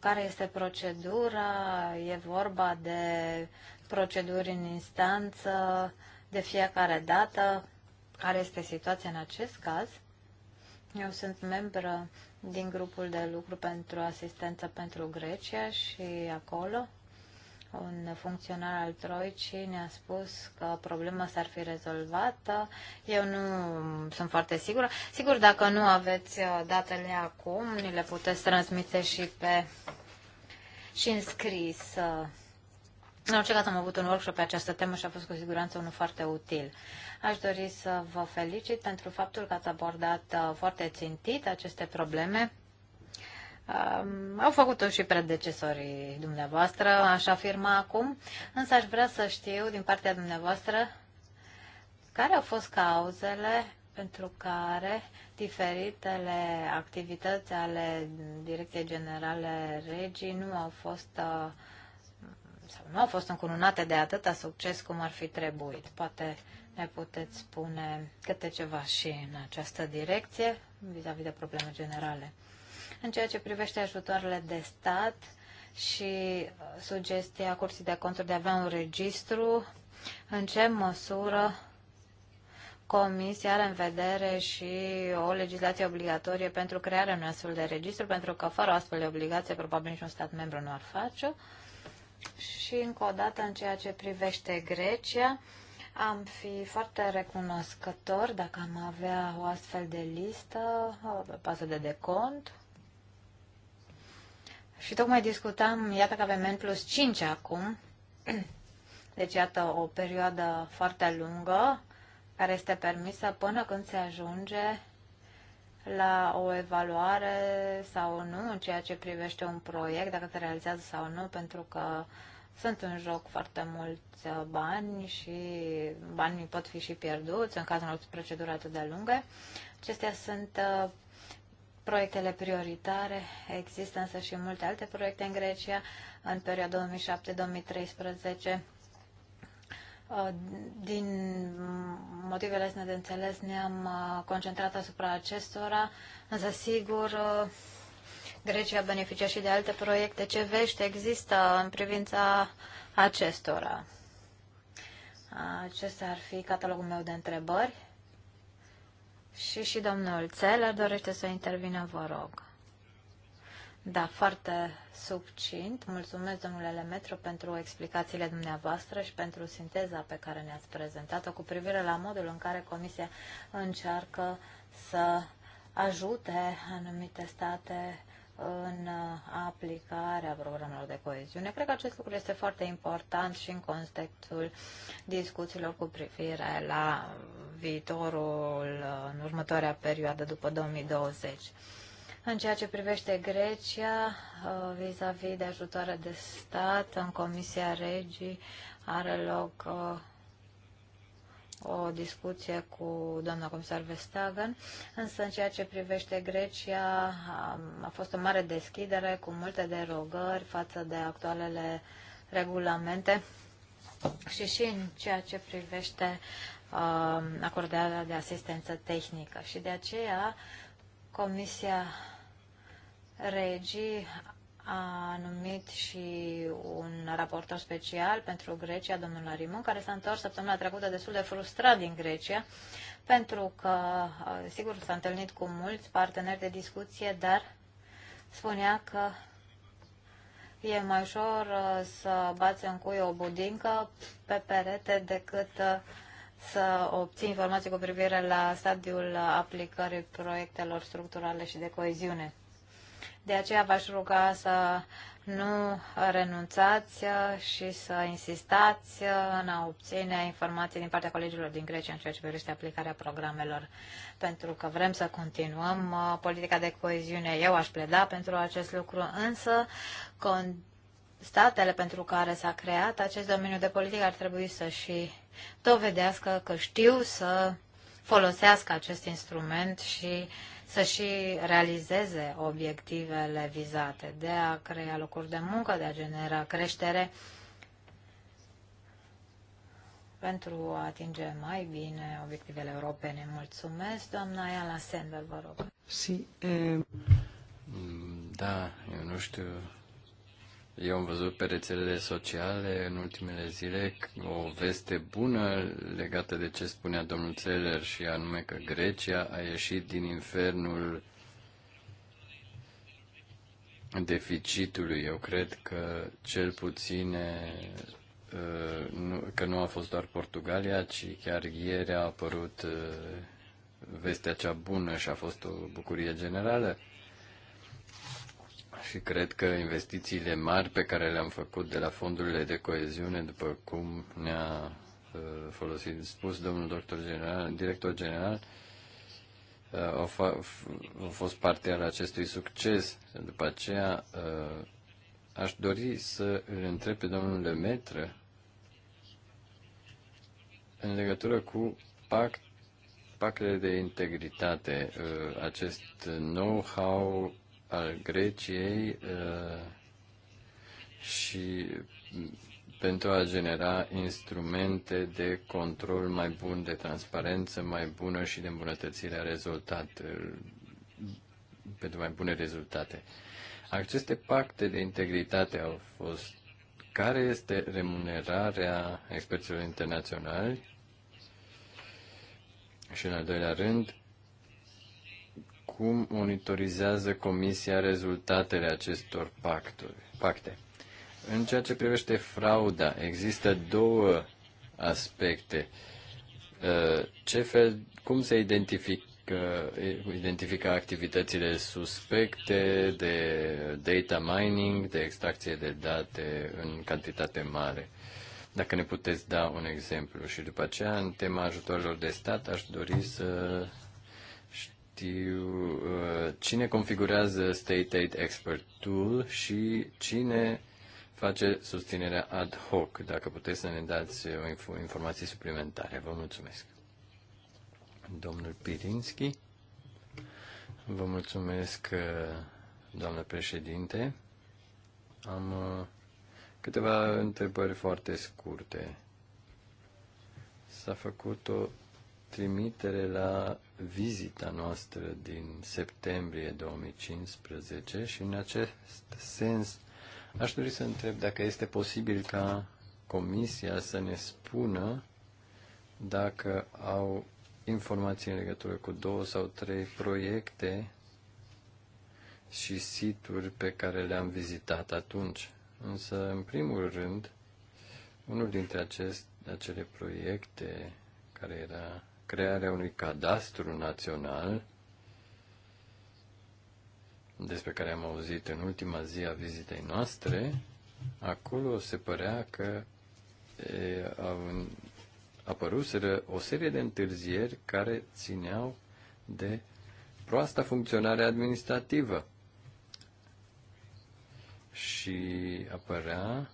C: care este procedura, e vorba de proceduri în instanță de fiecare dată, care este situația în acest caz. Eu sunt membră din grupul de lucru pentru asistență pentru Grecia și acolo un funcționar al Troicii ne-a spus că problema s-ar fi rezolvată. Eu nu sunt foarte sigură. Sigur, dacă nu aveți uh, datele acum, ni le puteți transmite și pe și în scris. Uh. În orice caz am avut un workshop pe această temă și a fost cu siguranță unul foarte util. Aș dori să vă felicit pentru faptul că ați abordat uh, foarte țintit aceste probleme Um, au făcut-o și predecesorii dumneavoastră, aș afirma acum, însă aș vrea să știu din partea dumneavoastră care au fost cauzele pentru care diferitele activități ale Direcției Generale Regii nu au fost uh, sau nu au fost încununate de atâta succes cum ar fi trebuit. Poate ne puteți spune câte ceva și în această direcție vis-a-vis -vis de probleme generale. În ceea ce privește ajutoarele de stat și uh, sugestia Curții de Conturi de a avea un registru, în ce măsură Comisia are în vedere și o legislație obligatorie pentru crearea unui astfel de registru, pentru că fără astfel de obligație probabil niciun stat membru nu ar face. Și încă o dată în ceea ce privește Grecia, am fi foarte recunoscător dacă am avea o astfel de listă o uh, bază de decont și tocmai discutam, iată că avem N plus 5 acum, deci iată o perioadă foarte lungă care este permisă până când se ajunge la o evaluare sau nu în ceea ce privește un proiect, dacă se realizează sau nu, pentru că sunt în joc foarte mulți uh, bani și banii pot fi și pierduți în cazul unor proceduri atât de lunge. Acestea sunt uh, proiectele prioritare. Există însă și multe alte proiecte în Grecia în perioada 2007-2013. Uh, din motivele sine de înțeles ne-am uh, concentrat asupra acestora, însă sigur uh, Grecia beneficia și de alte proiecte. Ce vești există în privința acestora? Acesta ar fi catalogul meu de întrebări. Și și domnul Țeler dorește să intervină, vă rog. Da, foarte subțint. Mulțumesc, domnule Lemetru, pentru explicațiile dumneavoastră și pentru sinteza pe care ne-ați prezentat-o cu privire la modul în care Comisia încearcă să ajute anumite state în uh, aplicarea programelor de coeziune. Cred că acest lucru este foarte important și în contextul discuțiilor cu privire la viitorul uh, în următoarea perioadă după 2020. În ceea ce privește Grecia, uh, vis-a-vis -vis de ajutoare de stat, în Comisia Regii are loc o discuție cu doamna comisar Vestagan, însă în ceea ce privește Grecia a, a fost o mare deschidere cu multe derogări față de actualele regulamente și și în ceea ce privește uh, acordarea de asistență tehnică. Și de aceea Comisia Regii a numit și un raportor special pentru Grecia, domnul Arimon, care s-a întors săptămâna trecută destul de frustrat din Grecia, pentru că, sigur, s-a întâlnit cu mulți parteneri de discuție, dar spunea că e mai ușor să bați în cui o budincă pe perete decât să obții informații cu privire la stadiul aplicării proiectelor structurale și de coeziune. De aceea v-aș ruga să nu renunțați și să insistați în a obține informații din partea colegilor din Grecia în ceea ce privește aplicarea programelor, pentru că vrem să continuăm uh, politica de coeziune. Eu aș pleda pentru acest lucru, însă statele pentru care s-a creat acest domeniu de politică ar trebui să și dovedească că știu să folosească acest instrument și uh, să și realizeze obiectivele vizate de a crea locuri de muncă, de a genera creștere pentru a atinge mai bine obiectivele europene. Mulțumesc, doamna Iala Sender, vă rog.
A: Si, e... Eh, da, eu nu știu eu am văzut pe rețelele sociale în ultimele zile o veste bună legată de ce spunea domnul Țeler și anume că Grecia a ieșit din infernul deficitului. Eu cred că cel puțin uh, că nu a fost doar Portugalia, ci chiar ieri a apărut uh, vestea cea bună și a fost o bucurie generală și cred că investițiile mari pe care le-am făcut de la fondurile de coeziune, după cum ne-a uh, folosit, spus domnul doctor general, director general, uh, au, au fost parte al acestui succes. După aceea, uh, aș dori să îl întreb pe domnul Lemetră în legătură cu pact, pactele de integritate, acest know-how al Greciei uh, și pentru a genera instrumente de control mai bun, de transparență mai bună și de îmbunătățirea rezultatelor, pentru mai bune rezultate. Aceste pacte de integritate au fost care este remunerarea experților internaționali și, în al doilea rând, cum monitorizează Comisia rezultatele acestor pacturi, pacte? În ceea ce privește frauda, există două aspecte. Uh, ce fel, cum se identifică, identifică activitățile suspecte de data mining, de extracție de date în cantitate mare? Dacă ne puteți da un exemplu. Și după aceea, în tema ajutorilor de stat, aș dori să știu uh, cine configurează State Aid Expert Tool și cine face susținerea ad hoc. Dacă puteți să ne dați uh, informație suplimentare. Vă mulțumesc. Domnul Pirinski. Vă mulțumesc, uh, doamnă președinte. Am câteva întrebări foarte scurte. S-a făcut o trimitere la vizita noastră din septembrie 2015 și în acest sens aș dori să întreb dacă este posibil ca Comisia să ne spună dacă au informații în legătură cu două sau trei proiecte și situri pe care le-am vizitat atunci. Însă, în primul rând, unul dintre acest, acele proiecte care era crearea unui cadastru național despre care am auzit în ultima zi a vizitei noastre, acolo se părea că e, au apăruseră o serie de întârzieri care țineau de proasta funcționare administrativă. Și apărea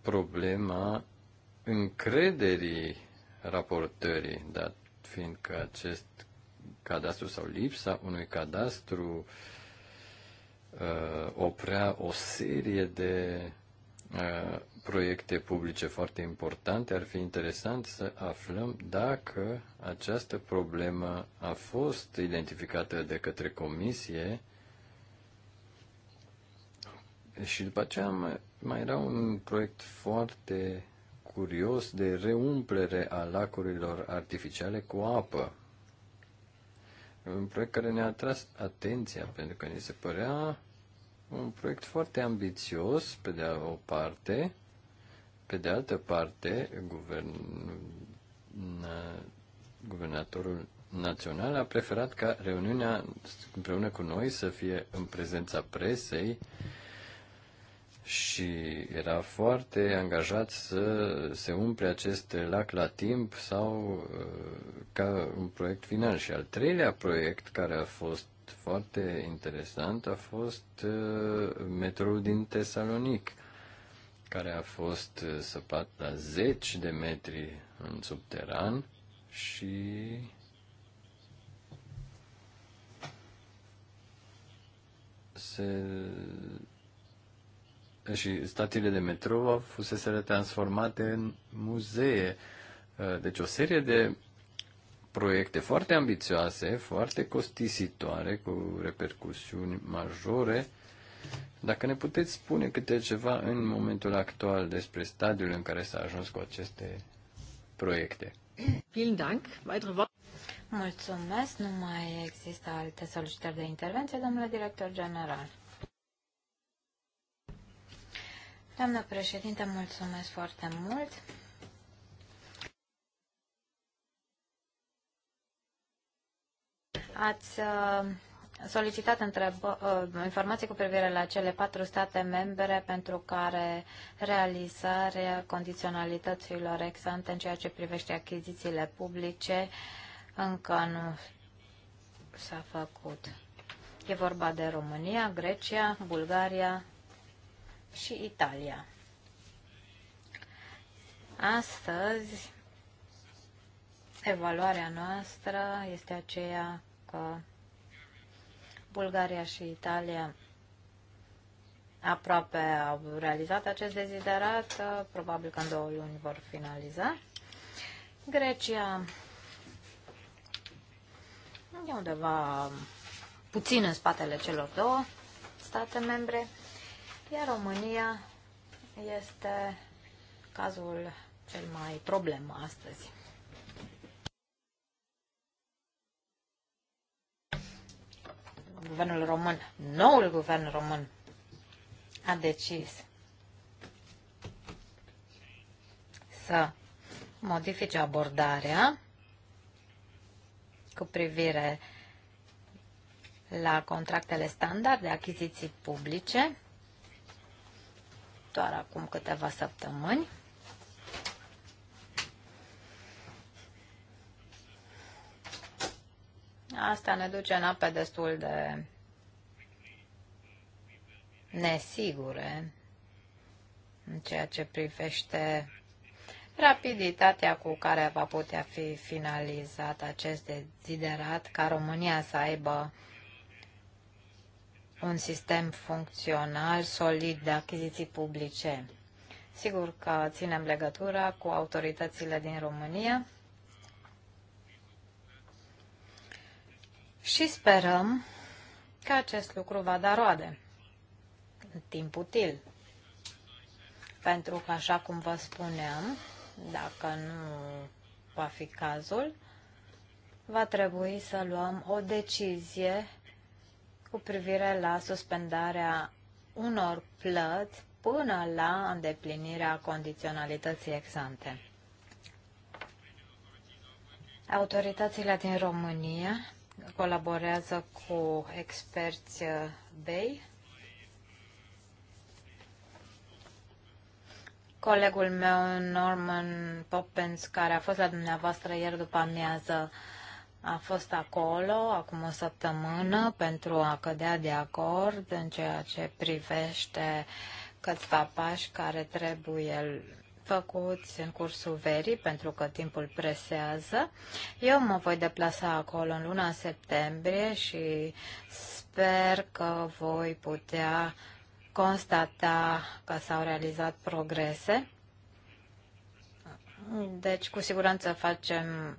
A: problema încrederii raportării, dar fiindcă acest cadastru sau lipsa unui cadastru uh, oprea o serie de uh, proiecte publice foarte importante, ar fi interesant să aflăm dacă această problemă a fost identificată de către comisie și după aceea mai, mai era un proiect foarte curios de reumplere a lacurilor artificiale cu apă. Un proiect care ne-a atras atenția pentru că ni se părea un proiect foarte ambițios, pe de o parte, pe de altă parte, guvern, guvernatorul național a preferat ca reuniunea împreună cu noi să fie în prezența presei și era foarte angajat să se umple acest lac la timp sau uh, ca un proiect final. Și al treilea proiect care a fost foarte interesant a fost uh, metroul din Tesalonic, care a fost uh, săpat la 10 de metri în subteran și se și stațiile de metrou au fuseseră transformate în muzee. Uh, deci o serie de proiecte foarte ambițioase, foarte costisitoare, cu repercusiuni majore. Dacă ne puteți spune câte ceva în momentul actual despre stadiul în care s-a ajuns cu aceste proiecte.
C: Mulțumesc, nu mai există alte solicitări de intervenție, domnule director general. Doamnă președinte, mulțumesc foarte mult. Ați uh, solicitat uh, informații cu privire la cele patru state membre pentru care realizarea condiționalităților exante în ceea ce privește achizițiile publice încă nu s-a făcut. E vorba de România, Grecia, Bulgaria, și Italia. Astăzi, evaluarea noastră este aceea că Bulgaria și Italia aproape au realizat acest deziderat, probabil că în două luni vor finaliza. Grecia e undeva puțin în spatele celor două state membre. Iar România este cazul cel mai problemă astăzi. Guvernul român, noul guvern român, a decis să modifice abordarea cu privire la contractele standard de achiziții publice doar acum câteva săptămâni. Asta ne duce în ape destul de nesigure în ceea ce privește rapiditatea cu care va putea fi finalizat acest deziderat ca România să aibă un sistem funcțional, solid de achiziții publice. Sigur că ținem legătura cu autoritățile din România și sperăm că acest lucru va da roade în timp util. Pentru că, așa cum vă spuneam, dacă nu va fi cazul, va trebui să luăm o decizie cu privire la suspendarea unor plăți până la îndeplinirea condiționalității exante. Autoritățile din România colaborează cu experți uh, BEI. Colegul meu, Norman Poppens, care a fost la dumneavoastră ieri după amiază, uh, a fost acolo acum o săptămână pentru a cădea de acord în ceea ce privește câțiva pași care trebuie făcuți în cursul verii, pentru că timpul presează. Eu mă voi deplasa acolo în luna septembrie și sper că voi putea constata că s-au realizat progrese. Deci, cu siguranță facem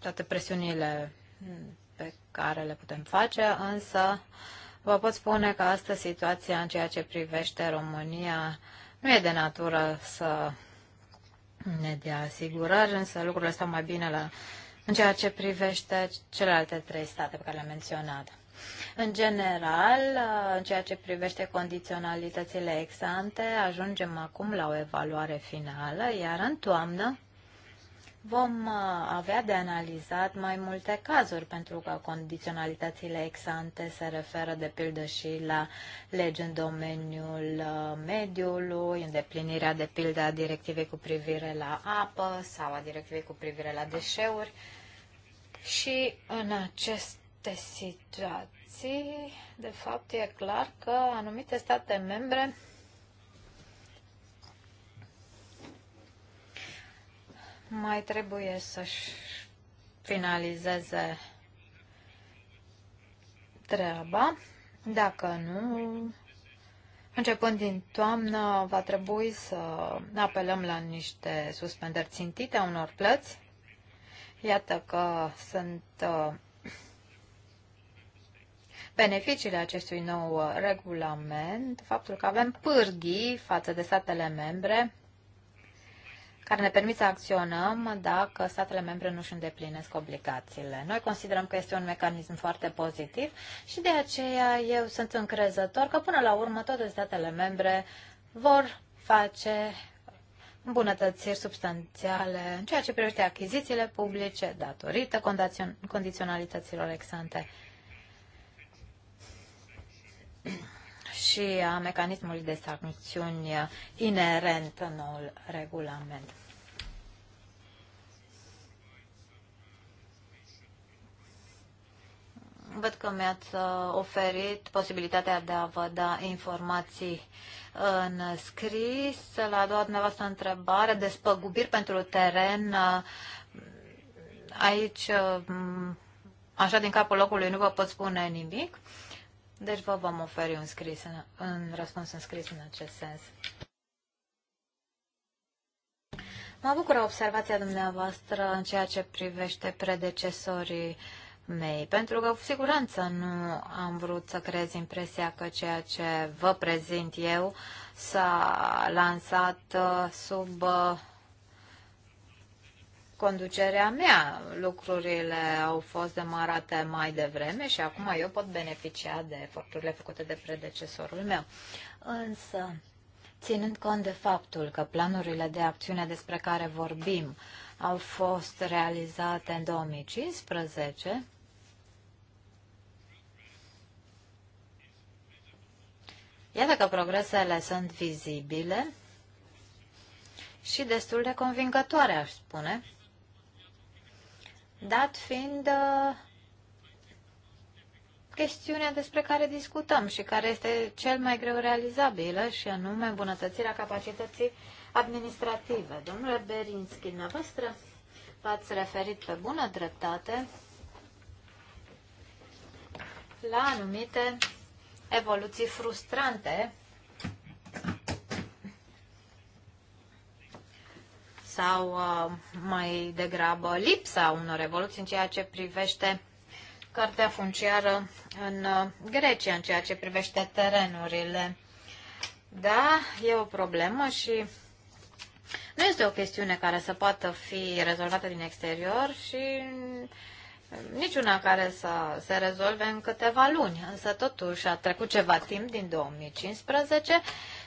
C: toate presiunile pe care le putem face, însă vă pot spune că astăzi situația în ceea ce privește România nu e de natură să ne dea asigurări, însă lucrurile stau mai bine la, în ceea ce privește celelalte trei state pe care le-am menționat. În general, în ceea ce privește condiționalitățile exante, ajungem acum la o evaluare finală, iar în toamnă vom uh, avea de analizat mai multe cazuri, pentru că condiționalitățile exante se referă de pildă și la legi în domeniul uh, mediului, îndeplinirea de pildă a directivei cu privire la apă sau a directivei cu privire la deșeuri. Și în aceste situații, de fapt, e clar că anumite state membre mai trebuie să-și finalizeze treaba. Dacă nu, începând din toamnă, va trebui să apelăm la niște suspendări țintite a unor plăți. Iată că sunt uh, beneficiile acestui nou uh, regulament, faptul că avem pârghii față de statele membre, care ne permit să acționăm dacă statele membre nu își îndeplinesc obligațiile. Noi considerăm că este un mecanism foarte pozitiv și de aceea eu sunt încrezător că până la urmă toate statele membre vor face îmbunătățiri substanțiale în ceea ce privește achizițiile publice datorită condiționalităților exante și a mecanismului de sancțiuni inerent în noul regulament. Văd că mi-ați uh, oferit posibilitatea de a vă da informații în scris. La a doua dumneavoastră întrebare, despăgubiri pentru teren. Uh, aici, uh, așa din capul locului, nu vă pot spune nimic. Deci vă vom oferi un, scris în, un răspuns în scris în acest sens. Mă bucură observația dumneavoastră în ceea ce privește predecesorii mei, pentru că cu siguranță nu am vrut să creez impresia că ceea ce vă prezint eu s-a lansat uh, sub uh, conducerea mea. Lucrurile au fost demarate mai devreme și acum eu pot beneficia de eforturile făcute de predecesorul meu. Însă, ținând cont de faptul că planurile de acțiune despre care vorbim au fost realizate în 2015, Iată că progresele sunt vizibile și destul de convingătoare, aș spune dat fiind uh, chestiunea despre care discutăm și care este cel mai greu realizabilă și anume îmbunătățirea capacității administrative. Domnule Berinski, dumneavoastră v-ați referit pe bună dreptate la anumite evoluții frustrante sau uh, mai degrabă lipsa unor evoluții în ceea ce privește cartea funciară în uh, Grecia, în ceea ce privește terenurile. Da, e o problemă și nu este o chestiune care să poată fi rezolvată din exterior și uh, niciuna care să se rezolve în câteva luni. Însă totuși a trecut ceva timp din 2015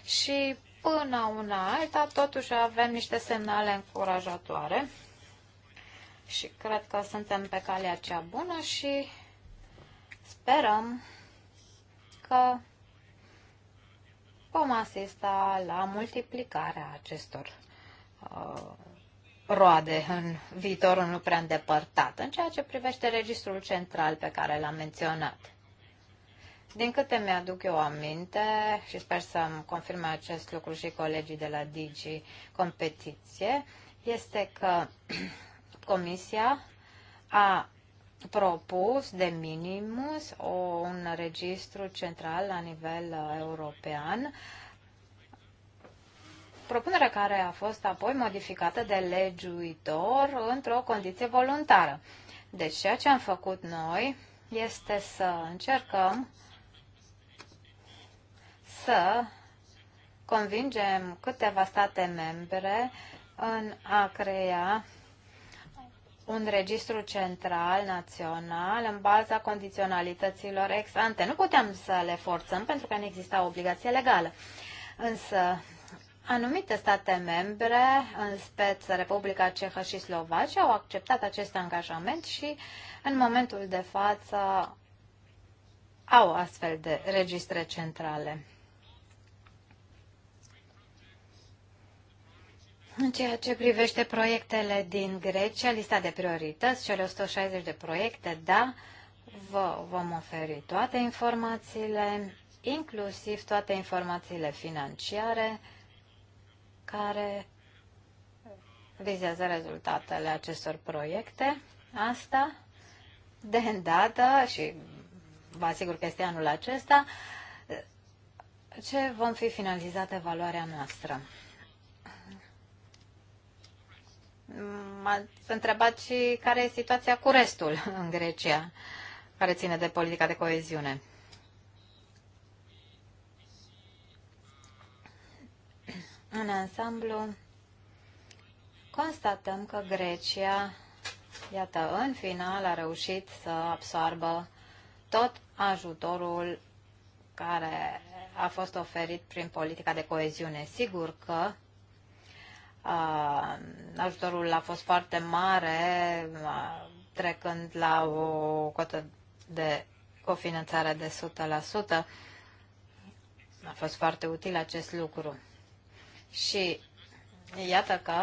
C: și până una alta, totuși avem niște semnale încurajatoare și cred că suntem pe calea cea bună și sperăm că vom asista la multiplicarea acestor uh, roade în viitorul nu prea îndepărtat, în ceea ce privește registrul central pe care l-am menționat. Din câte mi-aduc eu aminte, și sper să-mi confirme acest lucru și colegii de la Digi Competiție, este că Comisia a propus de minimus o, un registru central la nivel uh, european, propunerea care a fost apoi modificată de legiuitor într-o condiție voluntară. Deci ceea ce am făcut noi este să încercăm să convingem câteva state membre în a crea un registru central național în baza condiționalităților ex ante. Nu puteam să le forțăm pentru că nu exista obligație legală. Însă anumite state membre, în speță Republica Cehă și Slovacia, au acceptat acest angajament și în momentul de față au astfel de registre centrale. În ceea ce privește proiectele din Grecia, lista de priorități, cele 160 de proiecte, da, vă vom oferi toate informațiile, inclusiv toate informațiile financiare care vizează rezultatele acestor proiecte. Asta de îndată și vă asigur că este anul acesta ce vom fi finalizate valoarea noastră. m-ați întrebat și care e situația cu restul în Grecia, care ține de politica de coeziune. În ansamblu, constatăm că Grecia, iată, în final a reușit să absoarbă tot ajutorul care a fost oferit prin politica de coeziune. Sigur că Uh, ajutorul a fost foarte mare, uh, trecând la o cotă de cofinanțare de 100%. A fost foarte util acest lucru. Și iată că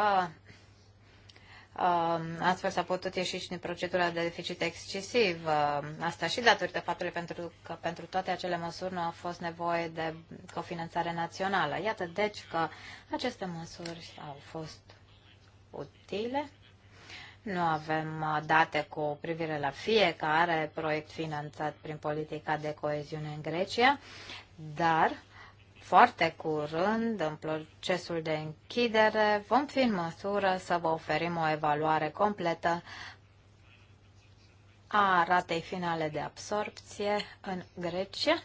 C: Um, astfel s-a putut ieși și din procedura de deficit excesiv. Um, asta și datorită faptului pentru că pentru toate acele măsuri nu a fost nevoie de cofinanțare națională. Iată deci că aceste măsuri au fost utile. Nu avem uh, date cu privire la fiecare proiect finanțat prin politica de coeziune în Grecia, dar foarte curând, în procesul de închidere, vom fi în măsură să vă oferim o evaluare completă a ratei finale de absorpție în Grecia,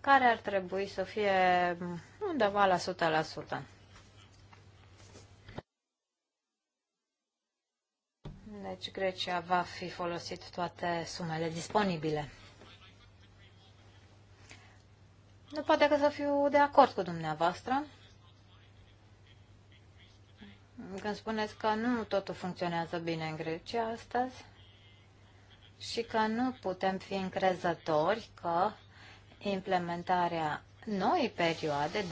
C: care ar trebui să fie undeva la 100%. Deci Grecia va fi folosit toate sumele disponibile. Nu poate că să fiu de acord cu dumneavoastră când spuneți că nu totul funcționează bine în Grecia astăzi și că nu putem fi încrezători că implementarea noi perioade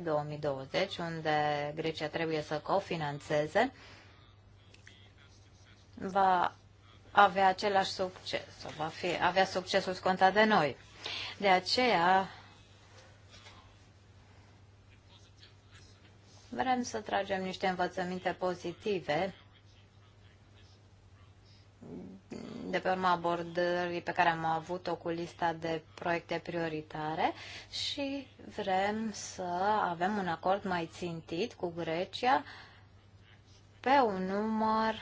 C: 2014-2020, unde Grecia trebuie să cofinanțeze, va avea același succes, va fi, avea succesul scontat de noi. De aceea vrem să tragem niște învățăminte pozitive de pe urma abordării pe care am avut-o cu lista de proiecte prioritare și vrem să avem un acord mai țintit cu Grecia pe un număr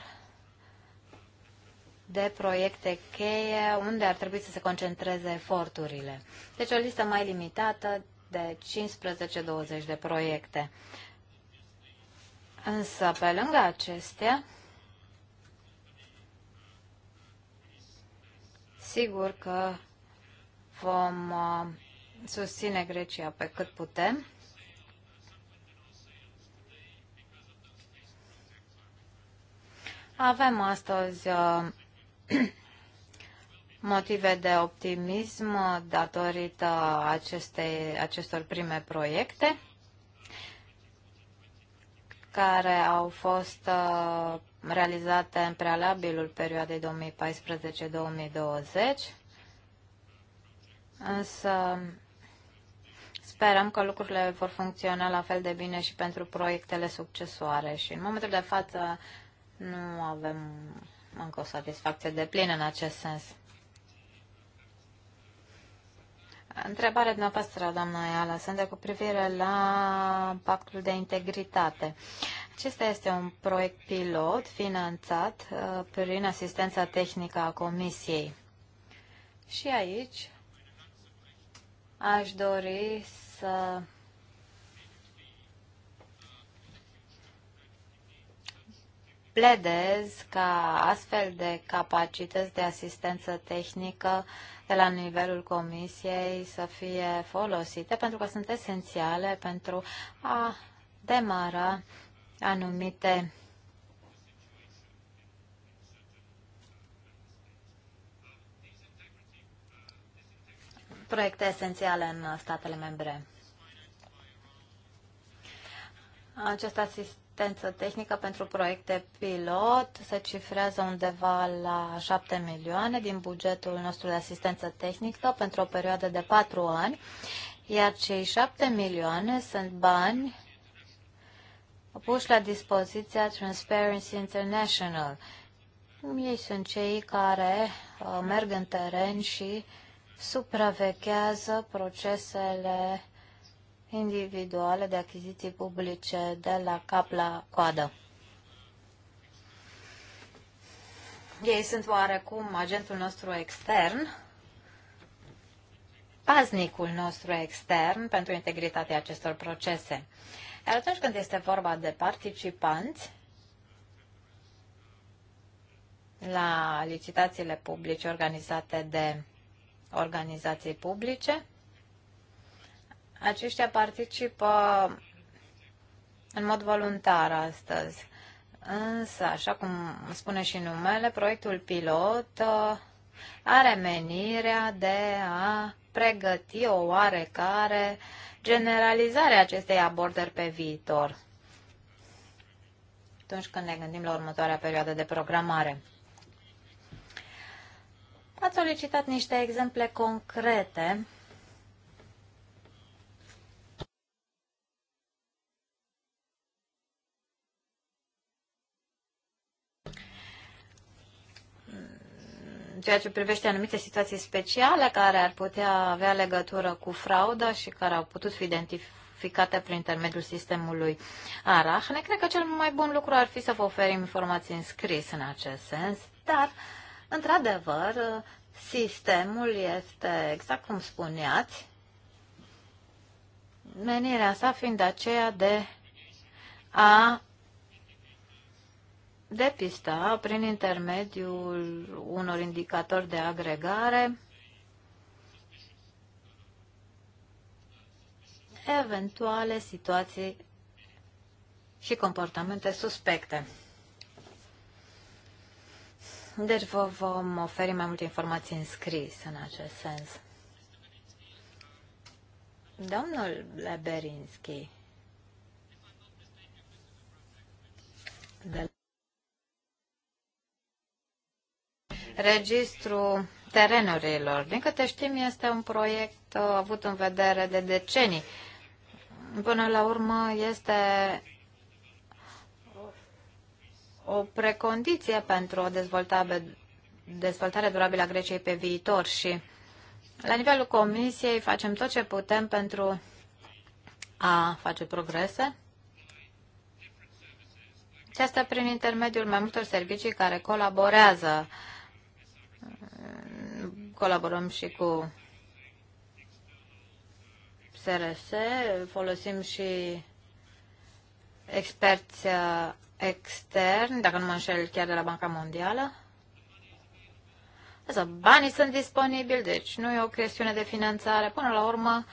C: de proiecte cheie unde ar trebui să se concentreze eforturile. Deci o listă mai limitată de 15-20 de proiecte. Însă, pe lângă acestea, sigur că vom uh, susține Grecia pe cât putem. Avem astăzi uh, motive de optimism datorită acestei, acestor prime proiecte care au fost uh, realizate în prealabilul perioadei 2014-2020, însă sperăm că lucrurile vor funcționa la fel de bine și pentru proiectele succesoare și în momentul de față nu avem încă o satisfacție de plină în acest sens. Întrebarea dumneavoastră, doamna Iala, sunt cu privire la pactul de integritate. Acesta este un proiect pilot finanțat uh, prin asistența tehnică a Comisiei. Și aici aș dori să pledez ca astfel de capacități de asistență tehnică de la nivelul comisiei să fie folosite pentru că sunt esențiale pentru a demara anumite proiecte esențiale în statele membre. Această asistență asistență tehnică pentru proiecte pilot se cifrează undeva la 7 milioane din bugetul nostru de asistență tehnică pentru o perioadă de 4 ani, iar cei 7 milioane sunt bani puși la dispoziția Transparency International. Ei sunt cei care uh, merg în teren și supraveghează procesele individuale de achiziții publice de la cap la coadă. Ei sunt oarecum agentul nostru extern, paznicul nostru extern pentru integritatea acestor procese. Iar atunci când este vorba de participanți la licitațiile publice organizate de organizații publice, aceștia participă în mod voluntar astăzi. Însă, așa cum spune și numele, proiectul pilot uh, are menirea de a pregăti o oarecare generalizare a acestei abordări pe viitor, atunci când ne gândim la următoarea perioadă de programare. Ați solicitat niște exemple concrete ceea ce privește anumite situații speciale care ar putea avea legătură cu frauda și care au putut fi identificate prin intermediul sistemului Arahne, cred că cel mai bun lucru ar fi să vă oferim informații în scris în acest sens, dar, într-adevăr, sistemul este, exact cum spuneați, menirea sa fiind aceea de a depista prin intermediul unor indicatori de agregare eventuale situații și comportamente suspecte. Deci vă vom oferi mai multe informații în scris în acest sens. Domnul Leberinski, de registru terenurilor. Din câte știm, este un proiect uh, avut în vedere de decenii. Până la urmă, este o precondiție pentru o dezvoltare, dezvoltare durabilă a Greciei pe viitor și la nivelul Comisiei facem tot ce putem pentru a face progrese. Și asta prin intermediul mai multor servicii care colaborează colaborăm și cu SRS, folosim și experți uh, externi, dacă nu mă înșel chiar de la Banca Mondială. Asta, banii sunt disponibili, deci nu e o chestiune de finanțare. Până la urmă,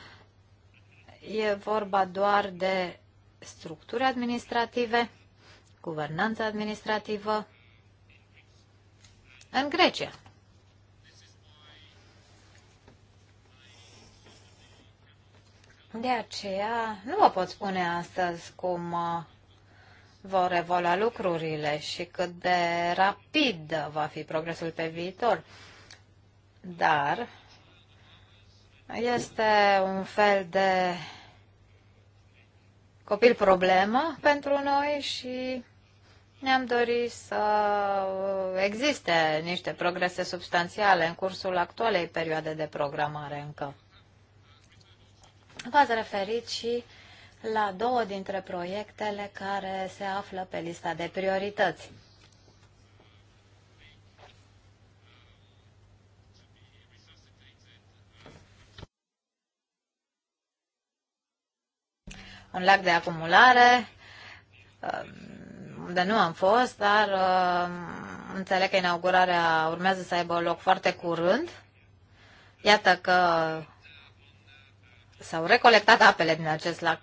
C: e vorba doar de structuri administrative, guvernanță administrativă în Grecia. De aceea nu vă pot spune astăzi cum uh, vor evolua lucrurile și cât de rapid va fi progresul pe viitor. Dar este un fel de copil problemă pentru noi și ne-am dorit să existe niște progrese substanțiale în cursul actualei perioade de programare încă. V-ați referit și la două dintre proiectele care se află pe lista de priorități. Un lac de acumulare, um, unde nu am fost, dar um, înțeleg că inaugurarea urmează să aibă loc foarte curând. Iată că s-au recolectat apele din acest lac.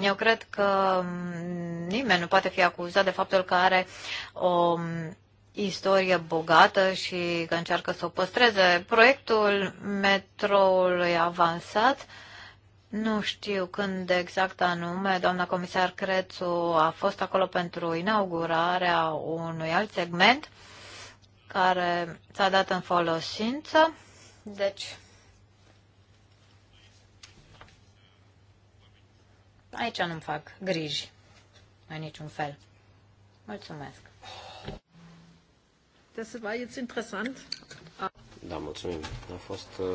C: Eu cred că nimeni nu poate fi acuzat de faptul că are o istorie bogată și că încearcă să o păstreze. Proiectul metroului avansat uh, nu știu când exact anume, doamna comisar Crețu a fost acolo pentru inaugurarea unui alt segment care s-a dat în folosință. Deci, aici nu-mi fac griji în niciun fel. Mulțumesc. Das war jetzt interessant.
B: Da, mulțumim. A fost uh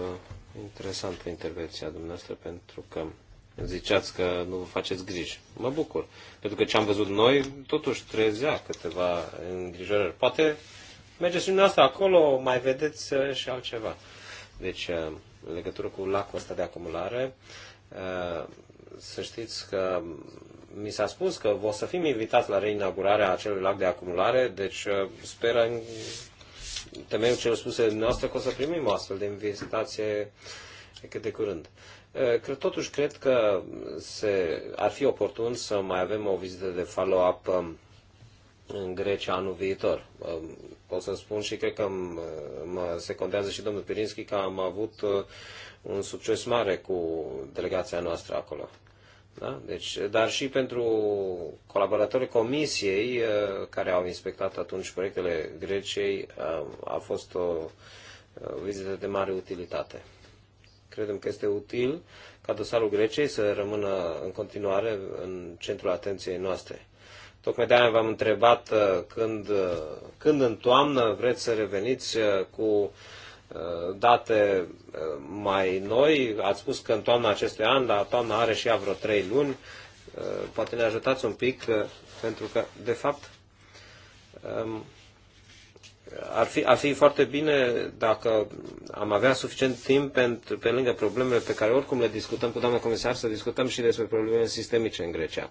B: Interesantă intervenția dumneavoastră pentru că ziceați că nu vă faceți griji. Mă bucur. Pentru că ce am văzut noi, totuși trezea câteva îngrijorări. Poate mergeți și dumneavoastră acolo, mai vedeți uh, și altceva. Deci, uh, în legătură cu lacul ăsta de acumulare, uh, să știți că mi s-a spus că o să fim invitați la reinaugurarea acelui lac de acumulare, deci sperăm temeiul celor spuse noastre că o să primim o astfel de invitație cât de curând. Cred, totuși, cred că se, ar fi oportun să mai avem o vizită de follow-up um, în Grecia anul viitor. Um, pot să spun și cred că um, mă secundează și domnul Pirinski că am avut uh, un succes mare cu delegația noastră acolo. Da? Deci, dar și pentru colaboratorii comisiei uh, care au inspectat atunci proiectele Greciei uh, a fost o uh, vizită de mare utilitate. Credem că este util ca dosarul Greciei să rămână în continuare în centrul atenției noastre. Tocmai de-aia v-am întrebat când, când în toamnă vreți să reveniți cu date uh, mai noi. Ați spus că în toamna acestui an, dar toamna are și ea vreo trei luni. Uh, poate ne ajutați un pic, uh, pentru că, de fapt, um, ar fi, ar fi foarte bine dacă am avea suficient timp pentru, pe lângă problemele pe care oricum le discutăm cu doamna comisar, să discutăm și despre problemele sistemice în Grecia.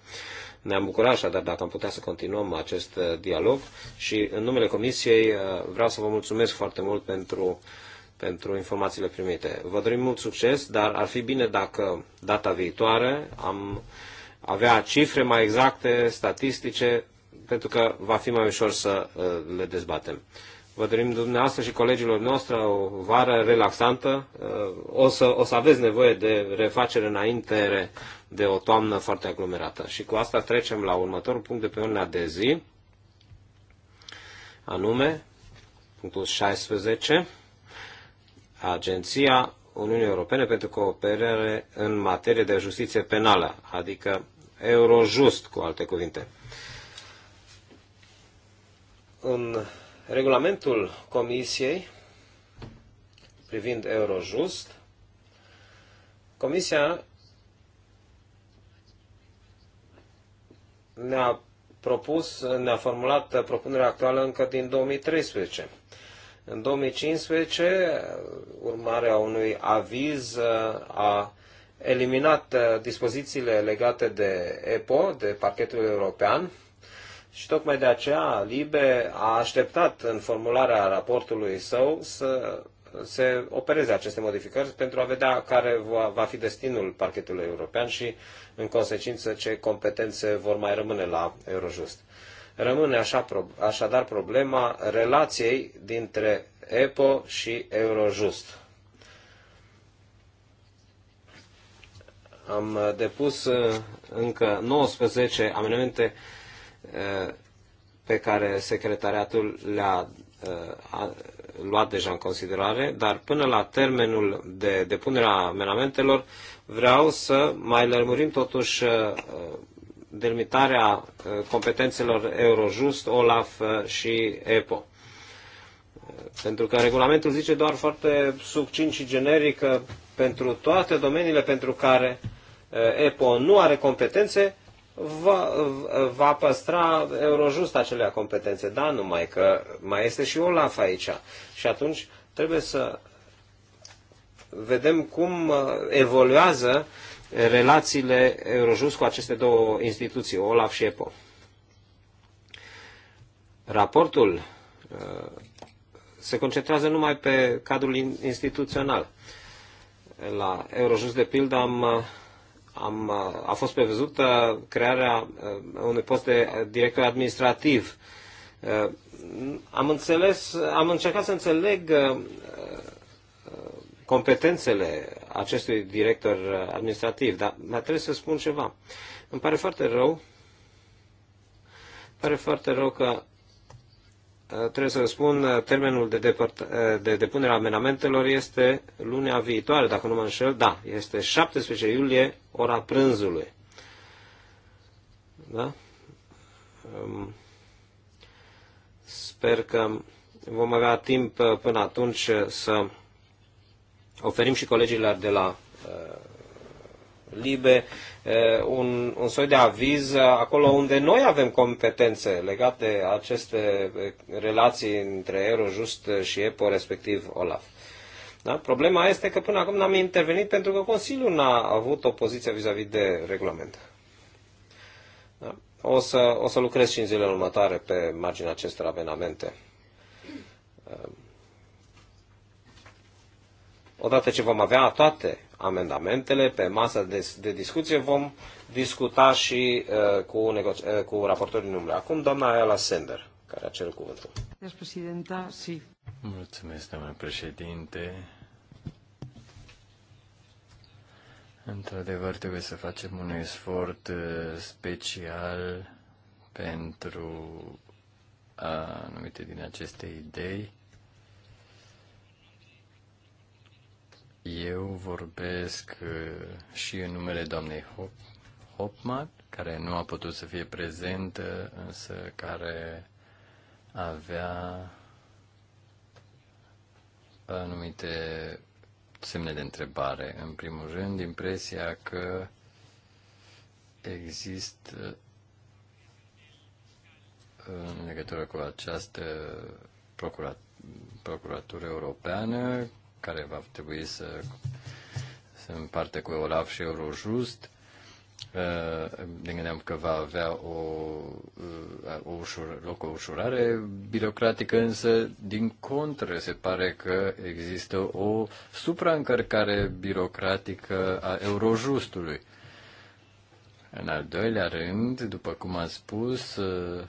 B: Ne-am bucurat așadar dacă am putea să continuăm acest dialog și în numele Comisiei vreau să vă mulțumesc foarte mult pentru uh, pentru informațiile primite. Vă dorim mult succes, dar ar fi bine dacă data viitoare am avea cifre mai exacte, statistice, pentru că va fi mai ușor să uh, le dezbatem. Vă dorim dumneavoastră și colegilor noastre o vară relaxantă. Uh, o să, o să aveți nevoie de refacere înainte de o toamnă foarte aglomerată. Și cu asta trecem la următorul punct de pe ordinea de zi, anume punctul 16 Agenția Uniunii Europene pentru Cooperare în materie de justiție penală, adică Eurojust, cu alte cuvinte. În regulamentul Comisiei privind Eurojust, Comisia ne-a propus, ne-a formulat propunerea actuală încă din 2013. În 2015, urmarea unui aviz uh, a eliminat uh, dispozițiile legate de EPO, de parchetul european, și tocmai de aceea Libe a așteptat în formularea raportului său să se opereze aceste modificări pentru a vedea care va, fi destinul parchetului european și, în consecință, ce competențe vor mai rămâne la Eurojust. Rămâne așa, așadar problema relației dintre EPO și Eurojust. Am depus uh, încă 19 amendamente uh, pe care secretariatul le-a uh, luat deja în considerare, dar până la termenul de depunere a amenamentelor vreau să mai lămurim totuși delimitarea uh, competențelor Eurojust, OLAF uh, și EPO. Uh, pentru că regulamentul zice doar foarte succint și generic că pentru toate domeniile pentru care EPO nu are competențe, va, va păstra Eurojust acelea competențe. Da, numai că mai este și OLAF aici. Și atunci trebuie să vedem cum evoluează relațiile Eurojust cu aceste două instituții, OLAF și EPO. Raportul uh, se concentrează numai pe cadrul instituțional. La Eurojust, de pildă, am, uh, am, uh, a fost prevăzută crearea unui post de director administrativ. Am, înțeles, am încercat să înțeleg competențele acestui director administrativ, dar, mai trebuie să spun ceva. Îmi pare foarte rău, pare foarte rău că uh, trebuie să spun, uh, termenul de, depărt- uh, de depunere a amenamentelor este lunea viitoare, dacă nu mă înșel, da, este 17 iulie, ora prânzului. Da? Um, sper că vom avea timp până atunci să oferim și colegilor de la uh, Libe uh, un, un soi de aviz uh, acolo unde noi avem competențe legate aceste relații între Eurojust și EPO, respectiv OLAF. Da? Problema este că până acum n-am intervenit pentru că Consiliul n-a avut o poziție vis-a-vis -vis de regulament. Da? O, să, o să lucrez și în zilele următoare pe marginea acestor avenamente. Odată ce vom avea toate amendamentele pe masă de, de discuție, vom discuta și uh, cu, negoci- uh, cu raportorii numele. Acum, doamna Ayala Sender, care a cerut cuvântul.
A: Mulțumesc, doamna președinte. Într-adevăr, trebuie să facem un efort uh, special pentru anumite din aceste idei. Eu vorbesc uh, și în numele doamnei Hop, Hopmat, care nu a putut să fie prezentă, însă care avea anumite semne de întrebare. În primul rând, impresia că există în legătură cu această procuratură, procuratură europeană care va trebui să se împarte cu Olaf și Eurojust. Uh, ne gândeam că va avea o, uh, o ușur, loc o ușurare birocratică, însă, din contră, se pare că există o supraîncărcare birocratică a Eurojustului. În al doilea rând, după cum am spus, uh,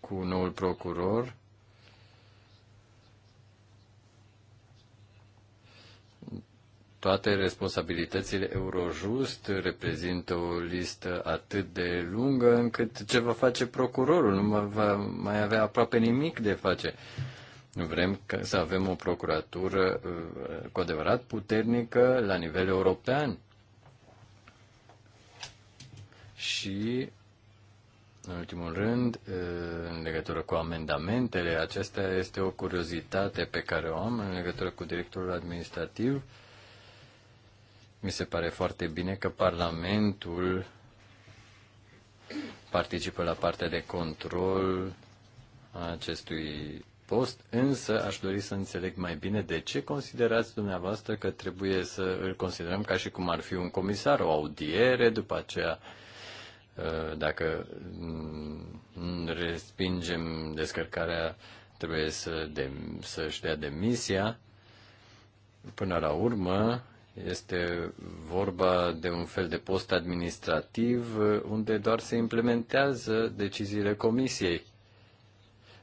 A: cu noul procuror, toate responsabilitățile Eurojust reprezintă o listă atât de lungă încât ce va face procurorul nu va mai avea aproape nimic de face. Vrem să avem o procuratură uh, cu adevărat puternică la nivel european. Și, în ultimul rând, uh, în legătură cu amendamentele, acesta este o curiozitate pe care o am în legătură cu directorul administrativ. Mi se pare foarte bine că Parlamentul participă la partea de control a acestui post, însă aș dori să înțeleg mai bine de ce considerați dumneavoastră că trebuie să îl considerăm ca și cum ar fi un comisar, o audiere, după aceea uh, dacă respingem descărcarea, trebuie să de, să-și dea demisia. Până la urmă, este vorba de un fel de post administrativ uh, unde doar se implementează deciziile comisiei.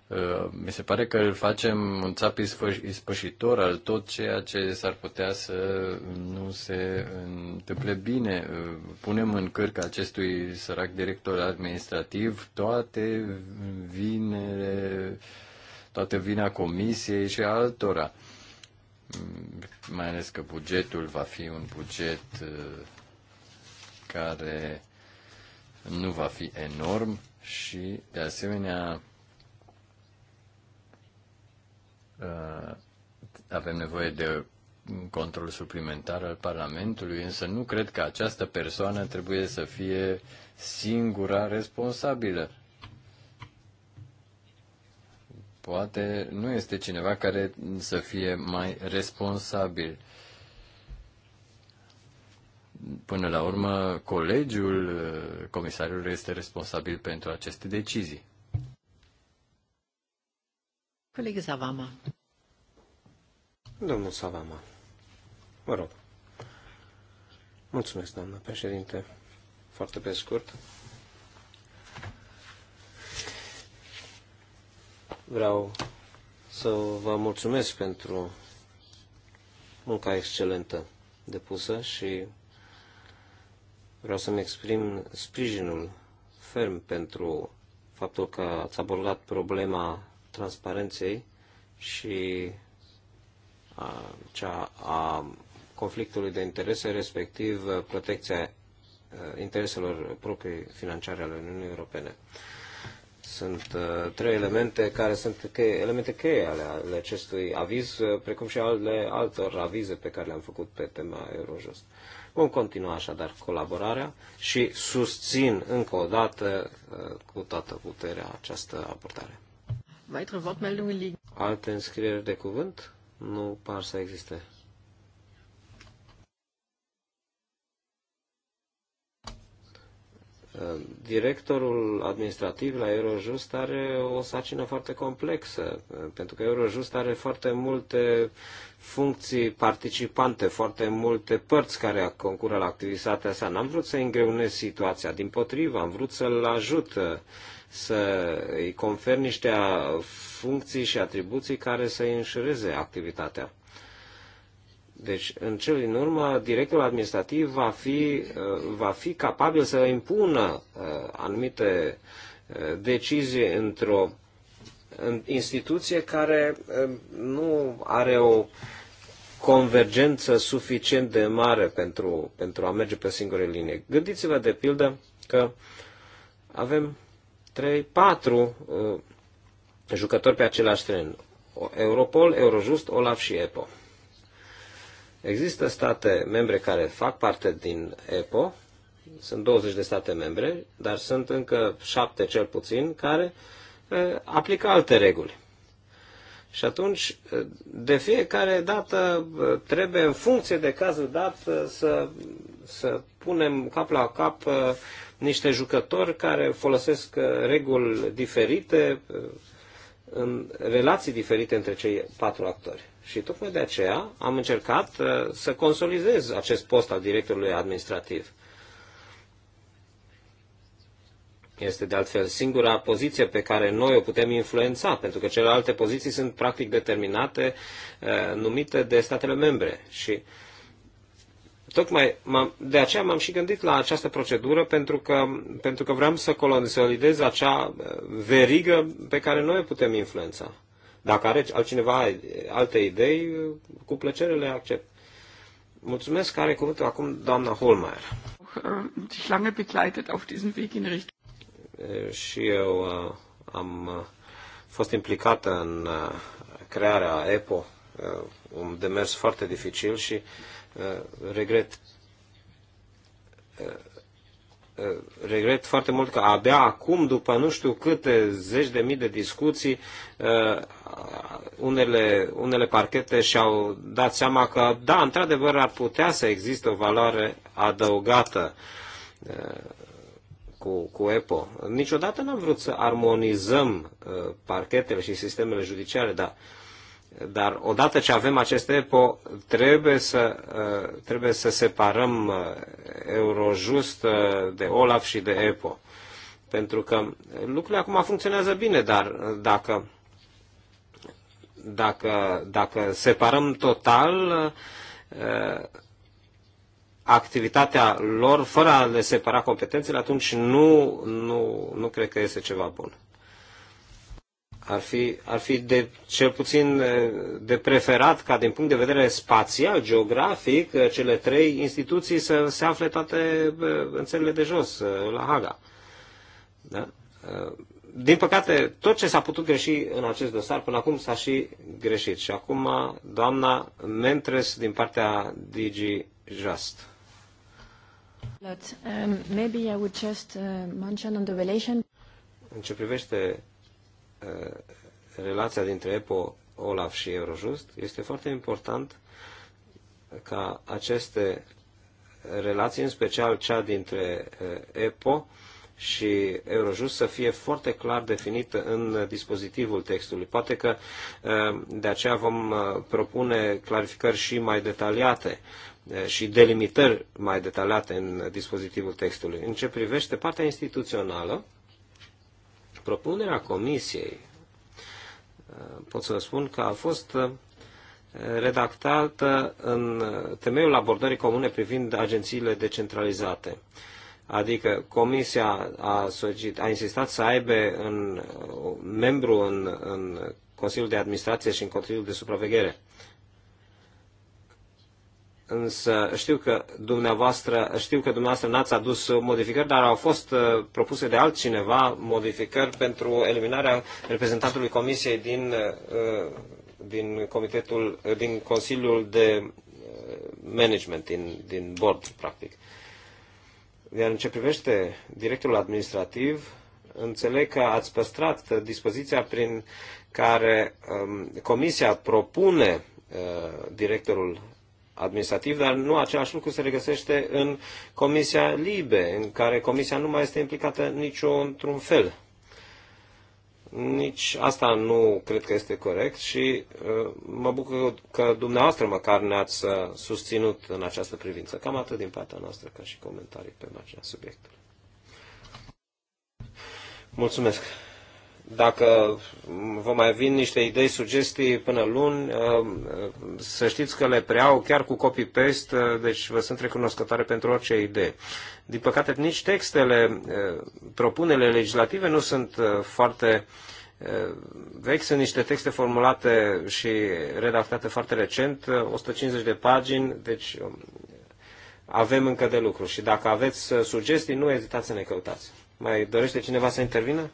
A: Uh, mi se pare că îl facem un țap ispășitor al tot ceea ce s-ar putea să nu se întâmple bine. Uh, punem în cărca acestui sărac director administrativ toate vinele, toată vina comisiei și altora Mm, mai ales că bugetul va fi un buget uh, care nu va fi enorm și, de asemenea, uh, avem nevoie de un control suplimentar al Parlamentului, însă nu cred că această persoană trebuie să fie singura responsabilă poate nu este cineva care să fie mai responsabil. Până la urmă, colegiul eh, comisarului este responsabil pentru aceste decizii. Coleg Savama. Domnul Savama, mă
B: rog. Mulțumesc, doamnă președinte. Foarte pe scurt. Vreau să vă mulțumesc pentru munca excelentă depusă și vreau să-mi exprim sprijinul ferm pentru faptul că ați abordat problema transparenței și a, cea a conflictului de interese, respectiv protecția intereselor proprii financiare ale Uniunii Europene. Sunt uh, trei elemente care sunt che- elemente cheie ale, ale acestui aviz, uh, precum și ale altor avize pe care le-am făcut pe tema Eurojust. Vom continua așadar colaborarea și susțin încă o dată uh, cu toată puterea această abordare. Alte înscrieri de cuvânt? Nu par să existe. Directorul administrativ la Eurojust are o sacină foarte complexă, pentru că Eurojust are foarte multe funcții participante, foarte multe părți care concură la activitatea sa. N-am vrut să îngreunez situația, din potrivă, am vrut să-l ajut să îi confer niște funcții și atribuții care să i înșureze activitatea. Deci, în cel din urmă, directorul administrativ va fi, uh, va fi capabil să impună uh, anumite uh, decizii într-o instituție care nu are o convergență suficient de mare pentru, pentru a merge pe singure linie. Gândiți-vă, de pildă, că avem 3-4 jucători pe același tren. Europol, Eurojust, Olaf și EPO. Există state membre care fac parte din EPO, sunt 20 de state membre, dar sunt încă 7 cel puțin care aplică alte reguli. Și atunci, de fiecare dată, trebuie în funcție de cazul dat să, să punem cap la cap niște jucători care folosesc reguli diferite în relații diferite între cei patru actori. Și tocmai de aceea am încercat uh, să consolidez acest post al directorului administrativ. Este de altfel singura poziție pe care noi o putem influența, pentru că celelalte poziții sunt practic determinate, uh, numite de statele membre. Și tocmai de aceea m-am și gândit la această procedură, pentru că, pentru că vreau să consolidez acea uh, verigă pe care noi o putem influența. Dacă are altcineva alte idei, cu plăcere le accept. Mulțumesc, care cuvântul acum doamna Holmeier.
A: Dich lange begleitet auf diesem Weg in
B: Richtung. Și eu uh, am uh, fost implicată în uh, crearea EPO, un demers foarte dificil și regret Eh, regret foarte mult că abia acum, după nu știu câte zeci de mii de discuții, eh, unele, unele parchete și-au dat seama că, da, într-adevăr, ar putea să existe o valoare adăugată eh, cu, cu EPO. Niciodată n-am vrut să armonizăm parchetele și sistemele judiciare, dar dar odată ce avem acest EPO, trebuie să, uh, trebuie să separăm uh, Eurojust uh, de OLAF și de EPO. Pentru că lucrurile acum funcționează bine, dar dacă, dacă, dacă separăm total activitatea lor fără a le separa competențele, atunci nu, nu, nu cred că este ceva bun ar fi, ar fi de, cel puțin de preferat ca din punct de vedere spațial, geografic, cele trei instituții să se afle toate în țările de jos, la Haga. Da? Din păcate, tot ce s-a putut greși în acest dosar până acum s-a și greșit. Și acum, doamna Mentres, din partea DG Just.
A: Um, maybe I would just uh, mention on the relation.
B: În ce privește Uh, relația dintre EPO, OLAF și Eurojust, este foarte important ca aceste relații, în special cea dintre uh, EPO și Eurojust, să fie foarte clar definită în dispozitivul textului. Poate că uh, de aceea vom propune clarificări și mai detaliate și delimitări mai detaliate în dispozitivul textului. În ce privește partea instituțională, propunerea comisiei, uh, pot să spun că a fost uh, redactată în uh, temeiul abordării comune privind agențiile decentralizate. Adică comisia a, solicit, a insistat să aibă în, membru în, în Consiliul de Administrație și în Consiliul de Supraveghere însă știu că dumneavoastră, știu că dumneavoastră n-ați adus modificări, dar au fost uh, propuse de altcineva modificări pentru eliminarea reprezentantului Comisiei din, uh, din, comitetul, uh, din Consiliul de Management, din, din board, practic. Iar în ce privește directorul administrativ, înțeleg că ați păstrat dispoziția prin care um, Comisia propune directorul administrativ, dar nu același lucru se regăsește în Comisia Libe, în care Comisia nu mai este implicată nicio într-un fel. Nici asta nu cred că este corect și uh, mă bucur că dumneavoastră măcar ne-ați uh, susținut în această privință. Cam atât din partea noastră ca și comentarii pe marginea subiectului. Mulțumesc! Dacă vă mai vin niște idei, sugestii până luni, um, să știți că le preiau chiar cu copy-paste, uh, deci vă sunt recunoscătoare pentru orice idee. Din păcate, nici textele, uh, propunele legislative nu sunt uh, foarte vechi, sunt niște texte formulate și redactate foarte recent, 150 de pagini, deci um, avem încă de lucru și dacă aveți sugestii, nu ezitați să ne căutați. Mai dorește cineva să intervină?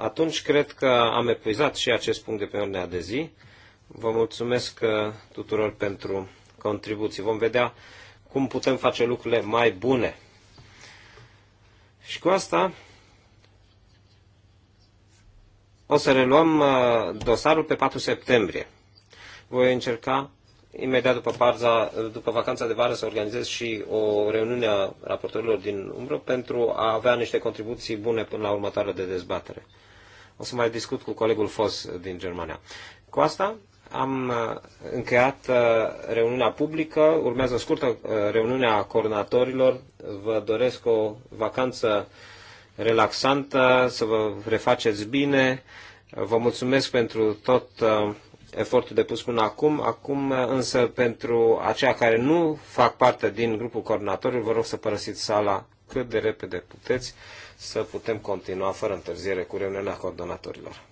B: Atunci cred că am epuizat și acest punct de pe ordinea de zi. Vă mulțumesc uh, tuturor pentru contribuții. Vom vedea cum putem face lucrurile mai bune. Și cu asta o să reluăm uh, dosarul pe 4 septembrie. Voi încerca imediat după, parza, după vacanța de vară să organizez și o reuniune a raportorilor din umbră pentru a avea niște contribuții bune până la următoarea de dezbatere. O să mai discut cu colegul Fos din Germania. Cu asta am uh, încheiat uh, reuniunea publică, urmează o scurtă uh, reuniune a coordonatorilor. Vă doresc o vacanță relaxantă, să vă refaceți bine. Vă mulțumesc pentru tot efortul depus până acum. Acum însă pentru aceia care nu fac parte din grupul coordonatorilor, vă rog să părăsiți sala cât de repede puteți să putem continua fără întârziere cu reuniunea coordonatorilor.